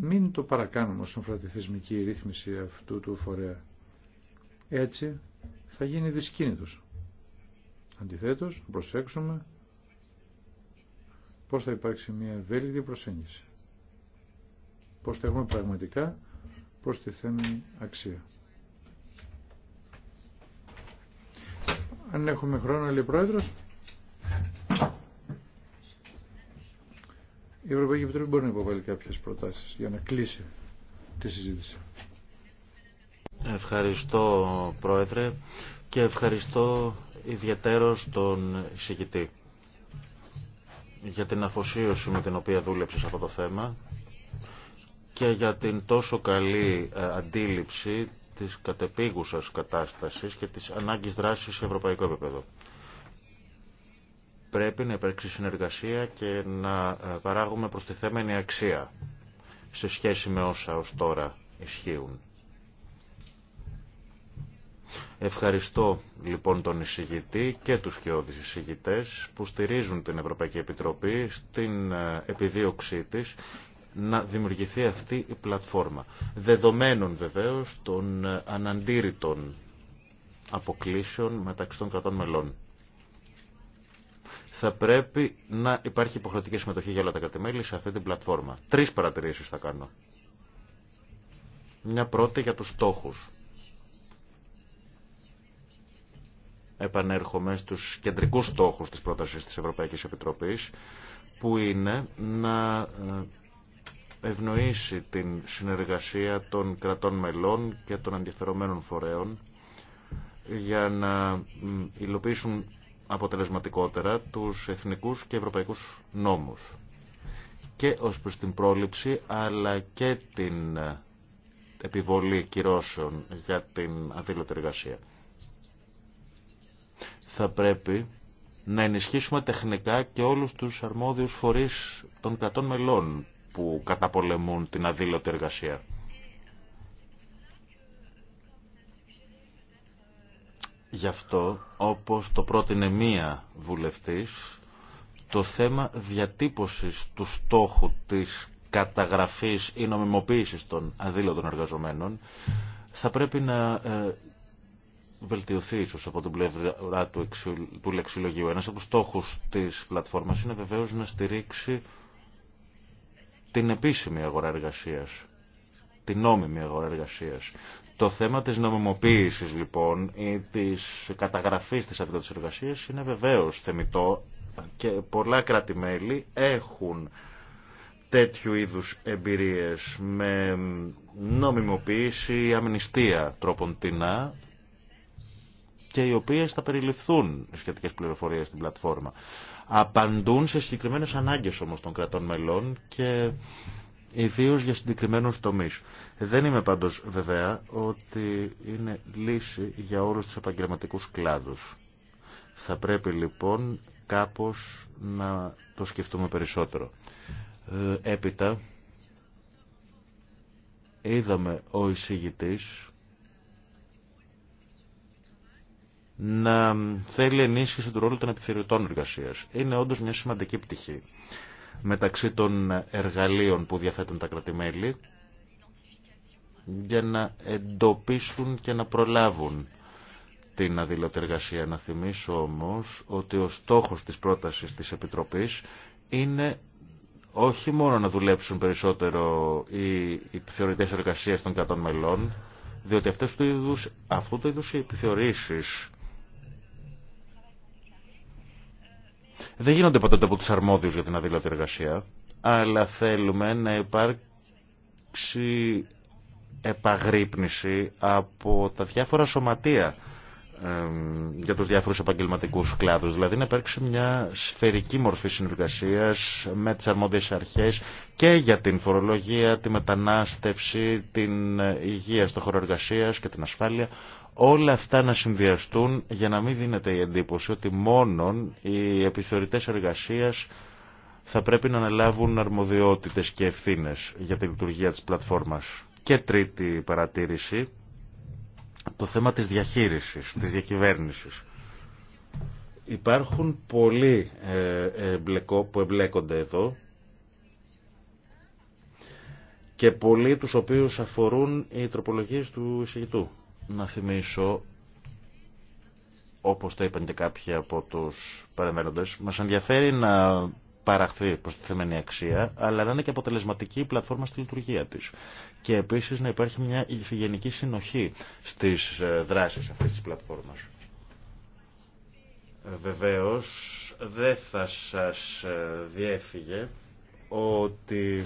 Μην το παρακάνουμε όσον αφορά τη θεσμική ρύθμιση αυτού του φορέα. Έτσι θα γίνει δυσκίνητος. Αντιθέτως, προσέξουμε πώς θα υπάρξει μια ευέλικτη προσέγγιση πώς θα έχουμε πραγματικά προστιθέμενη αξία. Αν έχουμε χρόνο, λέει Πρόεδρος, η Ευρωπαϊκή Επιτροπή μπορεί να υποβάλει κάποιες προτάσεις για να κλείσει τη συζήτηση. Ευχαριστώ, Πρόεδρε, και ευχαριστώ ιδιαίτερος τον συγκητή για την αφοσίωση με την οποία δούλεψες αυτό το θέμα και για την τόσο καλή ε, αντίληψη της κατεπίγουσας κατάστασης και της ανάγκης δράσης σε ευρωπαϊκό επίπεδο. Πρέπει να υπάρξει συνεργασία και να ε, παράγουμε προστιθέμενη αξία σε σχέση με όσα ως τώρα ισχύουν. Ευχαριστώ λοιπόν τον εισηγητή και τους κοιόδης εισηγητές που στηρίζουν την Ευρωπαϊκή Επιτροπή στην ε, επιδίωξή της να δημιουργηθεί αυτή η πλατφόρμα. Δεδομένων βεβαίως των ε, αναντήρητων αποκλήσεων μεταξύ των κρατών μελών. Θα πρέπει να υπάρχει υποχρεωτική συμμετοχή για όλα τα κρατημέλη σε αυτή την πλατφόρμα. Τρεις παρατηρήσεις θα κάνω. Μια πρώτη για τους στόχους. Επανέρχομαι στους κεντρικούς στόχους της πρότασης της Ευρωπαϊκής Επιτροπής, που είναι να ε, ευνοήσει την συνεργασία των κρατών μελών και των αντιφερομένων φορέων για να υλοποιήσουν αποτελεσματικότερα τους εθνικούς και ευρωπαϊκούς νόμους και ως προς την πρόληψη αλλά και την ε, επιβολή κυρώσεων για την αδίλωτη εργασία. Θα πρέπει να ενισχύσουμε τεχνικά και όλους τους αρμόδιους φορείς των κρατών μελών που καταπολεμούν την αδήλωτη εργασία. Γι' αυτό, όπως το πρότεινε μία βουλευτής, το θέμα διατύπωσης του στόχου της καταγραφής ή νομιμοποίησης των αδήλωτων εργαζομένων θα πρέπει να ε, βελτιωθεί ίσως από την πλευρά του, του λεξιλογίου. Ένας από τους στόχους της πλατφόρμας είναι βεβαίως να στηρίξει την επίσημη αγορά εργασια την νόμιμη αγορά εργασια Το θέμα της νομιμοποίησης λοιπόν ή της καταγραφή τη αδειλότητας εργασίας είναι βεβαίω θεμητό και πολλά κράτη-μέλη έχουν τέτοιου είδους εμπειρίες με νομιμοποίηση ή αμνηστία τρόπον τεινά και οι οποίες θα περιληφθούν σχετικές πληροφορίες στην πλατφόρμα. Απαντούν σε συγκεκριμένε ανάγκε όμω των κρατών μελών και ιδίω για συγκεκριμένου τομεί. Δεν είμαι πάντω βεβαία ότι είναι λύση για όλου του επαγγελματικού κλάδου. Θα πρέπει λοιπόν κάπως να το σκεφτούμε περισσότερο. Ε, έπειτα είδαμε ο εισηγητής να θέλει ενίσχυση του ρόλου των επιθεωρητών εργασία. Είναι όντω μια σημαντική πτυχή μεταξύ των εργαλείων που διαθέτουν τα κρατημέλη για να εντοπίσουν και να προλάβουν την αδήλωτη εργασία. Να θυμίσω όμως ότι ο στόχος της πρότασης της Επιτροπής είναι όχι μόνο να δουλέψουν περισσότερο οι επιθεωρητές εργασίας των κατών μελών, διότι του αυτού του είδους οι επιθεωρήσεις Δεν γίνονται ποτέ από του αρμόδιου για την αδήλωτη εργασία, αλλά θέλουμε να υπάρξει επαγρύπνηση από τα διάφορα σωματεία για τους διάφορους επαγγελματικούς κλάδους. Δηλαδή να υπάρξει μια σφαιρική μορφή συνεργασίας με τις αρμόδιες αρχές και για την φορολογία, τη μετανάστευση, την υγεία στο χώρο εργασίας και την ασφάλεια όλα αυτά να συνδυαστούν για να μην δίνεται η εντύπωση ότι μόνον οι επιθεωρητές εργασίας θα πρέπει να αναλάβουν αρμοδιότητες και ευθύνες για τη λειτουργία της πλατφόρμας. Και τρίτη παρατήρηση, το θέμα της διαχείρισης, της διακυβέρνησης. Υπάρχουν πολλοί ε, που εμπλέκονται εδώ και πολλοί τους οποίους αφορούν οι τροπολογίες του εισηγητού να θυμίσω, όπως το είπαν και κάποιοι από τους παρεμβαίνοντες, μας ενδιαφέρει να παραχθεί προς τη θεμένη αξία, αλλά να είναι και αποτελεσματική η πλατφόρμα στη λειτουργία της. Και επίσης να υπάρχει μια γενική συνοχή στις ε, δράσεις αυτής της πλατφόρμας. Ε, βεβαίως, δεν θα σας ε, διέφυγε ότι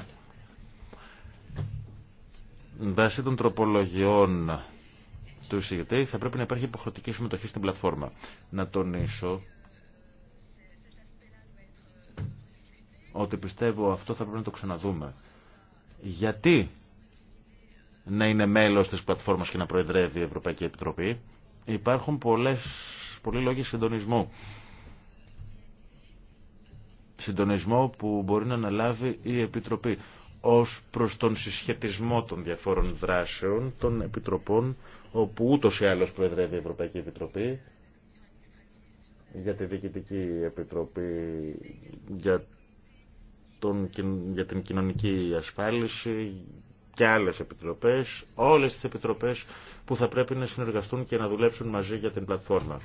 βάσει των τροπολογιών του εισηγητή θα πρέπει να υπάρχει υποχρεωτική συμμετοχή στην πλατφόρμα. Να τονίσω ότι πιστεύω αυτό θα πρέπει να το ξαναδούμε. Γιατί να είναι μέλος της πλατφόρμας και να προεδρεύει η Ευρωπαϊκή Επιτροπή. Υπάρχουν πολλές, πολλοί λόγοι συντονισμού. Συντονισμό που μπορεί να αναλάβει η Επιτροπή ως προς τον συσχετισμό των διαφόρων δράσεων των Επιτροπών όπου ούτως ή άλλω προεδρεύει η αλλω προεδρευει η Επιτροπή για τη Διοικητική Επιτροπή για, τον, για την κοινωνική ασφάλιση και άλλες επιτροπές, όλες τις επιτροπές που θα πρέπει να συνεργαστούν και να δουλέψουν μαζί για την πλατφόρμα.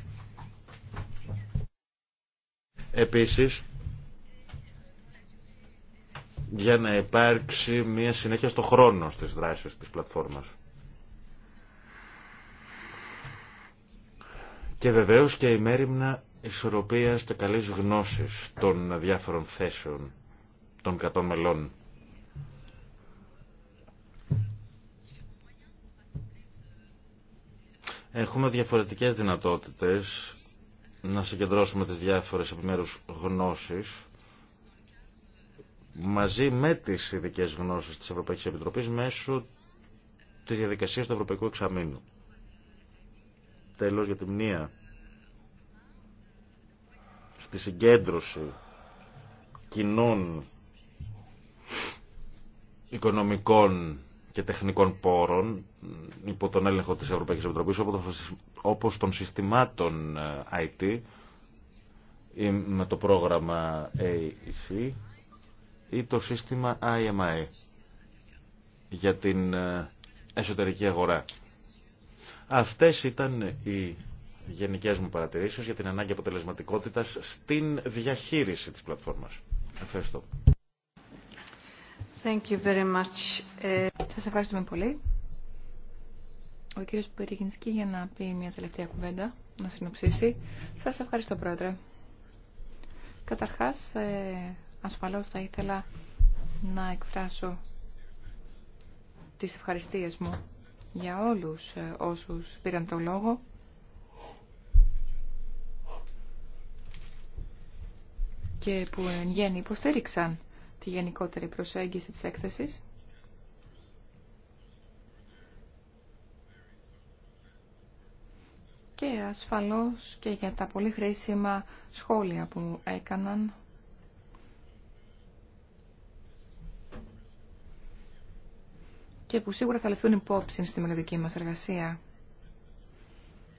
Επίσης, για να υπάρξει μια συνέχεια στο χρόνο στις δράσεις της πλατφόρμας. Και βεβαίως και η μέρημνα ισορροπία και καλή γνώσης των διάφορων θέσεων των κατόμελων. μελών. Έχουμε διαφορετικές δυνατότητες να συγκεντρώσουμε τις διάφορες επιμέρους γνώσεις μαζί με τις ειδικές γνώσεις της Ευρωπαϊκής Επιτροπής μέσω της διαδικασίας του Ευρωπαϊκού Εξαμήνου. Τέλος για τη μνήα. Στη συγκέντρωση κοινών οικονομικών και τεχνικών πόρων υπό τον έλεγχο της Ευρωπαϊκής Επιτροπής όπως των συστημάτων IT ε, με το πρόγραμμα AEC ή το σύστημα IMI για την ε, εσωτερική αγορά. Αυτές ήταν οι γενικές μου παρατηρήσεις για την ανάγκη αποτελεσματικότητας στην διαχείριση της πλατφόρμας. Ευχαριστώ. Thank you very much. Ε, Σας ευχαριστούμε πολύ. Ο κύριος Περιγινσκή για να πει μια τελευταία κουβέντα, να συνοψίσει. Σας ευχαριστώ, Πρόεδρε. Καταρχάς, ε, ασφαλώς θα ήθελα να εκφράσω τις ευχαριστίες μου για όλους ε, όσους πήραν το λόγο. και που εν γέννη υποστήριξαν τη γενικότερη προσέγγιση της έκθεσης. Και ασφαλώς και για τα πολύ χρήσιμα σχόλια που έκαναν και που σίγουρα θα λεφθούν υπόψη στη μελλοντική μας εργασία.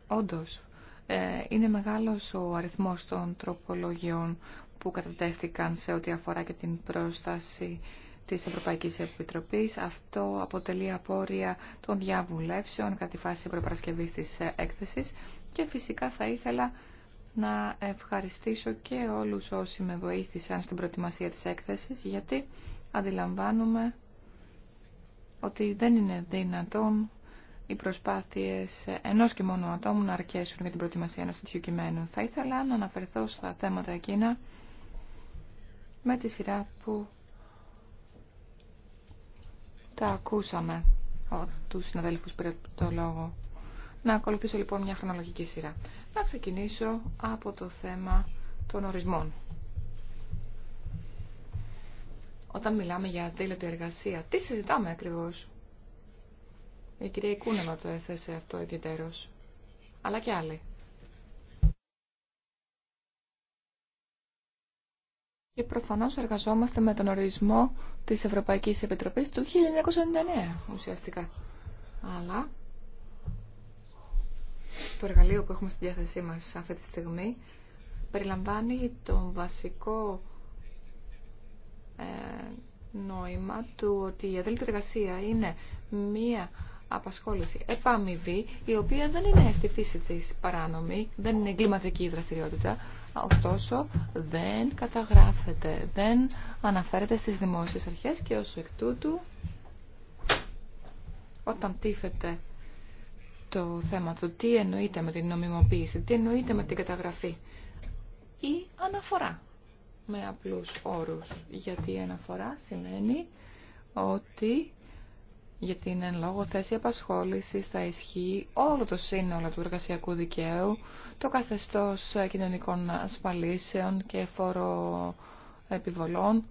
Όντως, ε, είναι μεγάλος ο αριθμός των τροπολογιών που κατατέθηκαν σε ό,τι αφορά και την πρόσταση της Ευρωπαϊκής Επιτροπής. Αυτό αποτελεί απόρρια των διαβουλεύσεων κατά τη φάση προπαρασκευής της ε, έκθεσης και φυσικά θα ήθελα να ευχαριστήσω και όλους όσοι με βοήθησαν στην προετοιμασία της έκθεσης γιατί αντιλαμβάνουμε ότι δεν είναι δυνατόν οι προσπάθειε ενός και μόνο ατόμου να αρκέσουν για την προετοιμασία ενό τέτοιου κειμένου. Θα ήθελα να αναφερθώ στα θέματα εκείνα με τη σειρά που τα ακούσαμε του συναδέλφου πριν το λόγο. Να ακολουθήσω λοιπόν μια χρονολογική σειρά. Να ξεκινήσω από το θέμα των ορισμών. Όταν μιλάμε για τη εργασία, τι συζητάμε ακριβώς. Η κυρία Κούνεμα το έθεσε αυτό ιδιαίτερος, αλλά και άλλοι. Και προφανώς εργαζόμαστε με τον ορισμό της Ευρωπαϊκής Επιτροπής του 1999 ουσιαστικά. Αλλά το εργαλείο που έχουμε στη διάθεσή μας αυτή τη στιγμή περιλαμβάνει τον βασικό ε, νόημα του ότι η αδέλφη εργασία είναι μία απασχόληση επαμοιβή, η οποία δεν είναι στη φύση της παράνομη, δεν είναι εγκληματική δραστηριότητα, ωστόσο δεν καταγράφεται, δεν αναφέρεται στις δημόσιες αρχές και ως εκ τούτου όταν τύφεται το θέμα του τι εννοείται με την νομιμοποίηση, τι εννοείται με την καταγραφή ή αναφορά με απλούς όρους, γιατί η αναφορά σημαίνει ότι για την εν λόγω θέση απασχόλησης θα ισχύει όλο το σύνολο του εργασιακού δικαίου, το καθεστώς κοινωνικών ασφαλίσεων και φοροεπιβολών επιβολών,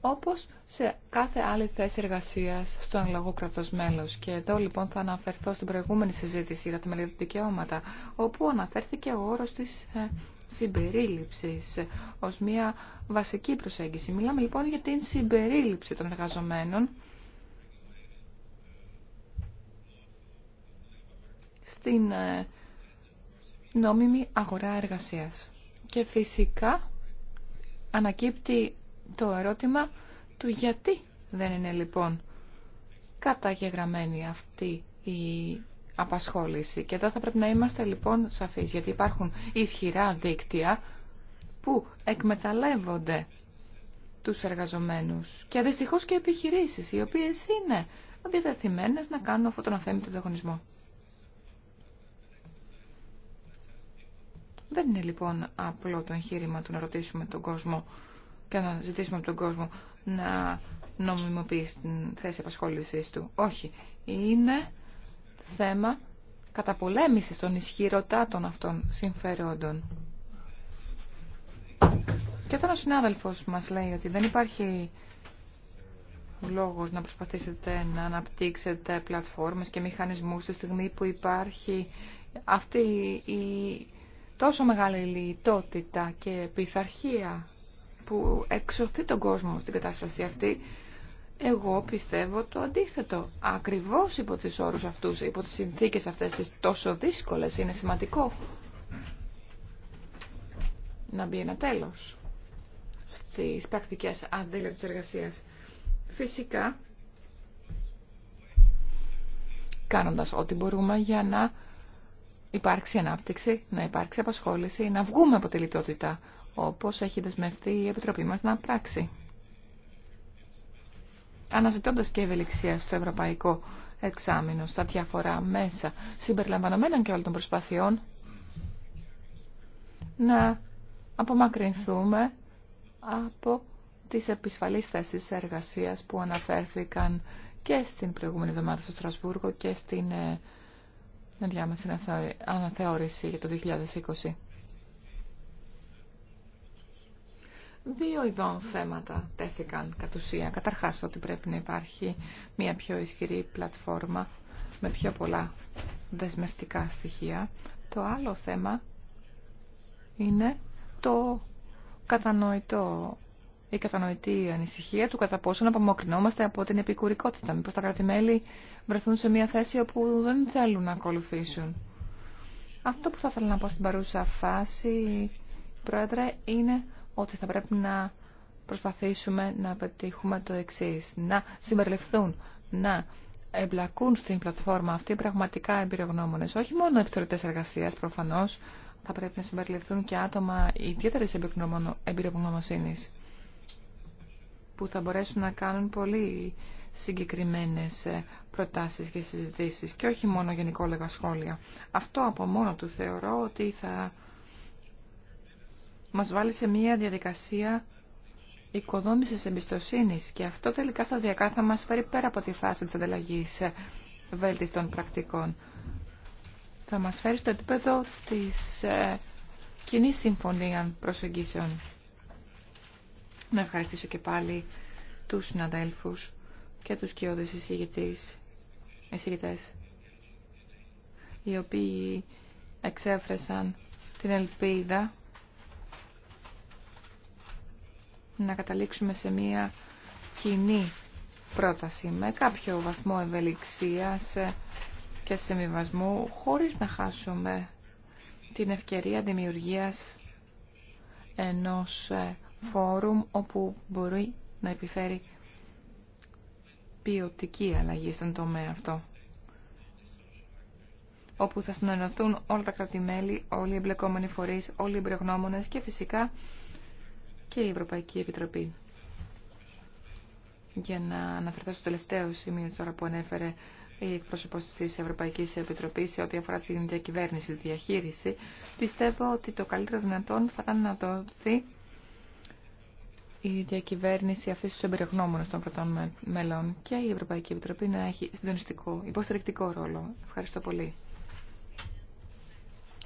όπως σε κάθε άλλη θέση εργασίας στο εν λόγω κρατός μέλος. Και εδώ λοιπόν θα αναφερθώ στην προηγούμενη συζήτηση για τα θεμελιώδη δικαιώματα, όπου αναφέρθηκε ο όρος της ε, συμπερίληψης ως μια βασική προσέγγιση. Μιλάμε λοιπόν για την συμπερίληψη των εργαζομένων στην ε, νόμιμη αγορά εργασίας. Και φυσικά ανακύπτει το ερώτημα του γιατί δεν είναι λοιπόν καταγεγραμμένη αυτή η απασχόληση. Και εδώ θα πρέπει να είμαστε λοιπόν σαφείς, γιατί υπάρχουν ισχυρά δίκτυα που εκμεταλλεύονται τους εργαζομένους και δυστυχώς και επιχειρήσεις, οι οποίες είναι διαδεθειμένες να κάνουν αυτόν τον αθέμητο ανταγωνισμό. Δεν είναι λοιπόν απλό το εγχείρημα του να ρωτήσουμε τον κόσμο και να ζητήσουμε από τον κόσμο να νομιμοποιήσει την θέση απασχόλησής του. Όχι. Είναι θέμα καταπολέμησης των ισχυροτάτων αυτών συμφερόντων. Και όταν ο συνάδελφος μας λέει ότι δεν υπάρχει λόγος να προσπαθήσετε να αναπτύξετε πλατφόρμες και μηχανισμούς στη στιγμή που υπάρχει αυτή η τόσο μεγάλη λιτότητα και πειθαρχία που εξωθεί τον κόσμο στην κατάσταση αυτή, εγώ πιστεύω το αντίθετο. Ακριβώς υπό τις όρους αυτούς, υπό τις συνθήκες αυτές τις τόσο δύσκολες, είναι σημαντικό να μπει ένα τέλος στις πρακτικές τη εργασίας. Φυσικά, κάνοντας ό,τι μπορούμε για να υπάρξει ανάπτυξη, να υπάρξει απασχόληση, να βγούμε από τη λιτότητα, όπως έχει δεσμευτεί η Επιτροπή μας να πράξει αναζητώντας και ευελιξία στο ευρωπαϊκό εξάμεινο, στα διάφορα μέσα, συμπεριλαμβανομένων και όλων των προσπαθειών, να απομακρυνθούμε από τις επισφαλείς θέσεις εργασίας που αναφέρθηκαν και στην προηγούμενη εβδομάδα στο Στρασβούργο και στην ε, ενδιάμεση αναθεώρηση για το 2020. Δύο ειδών θέματα τέθηκαν κατ' ουσία. Καταρχάς ότι πρέπει να υπάρχει μια πιο ισχυρή πλατφόρμα με πιο πολλά δεσμευτικά στοιχεία. Το άλλο θέμα είναι το κατανοητό, η κατανοητή ανησυχία του κατά πόσο να απομακρυνόμαστε από την επικουρικότητα. Μήπως τα κρατημέλη βρεθούν σε μια θέση όπου δεν θέλουν να ακολουθήσουν. Αυτό που θα ήθελα να πω στην παρούσα φάση, Πρόεδρε, είναι ότι θα πρέπει να προσπαθήσουμε να πετύχουμε το εξή, Να συμπεριληφθούν, να εμπλακούν στην πλατφόρμα αυτή πραγματικά εμπειρογνώμονες. Όχι μόνο επιθεωρητέ εργασία, προφανώς, θα πρέπει να συμπεριληφθούν και άτομα ιδιαίτερη εμπειρογνωμοσύνης που θα μπορέσουν να κάνουν πολύ συγκεκριμένες ε, προτάσεις και συζητήσεις και όχι μόνο γενικόλογα σχόλια. Αυτό από μόνο του θεωρώ ότι θα μας βάλει σε μια διαδικασία οικοδόμησης εμπιστοσύνης και αυτό τελικά σταδιακά θα μας φέρει πέρα από τη φάση της ανταλλαγής ε, βέλτιστων πρακτικών. Θα μας φέρει στο επίπεδο της ε, κοινή συμφωνία προσεγγίσεων. Να ευχαριστήσω και πάλι τους συναδέλφους και τους κοιόδες εισηγητές, οι οποίοι εξέφρασαν την ελπίδα να καταλήξουμε σε μία κοινή πρόταση με κάποιο βαθμό ευελιξίας και συμβιβασμού χωρίς να χάσουμε την ευκαιρία δημιουργίας ενός ε, φόρουμ όπου μπορεί να επιφέρει ποιοτική αλλαγή στον τομέα αυτό όπου θα συνενωθούν όλα τα κρατημέλη, όλοι οι εμπλεκόμενοι φορείς, όλοι οι εμπειρογνώμονες και φυσικά και η Ευρωπαϊκή Επιτροπή. Για να αναφερθώ στο τελευταίο σημείο τώρα που ανέφερε η εκπρόσωπος της Ευρωπαϊκής Επιτροπής σε ό,τι αφορά την διακυβέρνηση, τη διαχείριση, πιστεύω ότι το καλύτερο δυνατόν θα ήταν να δοθεί η διακυβέρνηση αυτής του εμπειρογνώμονας των πρωτών μελών και η Ευρωπαϊκή Επιτροπή να έχει συντονιστικό, υποστηρικτικό ρόλο. Ευχαριστώ πολύ.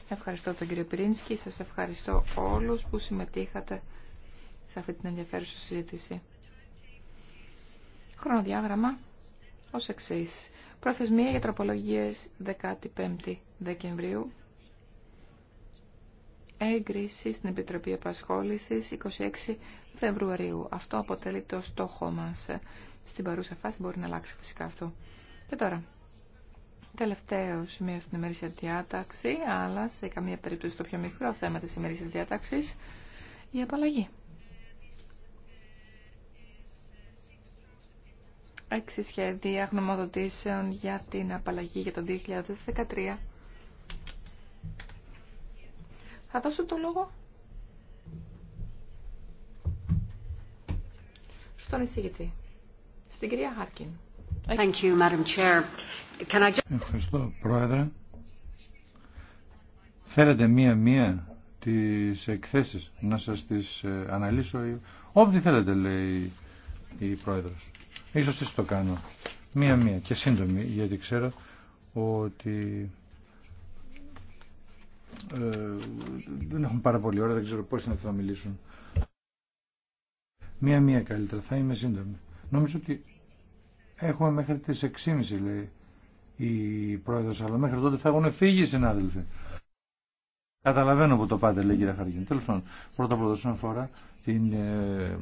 Ευχαριστώ τον κύριο Πυρίνσκι, σας ευχαριστώ όλους που συμμετείχατε σε αυτή την ενδιαφέρουσα συζήτηση. Χρονοδιάγραμμα ως εξή. Προθεσμία για τροπολογίε 15 Δεκεμβρίου. Έγκριση στην Επιτροπή Επασχόλησης 26 Φεβρουαρίου. Αυτό αποτελεί το στόχο μας. Στην παρούσα φάση μπορεί να αλλάξει φυσικά αυτό. Και τώρα, τελευταίο σημείο στην ημερήσια διάταξη, αλλά σε καμία περίπτωση το πιο μικρό θέμα τη ημερήσια διάταξη η απαλλαγή. έξι σχέδια γνωμοδοτήσεων για την απαλλαγή για το 2013. Θα δώσω το λόγο στον εισηγητή, στην κυρία Χάρκιν. Ευχαριστώ, Πρόεδρε. Θέλετε μία-μία τις εκθέσεις να σας τις ε, αναλύσω. ό,τι θέλετε, λέει η Πρόεδρος. Ίσως τι το κάνω. Μία-μία και σύντομη, γιατί ξέρω ότι ε, δεν έχουν πάρα πολύ ώρα, δεν ξέρω πώς είναι θα μιλήσουν. Μία-μία καλύτερα, θα είμαι σύντομη. Νομίζω ότι έχουμε μέχρι τις 6.30 λέει η πρόεδρος, αλλά μέχρι τότε θα έχουν φύγει οι συνάδελφοι. Καταλαβαίνω που το πάτε, λέει κυρία Χαρκίνη. Τέλο πάντων, πρώτα απ' όλα, όσον αφορά την, ε,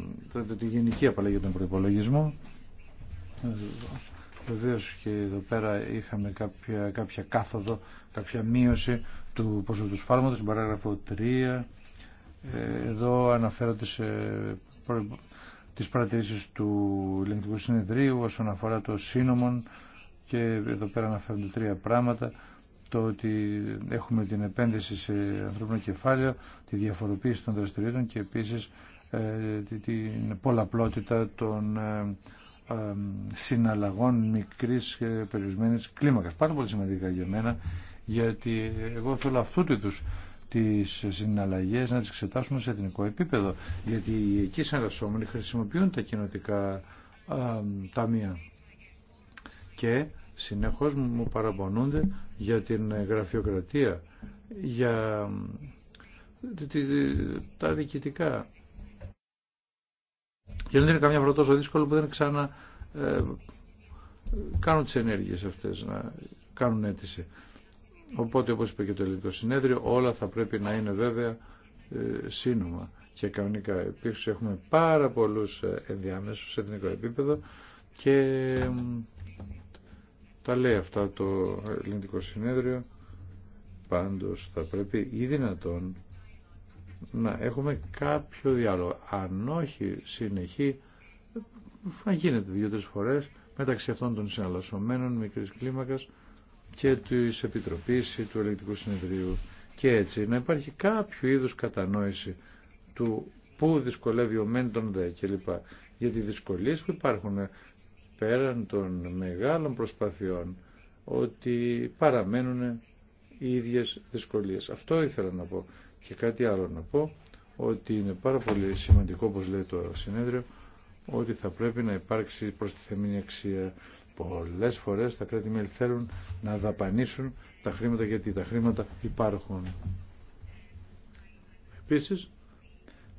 τη γενική απαλλαγή τον προπολογισμών, ε, Βεβαίω και εδώ πέρα είχαμε κάποια, κάποια κάθοδο, κάποια μείωση του ποσοστού φάρματος, στην παράγραφο 3. Ε, εδώ αναφέρονται σε τις παρατηρήσεις του ελεγκτικού συνεδρίου όσον αφορά το σύνομον και εδώ πέρα αναφέρονται τρία πράγματα το ότι έχουμε την επένδυση σε ανθρώπινο κεφάλαιο, τη διαφοροποίηση των δραστηριότητων και επίσης ε, την πολλαπλότητα των συναλλαγών μικρής και περιορισμένης κλίμακας. Πάρα πολύ σημαντικά για μένα, γιατί εγώ θέλω αυτού του τις συναλλαγές να τις εξετάσουμε σε εθνικό επίπεδο, γιατί οι εκεί συναλλασσόμενοι χρησιμοποιούν τα κοινοτικά ταμεία. Και συνεχώς μου παραπονούνται για την γραφειοκρατία, για τα διοικητικά και δεν είναι καμιά φορά τόσο δύσκολο που δεν ξανά ε, κάνουν τις ενέργειες αυτές να κάνουν αίτηση. Οπότε όπως είπε και το ελληνικό συνέδριο όλα θα πρέπει να είναι βέβαια ε, σύνομα και κανονικά. επίση έχουμε πάρα πολλού ε, ενδιάμεσου σε εθνικό επίπεδο και τα λέει αυτά το ελληνικό συνέδριο. Πάντως θα πρέπει ή δυνατόν να έχουμε κάποιο διάλογο. Αν όχι συνεχή, θα γίνεται δύο-τρεις φορές μεταξύ αυτών των συναλλασσομένων μικρής κλίμακας και της Επιτροπής του Ελεκτικού Συνεδρίου. Και έτσι να υπάρχει κάποιο είδους κατανόηση του πού δυσκολεύει ο μέντον τον δε κλπ. Γιατί οι δυσκολίες που υπάρχουν πέραν των μεγάλων προσπαθειών ότι παραμένουν οι ίδιες δυσκολίες. Αυτό ήθελα να πω. Και κάτι άλλο να πω, ότι είναι πάρα πολύ σημαντικό, όπως λέει το συνέδριο, ότι θα πρέπει να υπάρξει τη θέμηνη αξία. Πολλές φορές τα κράτη-μέλη θέλουν να δαπανίσουν τα χρήματα γιατί τα χρήματα υπάρχουν. Επίσης,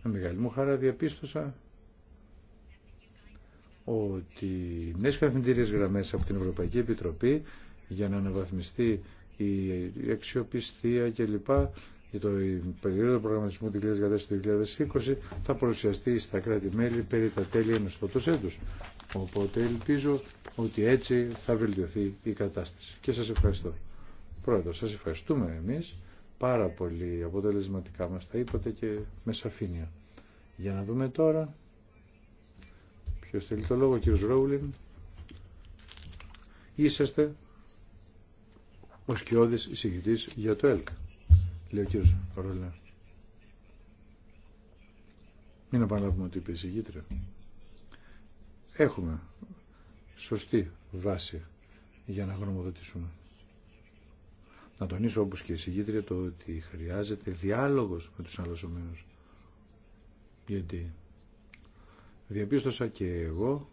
με μεγάλη μου χαρά διαπίστωσα ότι νέες καθημερινές γραμμές από την Ευρωπαϊκή Επιτροπή για να αναβαθμιστεί η αξιοπιστία κλπ για το περίοδο προγραμματισμού 2014-2020 θα παρουσιαστεί στα κράτη-μέλη περί τα τέλη ενός φωτός έτους. Οπότε ελπίζω ότι έτσι θα βελτιωθεί η κατάσταση. Και σας ευχαριστώ. Πρόεδρο, σας ευχαριστούμε εμείς. Πάρα πολύ αποτελεσματικά μας τα είπατε και με σαφήνεια. Για να δούμε τώρα ποιος θέλει το λόγο, κύριος Ρόουλιν. Είσαστε ο σκιώδης εισηγητής για το ΕΛΚΑ λέει ο κύριο Μην επαναλάβουμε ότι είπε η Έχουμε σωστή βάση για να γνωμοδοτήσουμε. Να τονίσω όπως και η συγκήτρια το ότι χρειάζεται διάλογος με τους αλλασσομένους. Γιατί διαπίστωσα και εγώ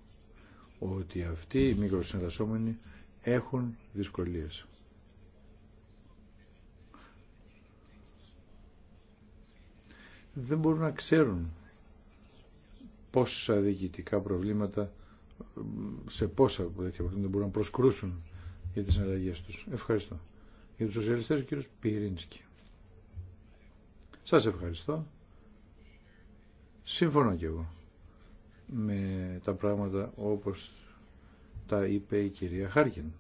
ότι αυτοί οι μικροσυναλλασσόμενοι έχουν δυσκολίες. δεν μπορούν να ξέρουν πόσα διοικητικά προβλήματα, σε πόσα τέτοια προβλήματα μπορούν να προσκρούσουν για τις αλλαγές τους. Ευχαριστώ. Για τους σοσιαλιστές ο κύριος Πυρίνσκι. Σας ευχαριστώ. Σύμφωνα κι εγώ με τα πράγματα όπως τα είπε η κυρία Χάρκιν.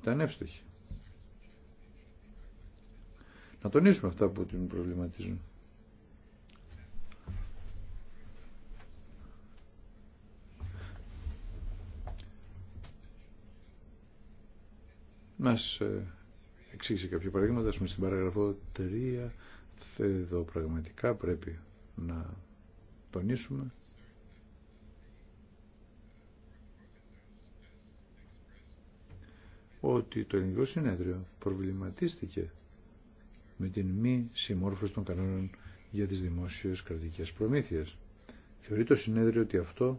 Ήταν εύστοχη να τονίσουμε αυτά που την προβληματίζουν. Μας ε, εξήγησε κάποιο παραδείγματα, Α πούμε στην παραγραφό 3, εδώ πραγματικά πρέπει να τονίσουμε. ότι το ελληνικό συνέδριο προβληματίστηκε με την μη συμμόρφωση των κανόνων για τις δημόσιες κρατικές προμήθειες. Θεωρεί το συνέδριο ότι αυτό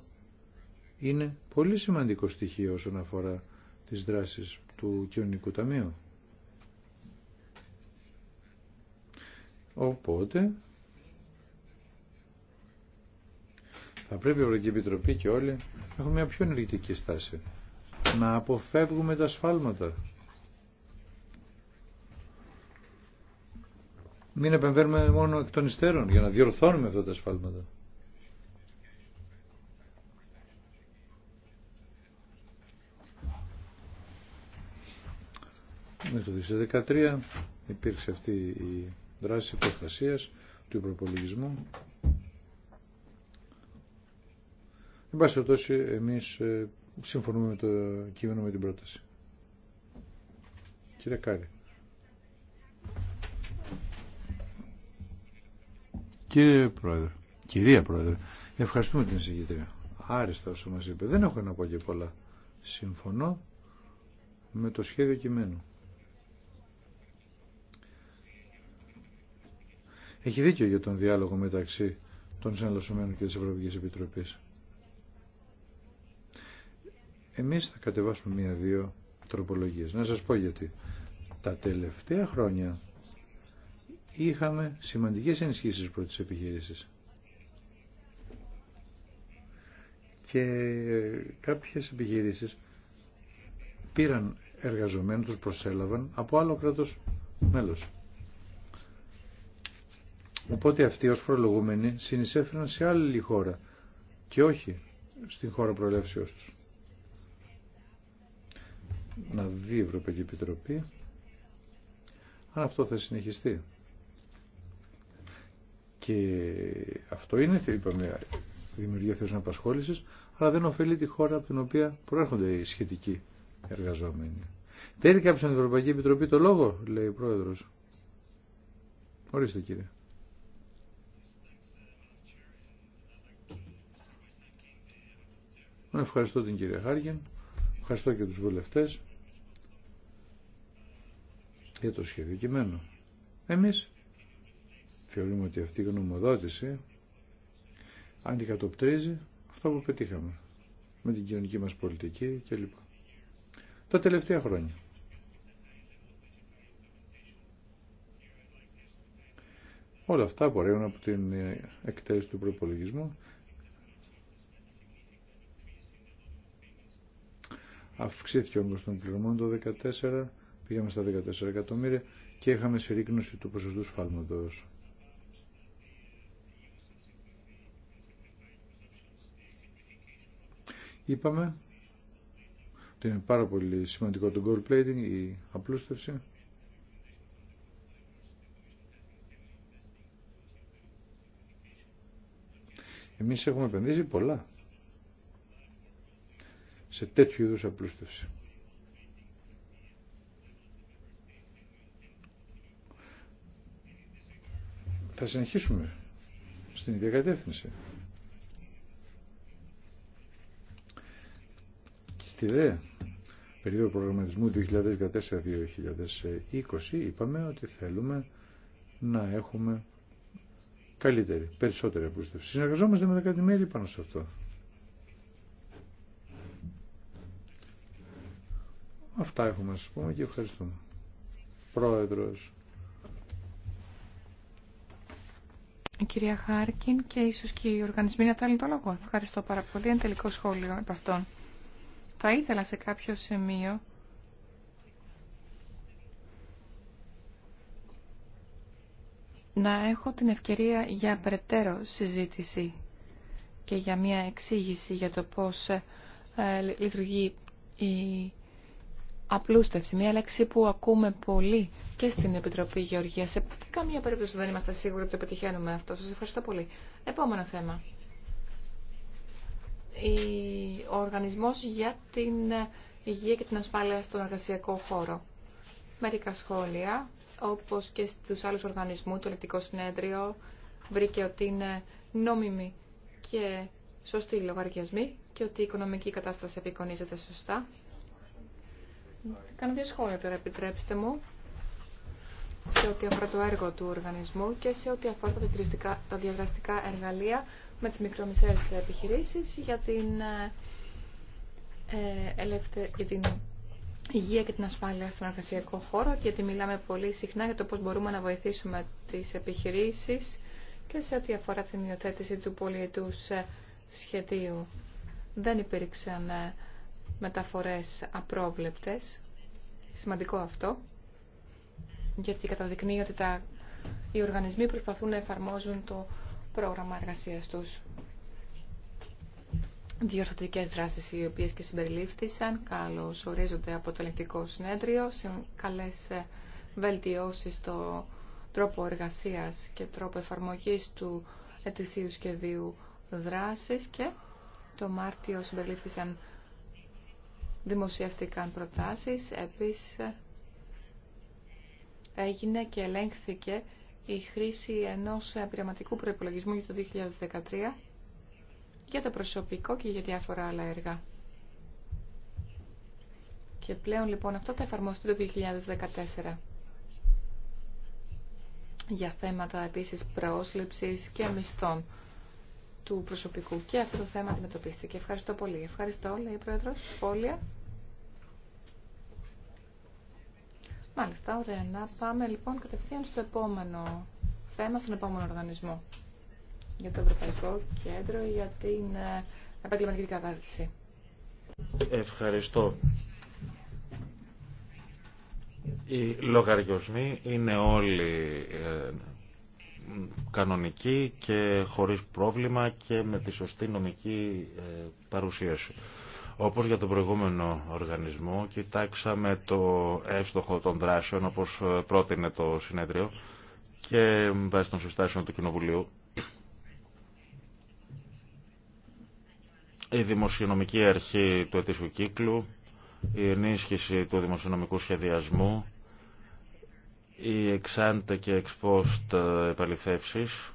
είναι πολύ σημαντικό στοιχείο όσον αφορά τις δράσεις του κοινωνικού ταμείου. Οπότε θα πρέπει η Ευρωπαϊκή Επιτροπή και όλοι να έχουμε μια πιο ενεργητική στάση. Να αποφεύγουμε τα σφάλματα. μην επεμβαίνουμε μόνο εκ των υστέρων για να διορθώνουμε αυτά τα σφάλματα. Μέχρι το 2013 υπήρξε αυτή η δράση προστασία του υπολογισμού. Εν πάση περιπτώσει, εμείς ε, συμφωνούμε με το κείμενο με την πρόταση. Κύριε Κάρη. Κύριε Πρόεδρε, κυρία Πρόεδρε, ευχαριστούμε την συγκεκριά. Άριστα όσο μας είπε. Δεν έχω να πω και πολλά. Συμφωνώ με το σχέδιο κειμένου. Έχει δίκιο για τον διάλογο μεταξύ των συναλλασσομένων και της Ευρωπαϊκής Επιτροπής. Εμείς θα κατεβάσουμε μία-δύο τροπολογίες. Να σας πω γιατί. Τα τελευταία χρόνια είχαμε σημαντικές ενισχύσεις προς τις επιχειρήσεις. Και κάποιες επιχειρήσεις πήραν εργαζομένους, τους προσέλαβαν από άλλο κράτος μέλος. Οπότε αυτοί ως προλογούμενοι συνεισέφεραν σε άλλη χώρα και όχι στην χώρα προελεύσεως τους. Να δει η Ευρωπαϊκή Επιτροπή αν αυτό θα συνεχιστεί. Και αυτό είναι, είπαμε, δημιουργία θέσεων απασχόληση, αλλά δεν ωφελεί τη χώρα από την οποία προέρχονται οι σχετικοί εργαζόμενοι. Θέλει κάποιο στην Ευρωπαϊκή Επιτροπή το λόγο, λέει ο πρόεδρο. Ορίστε κύριε. Ευχαριστώ την κυρία Χάργεν, ευχαριστώ και τους βουλευτές για το σχέδιο Εμείς θεωρούμε ότι αυτή η γνωμοδότηση αντικατοπτρίζει αυτό που πετύχαμε με την κοινωνική μας πολιτική κλπ. Τα τελευταία χρόνια. Όλα αυτά απορρέουν από την εκτέλεση του προπολογισμού. Αυξήθηκε ο τον πληρωμό το 2014, πήγαμε στα 14 εκατομμύρια και είχαμε συρρήκνωση του ποσοστού σφάλματος. είπαμε ότι είναι πάρα πολύ σημαντικό το gold plating, η απλούστευση. Εμείς έχουμε επενδύσει πολλά σε τέτοιου είδους απλούστευση. Θα συνεχίσουμε στην ίδια κατεύθυνση. δε περίοδο προγραμματισμού 2014-2020 είπαμε ότι θέλουμε να έχουμε καλύτερη, περισσότερη απλούστευση. Συνεργαζόμαστε με τα μέρη πάνω σε αυτό. Αυτά έχουμε να σας πούμε και ευχαριστούμε. Πρόεδρος. κυρία Χάρκιν και ίσως και οι οργανισμοί να θέλουν το λόγο. Ευχαριστώ πάρα πολύ. Ένα τελικό σχόλιο από αυτόν. Θα ήθελα σε κάποιο σημείο να έχω την ευκαιρία για περαιτέρω συζήτηση και για μια εξήγηση για το πώς ε, λειτουργεί η απλούστευση. Μια λέξη που ακούμε πολύ και στην Επιτροπή Γεωργίας. Σε καμία περίπτωση δεν είμαστε σίγουροι ότι το πετυχαίνουμε αυτό. Σας ευχαριστώ πολύ. Επόμενο θέμα ο Οργανισμός για την Υγεία και την Ασφάλεια στον Εργασιακό Χώρο. Μερικά σχόλια, όπως και στους άλλους οργανισμούς, το Ελεκτικό Συνέδριο βρήκε ότι είναι νόμιμη και σωστή λογαριασμή και ότι η οικονομική κατάσταση επικονίζεται σωστά. Κάνω δύο σχόλια τώρα, επιτρέψτε μου σε ό,τι αφορά το έργο του οργανισμού και σε ό,τι αφορά τα, τα διαδραστικά εργαλεία με τις μικρομισές επιχειρήσεις για την, ε, ε για την υγεία και την ασφάλεια στον εργασιακό χώρο και γιατί μιλάμε πολύ συχνά για το πώς μπορούμε να βοηθήσουμε τις επιχειρήσεις και σε ό,τι αφορά την υιοθέτηση του πολιετούς ε, σχεδίου. Δεν υπήρξαν ε, μεταφορές απρόβλεπτες. Σημαντικό αυτό γιατί καταδεικνύει ότι τα, οι οργανισμοί προσπαθούν να εφαρμόζουν το πρόγραμμα εργασίας τους. Διορθωτικές δράσεις οι οποίες και συμπεριλήφθησαν, καλώς ορίζονται από το ελεκτικό συνέδριο, σε καλές ε, βελτιώσεις στο τρόπο εργασίας και τρόπο εφαρμογής του ετησίου σχεδίου δράση. και το Μάρτιο συμπεριλήφθησαν δημοσιεύτηκαν προτάσεις. Επίσης, έγινε και ελέγχθηκε η χρήση ενός πειραματικού προϋπολογισμού για το 2013 για το προσωπικό και για διάφορα άλλα έργα. Και πλέον λοιπόν αυτό θα εφαρμοστεί το 2014 για θέματα επίσης πρόσληψης και μισθών του προσωπικού. Και αυτό το θέμα αντιμετωπίστηκε. Ευχαριστώ πολύ. Ευχαριστώ, λέει η Πρόεδρος. Σχόλια. Μάλιστα, ωραία. Να πάμε λοιπόν κατευθείαν στο επόμενο θέμα, στον επόμενο οργανισμό για το Ευρωπαϊκό Κέντρο για την ε, επαγγελματική κατάρτιση. Ευχαριστώ. Οι λογαριασμοί είναι όλοι ε, κανονικοί και χωρίς πρόβλημα και με τη σωστή νομική ε, παρουσίαση. Όπως για τον προηγούμενο οργανισμό, κοιτάξαμε το εύστοχο των δράσεων, όπως πρότεινε το συνέδριο, και βάσει των συστάσεων του Κοινοβουλίου. Η δημοσιονομική αρχή του ετήσιου κύκλου, η ενίσχυση του δημοσιονομικού σχεδιασμού, η εξάντε και εξπόστ επαληθεύσεις,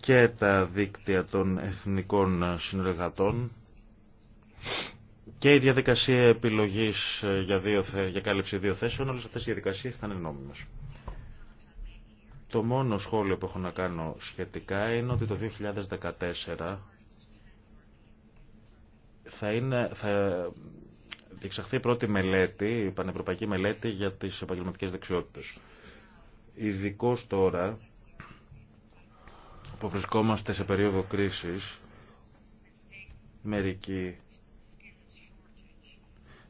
και τα δίκτυα των εθνικών συνεργατών και η διαδικασία επιλογής ε, για, δύο, για κάλυψη δύο θέσεων, όλες αυτές οι διαδικασίες θα είναι νόμιμες. Το μόνο σχόλιο που έχω να κάνω σχετικά είναι ότι το 2014 θα, είναι, θα διεξαχθεί η πρώτη μελέτη, η πανευρωπαϊκή μελέτη για τις επαγγελματικές δεξιότητες. Ειδικώ τώρα που βρισκόμαστε σε περίοδο κρίσης, μερικοί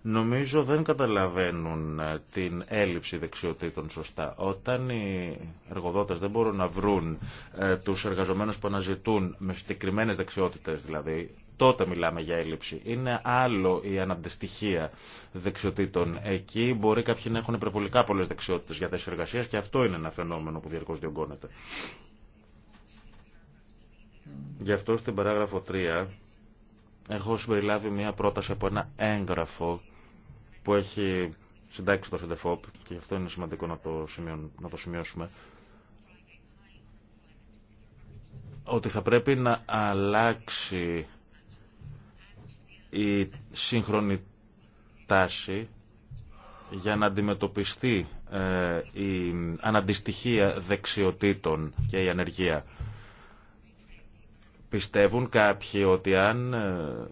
νομίζω δεν καταλαβαίνουν ε, την έλλειψη δεξιοτήτων σωστά. Όταν οι εργοδότες δεν μπορούν να βρουν ε, τους εργαζομένους που αναζητούν με συγκεκριμένε δεξιότητες δηλαδή, τότε μιλάμε για έλλειψη. Είναι άλλο η αναντιστοιχεία δεξιοτήτων. Εκεί μπορεί κάποιοι να έχουν υπερβολικά πολλέ δεξιότητε για θέσει εργασία και αυτό είναι ένα φαινόμενο που διαρκώς διωγγώνεται. Γι' αυτό στην παράγραφο 3 έχω συμπεριλάβει μια πρόταση από ένα έγγραφο που έχει συντάξει το ΣΕΝΤΕΦΟΠ και γι' αυτό είναι σημαντικό να το, σημειώσουμε ότι θα πρέπει να αλλάξει η σύγχρονη τάση για να αντιμετωπιστεί ε, η αναντιστοιχία δεξιοτήτων και η ανεργία. Πιστεύουν κάποιοι ότι αν ε,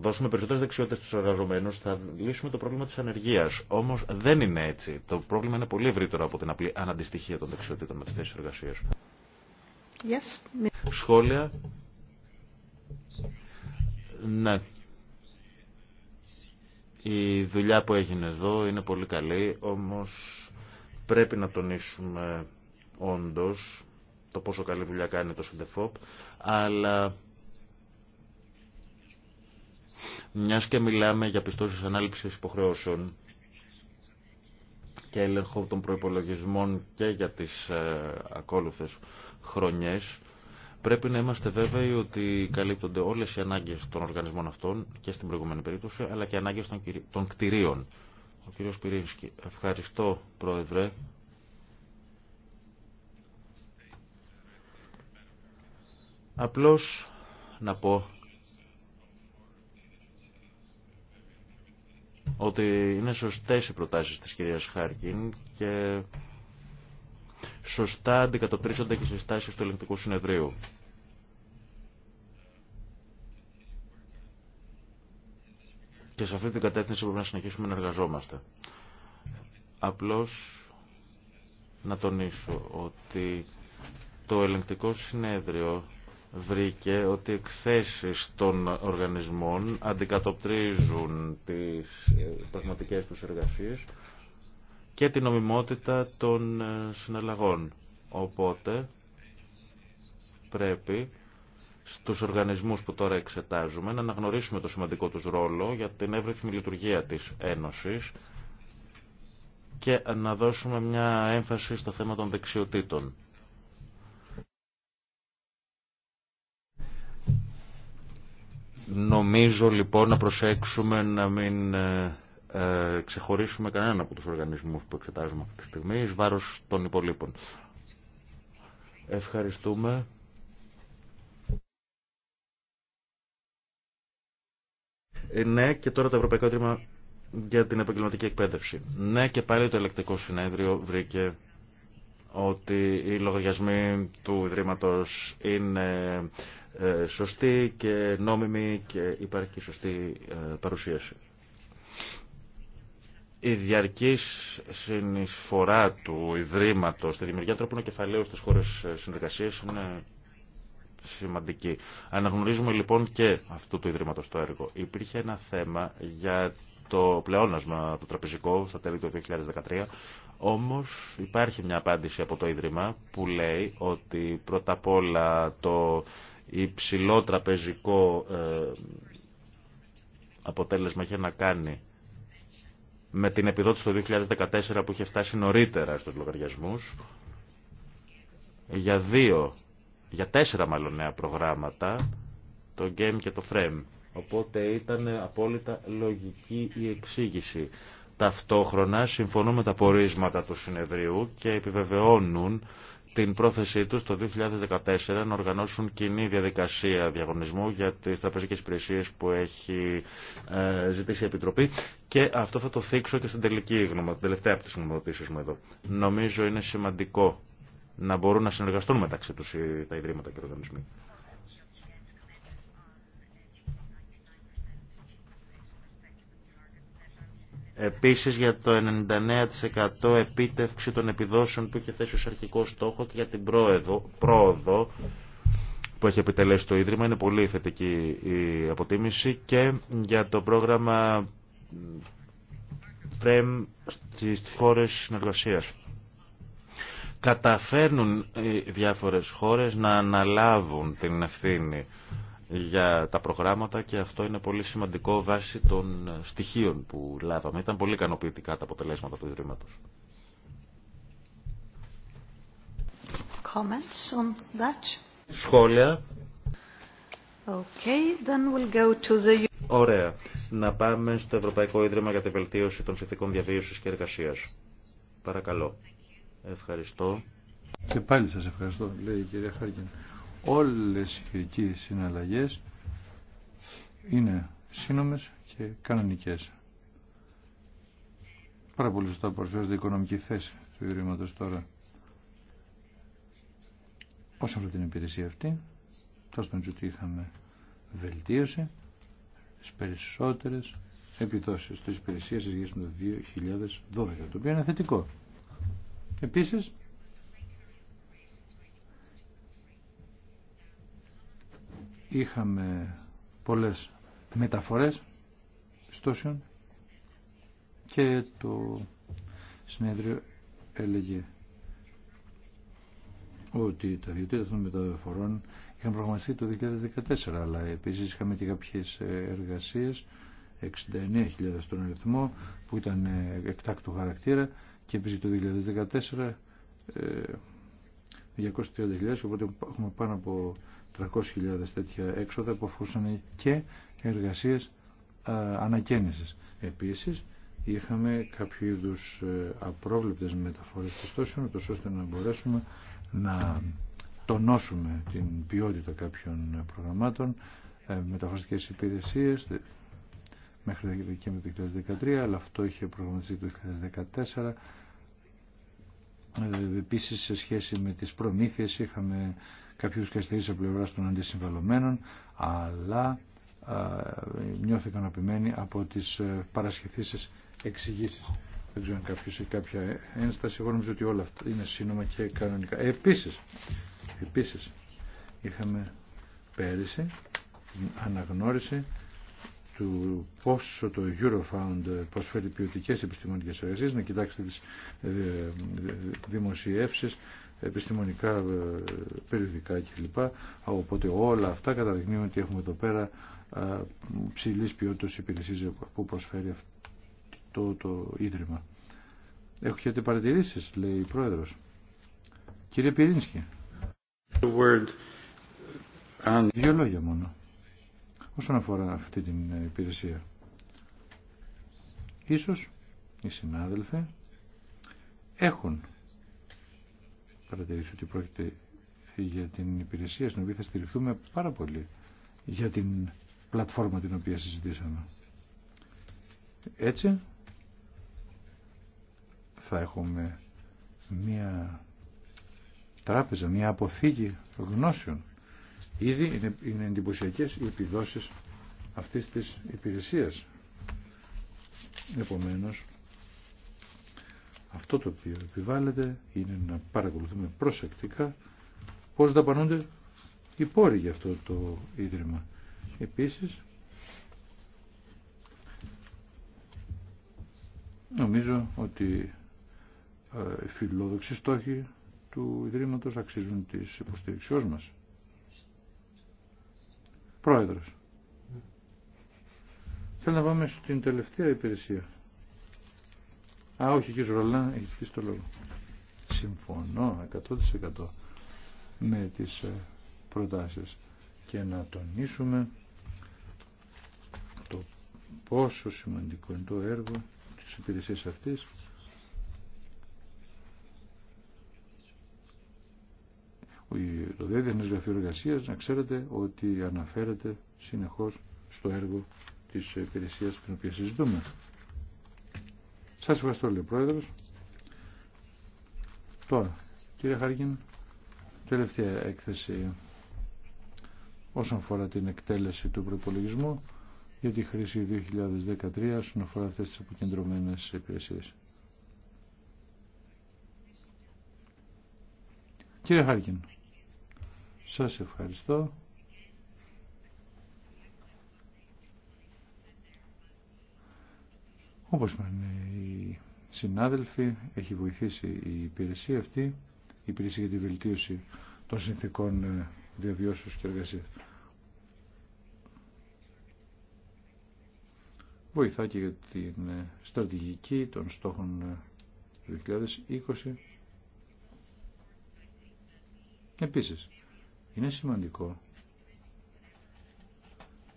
δώσουμε περισσότερες δεξιότητες στους εργαζομένους θα λύσουμε το πρόβλημα της ανεργίας. Όμως δεν είναι έτσι. Το πρόβλημα είναι πολύ ευρύτερο από την απλή αναντιστοιχία των δεξιότητων με τις θέσεις εργασίας. Yes. Σχόλια. Ναι. Η δουλειά που έγινε εδώ είναι πολύ καλή, όμως πρέπει να τονίσουμε όντως το πόσο καλή δουλειά κάνει το ΣΥΝΤΕΦΟΠ, αλλά μιας και μιλάμε για πιστώσεις ανάληψης υποχρεώσεων και έλεγχο των προϋπολογισμών και για τις ε, ακόλουθες χρονιές, πρέπει να είμαστε βέβαιοι ότι καλύπτονται όλες οι ανάγκες των οργανισμών αυτών και στην προηγούμενη περίπτωση, αλλά και ανάγκες των, των κτηρίων. Ο κύριος Πυρίνσκι, ευχαριστώ Πρόεδρε. Απλώς να πω ότι είναι σωστές οι προτάσεις της κυρίας Χάρκιν και σωστά αντικατοπτρίζονται και συστάσεις του ελεγκτικού συνεδρίου. Και σε αυτή την κατεύθυνση πρέπει να συνεχίσουμε να εργαζόμαστε. Απλώς να τονίσω ότι το ελεγκτικό συνέδριο βρήκε ότι εκθέσεις των οργανισμών αντικατοπτρίζουν τις ε, πραγματικές τους εργασίες και την νομιμότητα των ε, συναλλαγών. Οπότε πρέπει στους οργανισμούς που τώρα εξετάζουμε να αναγνωρίσουμε το σημαντικό τους ρόλο για την εύρυθμη λειτουργία της Ένωσης και να δώσουμε μια έμφαση στο θέμα των δεξιοτήτων. Νομίζω λοιπόν να προσέξουμε να μην ε, ε, ξεχωρίσουμε κανέναν από τους οργανισμούς που εξετάζουμε αυτή τη στιγμή εις βάρος των υπολείπων. Ευχαριστούμε. Ε, ναι, και τώρα το Ευρωπαϊκό Τρίμα για την επαγγελματική εκπαίδευση. Ναι, και πάλι το ελεκτικό συνέδριο βρήκε ότι οι λογαριασμοί του Ιδρύματος είναι ε, σωστή και νόμιμη και υπάρχει και σωστή ε, παρουσίαση. Η διαρκής συνεισφορά του Ιδρύματος στη δημιουργία τρόπων κεφαλαίου στις χώρες ε, συνεργασίας είναι σημαντική. Αναγνωρίζουμε λοιπόν και αυτού του Ιδρύματος το έργο. Υπήρχε ένα θέμα για το πλεόνασμα του τραπεζικού στα τέλη του 2013, όμως υπάρχει μια απάντηση από το Ίδρυμα που λέει ότι πρώτα απ' όλα το υψηλό τραπεζικό ε, αποτέλεσμα είχε να κάνει με την επιδότηση το 2014 που είχε φτάσει νωρίτερα στους λογαριασμούς για δύο, για τέσσερα μάλλον νέα προγράμματα, το Game και το Frame. Οπότε ήταν απόλυτα λογική η εξήγηση. Ταυτόχρονα συμφωνούμε με τα πορίσματα του συνεδρίου και επιβεβαιώνουν την πρόθεσή τους το 2014 να οργανώσουν κοινή διαδικασία διαγωνισμού για τις τραπεζικές υπηρεσίες που έχει ε, ζητήσει η Επιτροπή και αυτό θα το θίξω και στην τελική γνώμη, την τελευταία από τις γνωμοδοτήσει μου εδώ. Νομίζω είναι σημαντικό να μπορούν να συνεργαστούν μεταξύ τους τα Ιδρύματα και οι οργανισμοί. Επίσης για το 99% επίτευξη των επιδόσεων που είχε θέσει ως αρχικό στόχο και για την πρόεδο, πρόοδο που έχει επιτελέσει το Ίδρυμα είναι πολύ θετική η αποτίμηση και για το πρόγραμμα ΠΡΕΜ στις χώρες συνεργασίας. Καταφέρνουν οι διάφορες χώρες να αναλάβουν την ευθύνη για τα προγράμματα και αυτό είναι πολύ σημαντικό βάσει των στοιχείων που λάβαμε. Ήταν πολύ ικανοποιητικά τα αποτελέσματα του Ιδρύματος. Σχόλια. Okay, then we'll go to the... Ωραία. Να πάμε στο Ευρωπαϊκό Ίδρυμα για τη Βελτίωση των Συνθήκων Διαβίωσης και Εργασίας. Παρακαλώ. Ευχαριστώ. Και πάλι σας ευχαριστώ, λέει η κυρία Χάρκιν όλες οι χειρικοί συναλλαγές είναι σύνομες και κανονικές. Πάρα πολύ σωστά παρουσιάζεται η οικονομική θέση του Ιδρύματος τώρα. Όσον αφορά την υπηρεσία αυτή, τόσο στον ότι είχαμε βελτίωση στις περισσότερες επιδόσεις της υπηρεσίας της το 2012, το οποίο είναι θετικό. Επίσης, Είχαμε πολλές μεταφορές πιστώσεων και το συνέδριο έλεγε ότι τα διοτήτα των μεταφορών είχαν προγραμματιστεί το 2014, αλλά επίσης είχαμε και κάποιες εργασίες, 69.000 στον αριθμό, που ήταν εκτάκτου χαρακτήρα και επίσης το 2014 230.000, οπότε έχουμε πάνω από 300.000 τέτοια έξοδα που αφορούσαν και εργασίες ανακαίνησης. Επίσης, είχαμε κάποιο είδους ε, απρόβλεπτες μεταφορές πιστώσεων, ώστε να μπορέσουμε να τονώσουμε την ποιότητα κάποιων προγραμμάτων, ε, μεταφραστικές υπηρεσίες, μέχρι Δεκέμβριο του 2013, αλλά αυτό είχε προγραμματιστεί το 2014, ε, επίσης σε σχέση με τις προμήθειες είχαμε κάποιους και από πλευρά των αντισυμβαλλωμένων αλλά νιώθηκαν απειμένοι από τις ε, παρασχεθήσει εξηγήσει. Δεν ξέρω αν κάποιο έχει κάποια ένσταση. Εγώ νομίζω ότι όλα αυτά είναι σύνομα και κανονικά. Επίσης, επίσης είχαμε πέρυσι την αναγνώριση του πόσο το Eurofound προσφέρει ποιοτικέ επιστημονικές εργασίες, να κοιτάξετε τις ε, ε, δημοσιεύσεις, επιστημονικά ε, περιοδικά κλπ. Οπότε όλα αυτά καταδεικνύουν ότι έχουμε εδώ πέρα ψηλή ποιότητα υπηρεσίες που προσφέρει αυτό το Ίδρυμα. Έχετε παρατηρήσεις, λέει η Πρόεδρος. Κύριε Πυρίνσκι. Δύο λόγια μόνο όσον αφορά αυτή την υπηρεσία. Ίσως οι συνάδελφοι έχουν παρατηρήσει ότι πρόκειται για την υπηρεσία στην οποία θα στηριχθούμε πάρα πολύ για την πλατφόρμα την οποία συζητήσαμε. Έτσι θα έχουμε μία τράπεζα, μία αποθήκη γνώσεων Ήδη είναι, είναι εντυπωσιακές οι επιδόσεις αυτής της υπηρεσίας. Επομένως, αυτό το οποίο επιβάλλεται είναι να παρακολουθούμε προσεκτικά πώς δαπανούνται οι πόροι για αυτό το ίδρυμα. Επίσης, νομίζω ότι ε, οι φιλόδοξοι στόχοι του Ιδρύματος αξίζουν της υποστήριξής μας. Πρόεδρος. Θέλω να πάμε στην τελευταία υπηρεσία. Α, όχι, κύριε Ρολά, έχει πει το λόγο. Συμφωνώ 100% με τις ε, προτάσεις και να τονίσουμε το πόσο σημαντικό είναι το έργο της υπηρεσίας αυτής το Διεθνές Γραφείο εργασία, να ξέρετε ότι αναφέρεται συνεχώς στο έργο της υπηρεσία την οποία συζητούμε. Σας ευχαριστώ λέει Τώρα, κύριε Χάρκιν, τελευταία έκθεση όσον αφορά την εκτέλεση του προπολογισμού για τη χρήση 2013 όσον αφορά αυτές τις αποκεντρωμένες υπηρεσίες. Κύριε Χάρκιν, σας ευχαριστώ. Όπως είπαν οι συνάδελφοι, έχει βοηθήσει η υπηρεσία αυτή, η υπηρεσία για τη βελτίωση των συνθήκων ε, διαβιώσεως και εργασίας. Βοηθά και για την ε, στρατηγική των στόχων 2020. Ε, Επίσης, είναι σημαντικό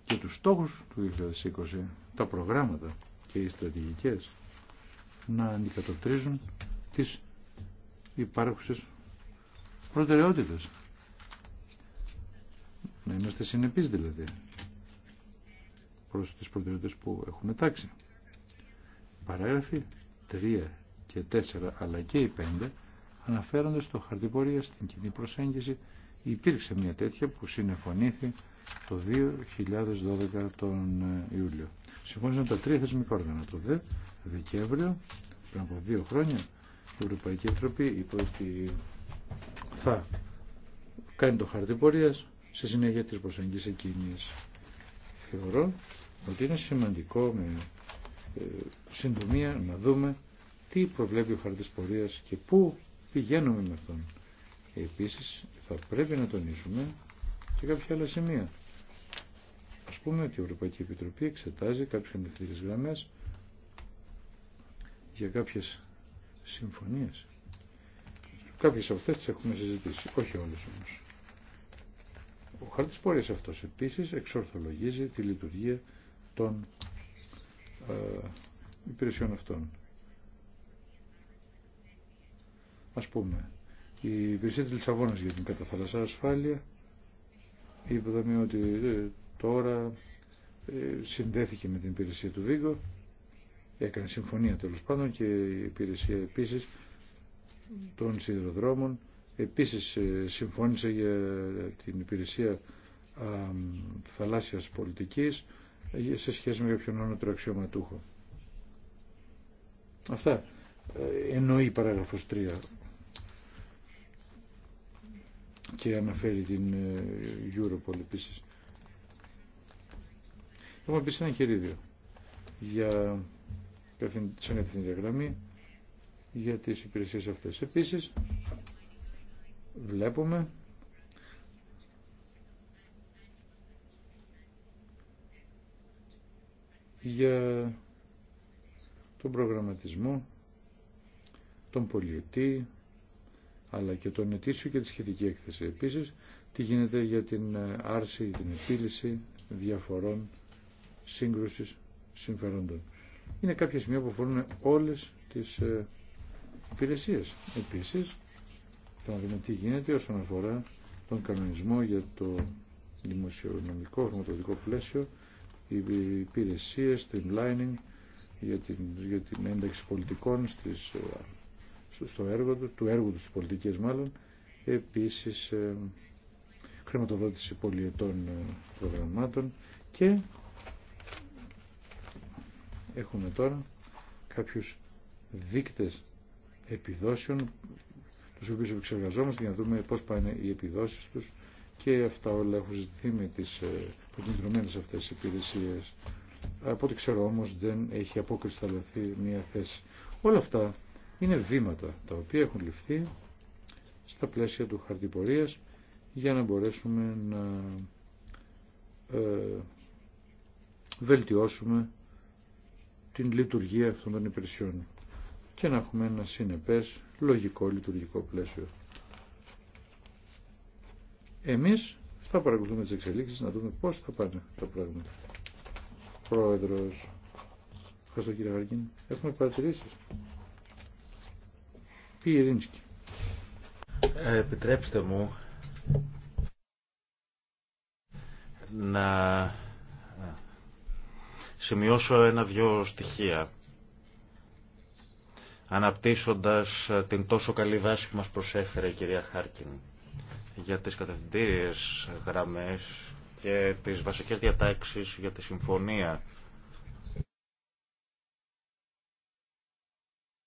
και τους στόχους του 2020, τα προγράμματα και οι στρατηγικές να αντικατοπτρίζουν τις υπάρχουσες προτεραιότητες. Να είμαστε συνεπείς δηλαδή προς τις προτεραιότητες που έχουμε τάξει. Παράγραφοι 3 και 4 αλλά και οι 5 αναφέρονται στο χαρτιπορία στην κοινή προσέγγιση Υπήρξε μια τέτοια που συνεφωνήθη το 2012 τον ε, Ιούλιο. Συμφώνησαν τα τρία θεσμικά όργανα. Το δε, Δεκέμβριο, πριν από δύο χρόνια, η Ευρωπαϊκή Επιτροπή είπε ότι θα κάνει το χαρτί πορείας σε συνέχεια της προσεγγής εκείνης. Θεωρώ ότι είναι σημαντικό με ε, συντομία να δούμε τι προβλέπει ο χαρτής πορείας και πού πηγαίνουμε με αυτόν. Επίσης θα πρέπει να τονίσουμε και κάποια άλλα σημεία. Ας πούμε ότι η Ευρωπαϊκή Επιτροπή εξετάζει κάποιες αντιθετικές γραμμές για κάποιες συμφωνίες. Κάποιες από αυτές τις έχουμε συζητήσει, όχι όλες όμως. Ο χάρτης πορείας αυτός επίσης εξορθολογίζει τη λειτουργία των ε, υπηρεσιών αυτών. Ας πούμε, η υπηρεσία της Λισαβόνας για την καταθαλασσά ασφάλεια είπαμε ότι ε, τώρα ε, συνδέθηκε με την υπηρεσία του Βίγκο έκανε συμφωνία τέλος πάντων και η υπηρεσία επίσης των σιδηροδρόμων επίσης ε, συμφώνησε για την υπηρεσία θαλάσσιας πολιτικής σε σχέση με κάποιον όνοτρο αξιωματούχο. Αυτά εννοεί η παράγραφος 3 και αναφέρει την ε, Europol επίσης. Έχουμε επίσης ένα χειρίδιο για την ευθυντική γραμμή για τις υπηρεσίες αυτές. Επίσης βλέπουμε για τον προγραμματισμό, τον πολιετή, αλλά και τον ετήσιο και τη σχετική έκθεση. Επίσης, τι γίνεται για την ε, άρση, την επίλυση διαφορών σύγκρουσης συμφερόντων. Είναι κάποια σημεία που αφορούν όλες τις ε, υπηρεσίες. Επίσης, θα δούμε τι γίνεται όσον αφορά τον κανονισμό για το δημοσιονομικό, χρηματοδοτικό πλαίσιο, οι υπηρεσίες, streamlining, για την, για την ένταξη πολιτικών στις ε, στο έργο του, του έργου του στις πολιτικές μάλλον, επίσης ε, χρηματοδότηση πολιετών ε, προγραμμάτων και έχουμε τώρα κάποιους δείκτες επιδόσεων τους οποίους επεξεργαζόμαστε για να δούμε πώς πάνε οι επιδόσεις τους και αυτά όλα έχουν ζητηθεί με τις ε, αποκεντρωμένες αυτές τις υπηρεσίες. Από ό,τι ξέρω όμως δεν έχει αποκρισταλωθεί μια θέση. Όλα αυτά είναι βήματα τα οποία έχουν ληφθεί στα πλαίσια του χαρτιπορίας για να μπορέσουμε να ε, βελτιώσουμε την λειτουργία αυτών των υπηρεσιών και να έχουμε ένα συνεπές λογικό λειτουργικό πλαίσιο. Εμείς θα παρακολουθούμε τις εξελίξεις να δούμε πώς θα πάνε τα πράγματα. Πρόεδρος, ευχαριστώ κύριε έχουμε παρατηρήσεις. Ε, επιτρέψτε μου να σημειώσω ένα-δυο στοιχεία αναπτύσσοντας την τόσο καλή βάση που μας προσέφερε η κυρία Χάρκιν για τις κατευθυντήριες γραμμές και τις βασικές διατάξεις για τη συμφωνία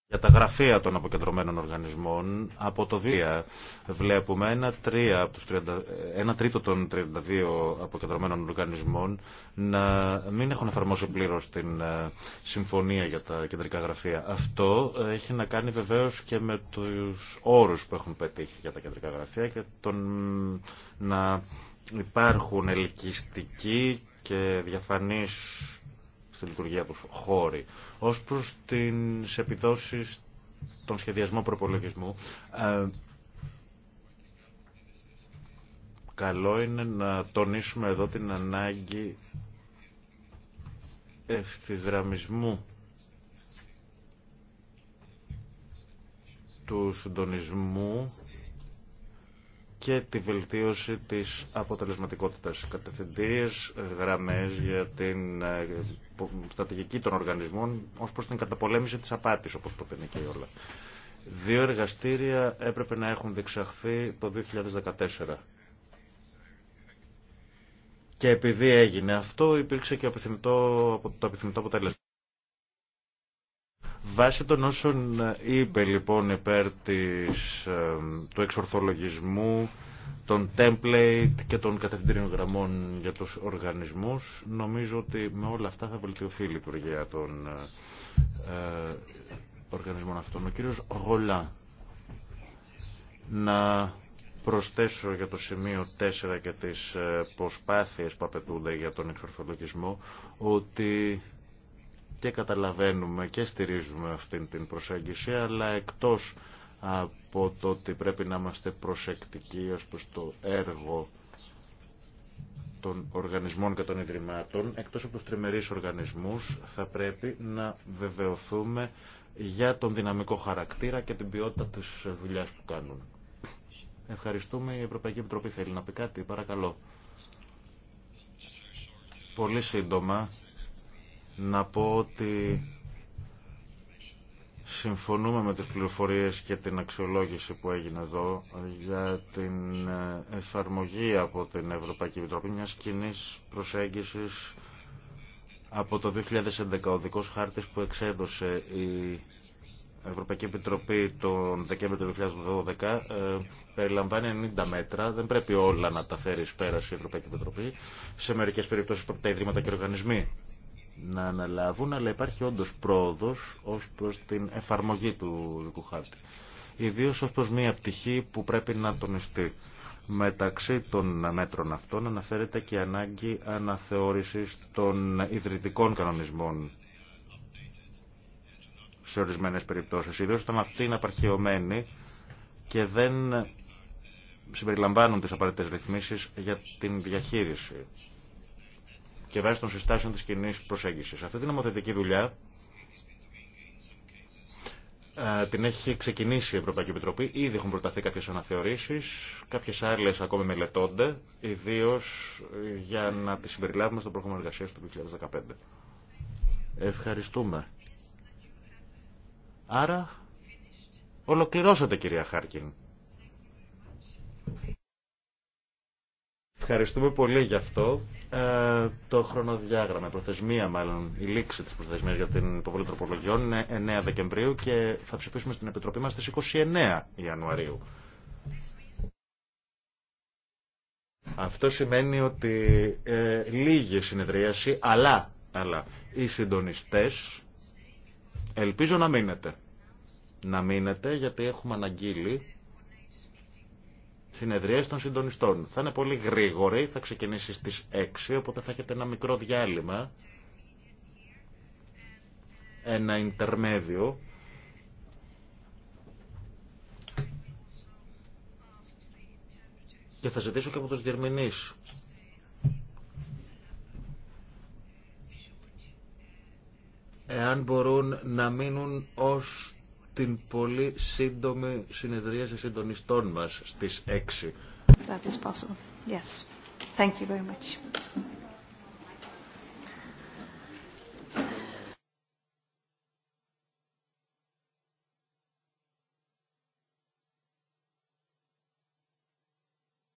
Για τα γραφεία των αποκεντρωμένων οργανισμών, από το 2 βλέπουμε ένα, τρίτο των 32 αποκεντρωμένων οργανισμών να μην έχουν εφαρμόσει πλήρως την ε, συμφωνία για τα κεντρικά γραφεία. Αυτό ε, έχει να κάνει βεβαίως και με τους όρους που έχουν πετύχει για τα κεντρικά γραφεία και τον να υπάρχουν ελκυστικοί και διαφανείς στη λειτουργία του χώροι. Ως προς τι επιδόσει, των σχεδιασμών προπολογισμού, ε, καλό είναι να τονίσουμε εδώ την ανάγκη ευθυγραμμισμού του συντονισμού και τη βελτίωση της αποτελεσματικότητας. Κατευθυντήριες ε, γραμμές για την ε, στρατηγική των οργανισμών ως προς την καταπολέμηση της απάτης, όπως προτείνει και η όλα. Δύο εργαστήρια έπρεπε να έχουν διεξαχθεί το 2014. Και επειδή έγινε αυτό, υπήρξε και το επιθυμητό αποτέλεσμα. Βάσει των όσων είπε λοιπόν υπέρ ε, του εξορθολογισμού, των template και των κατευθυντήριων γραμμών για τους οργανισμούς, νομίζω ότι με όλα αυτά θα βελτιωθεί η λειτουργία των ε, ε, οργανισμών αυτών. Ο κύριος Γολά, να προσθέσω για το σημείο 4 και τις προσπάθειες που απαιτούνται για τον εξορθολογισμό, ότι και καταλαβαίνουμε και στηρίζουμε αυτή την προσέγγιση, αλλά εκτός από το ότι πρέπει να είμαστε προσεκτικοί ως προς το έργο των οργανισμών και των ιδρυμάτων, εκτός από τους τριμερείς οργανισμούς, θα πρέπει να βεβαιωθούμε για τον δυναμικό χαρακτήρα και την ποιότητα της δουλειάς που κάνουν. Ευχαριστούμε. Η Ευρωπαϊκή Επιτροπή θέλει να πει κάτι. Παρακαλώ. Πολύ σύντομα να πω ότι συμφωνούμε με τις πληροφορίες και την αξιολόγηση που έγινε εδώ για την εφαρμογή από την Ευρωπαϊκή Επιτροπή μιας κοινή προσέγγισης από το 2011 ο δικός χάρτης που εξέδωσε η Ευρωπαϊκή Επιτροπή τον Δεκέμβριο του 2012 ε, περιλαμβάνει 90 μέτρα. Δεν πρέπει όλα να τα φέρει πέρα η Ευρωπαϊκή Επιτροπή. Σε μερικέ περιπτώσει τα ιδρύματα και οργανισμοί να αναλάβουν, αλλά υπάρχει όντω πρόοδο ως προς την εφαρμογή του δικού χάρτη. Ιδίω ω μια πτυχή που πρέπει να τονιστεί. Μεταξύ των μέτρων αυτών αναφέρεται και η ανάγκη αναθεώρησης των ιδρυτικών κανονισμών σε ορισμένες περιπτώσεις. Ιδίως όταν αυτοί είναι απαρχαιωμένοι και δεν συμπεριλαμβάνουν τις απαραίτητες ρυθμίσεις για την διαχείριση και βάσει των συστάσεων της κοινή προσέγγισης. Αυτή την νομοθετική δουλειά ε, την έχει ξεκινήσει η Ευρωπαϊκή Επιτροπή. Ήδη έχουν προταθεί κάποιε αναθεωρήσει. Κάποιε άλλε ακόμη μελετώνται, ιδίω για να τι συμπεριλάβουμε στο πρόγραμμα εργασία του 2015. Ευχαριστούμε. Άρα, ολοκληρώσατε κυρία Χάρκιν. Ευχαριστούμε πολύ γι' αυτό. Ε, το χρονοδιάγραμμα, η προθεσμία μάλλον, η λήξη της προθεσμίας για την υποβολή τροπολογιών είναι 9 Δεκεμβρίου και θα ψηφίσουμε στην Επιτροπή μας στις 29 Ιανουαρίου. Αυτό σημαίνει ότι ε, λίγη συνεδρίαση, αλλά, αλλά οι συντονιστές ελπίζω να μείνετε. Να μείνετε γιατί έχουμε αναγγείλει συνεδριές των συντονιστών. Θα είναι πολύ γρήγορη, θα ξεκινήσει στι 6, οπότε θα έχετε ένα μικρό διάλειμμα, ένα intermedio. Και θα ζητήσω και από τους διερμηνείς εάν μπορούν να μείνουν ως την πολύ σύντομη συνεδρίαση συντονιστών μας στις 6. That is possible. Yes. Thank you very much.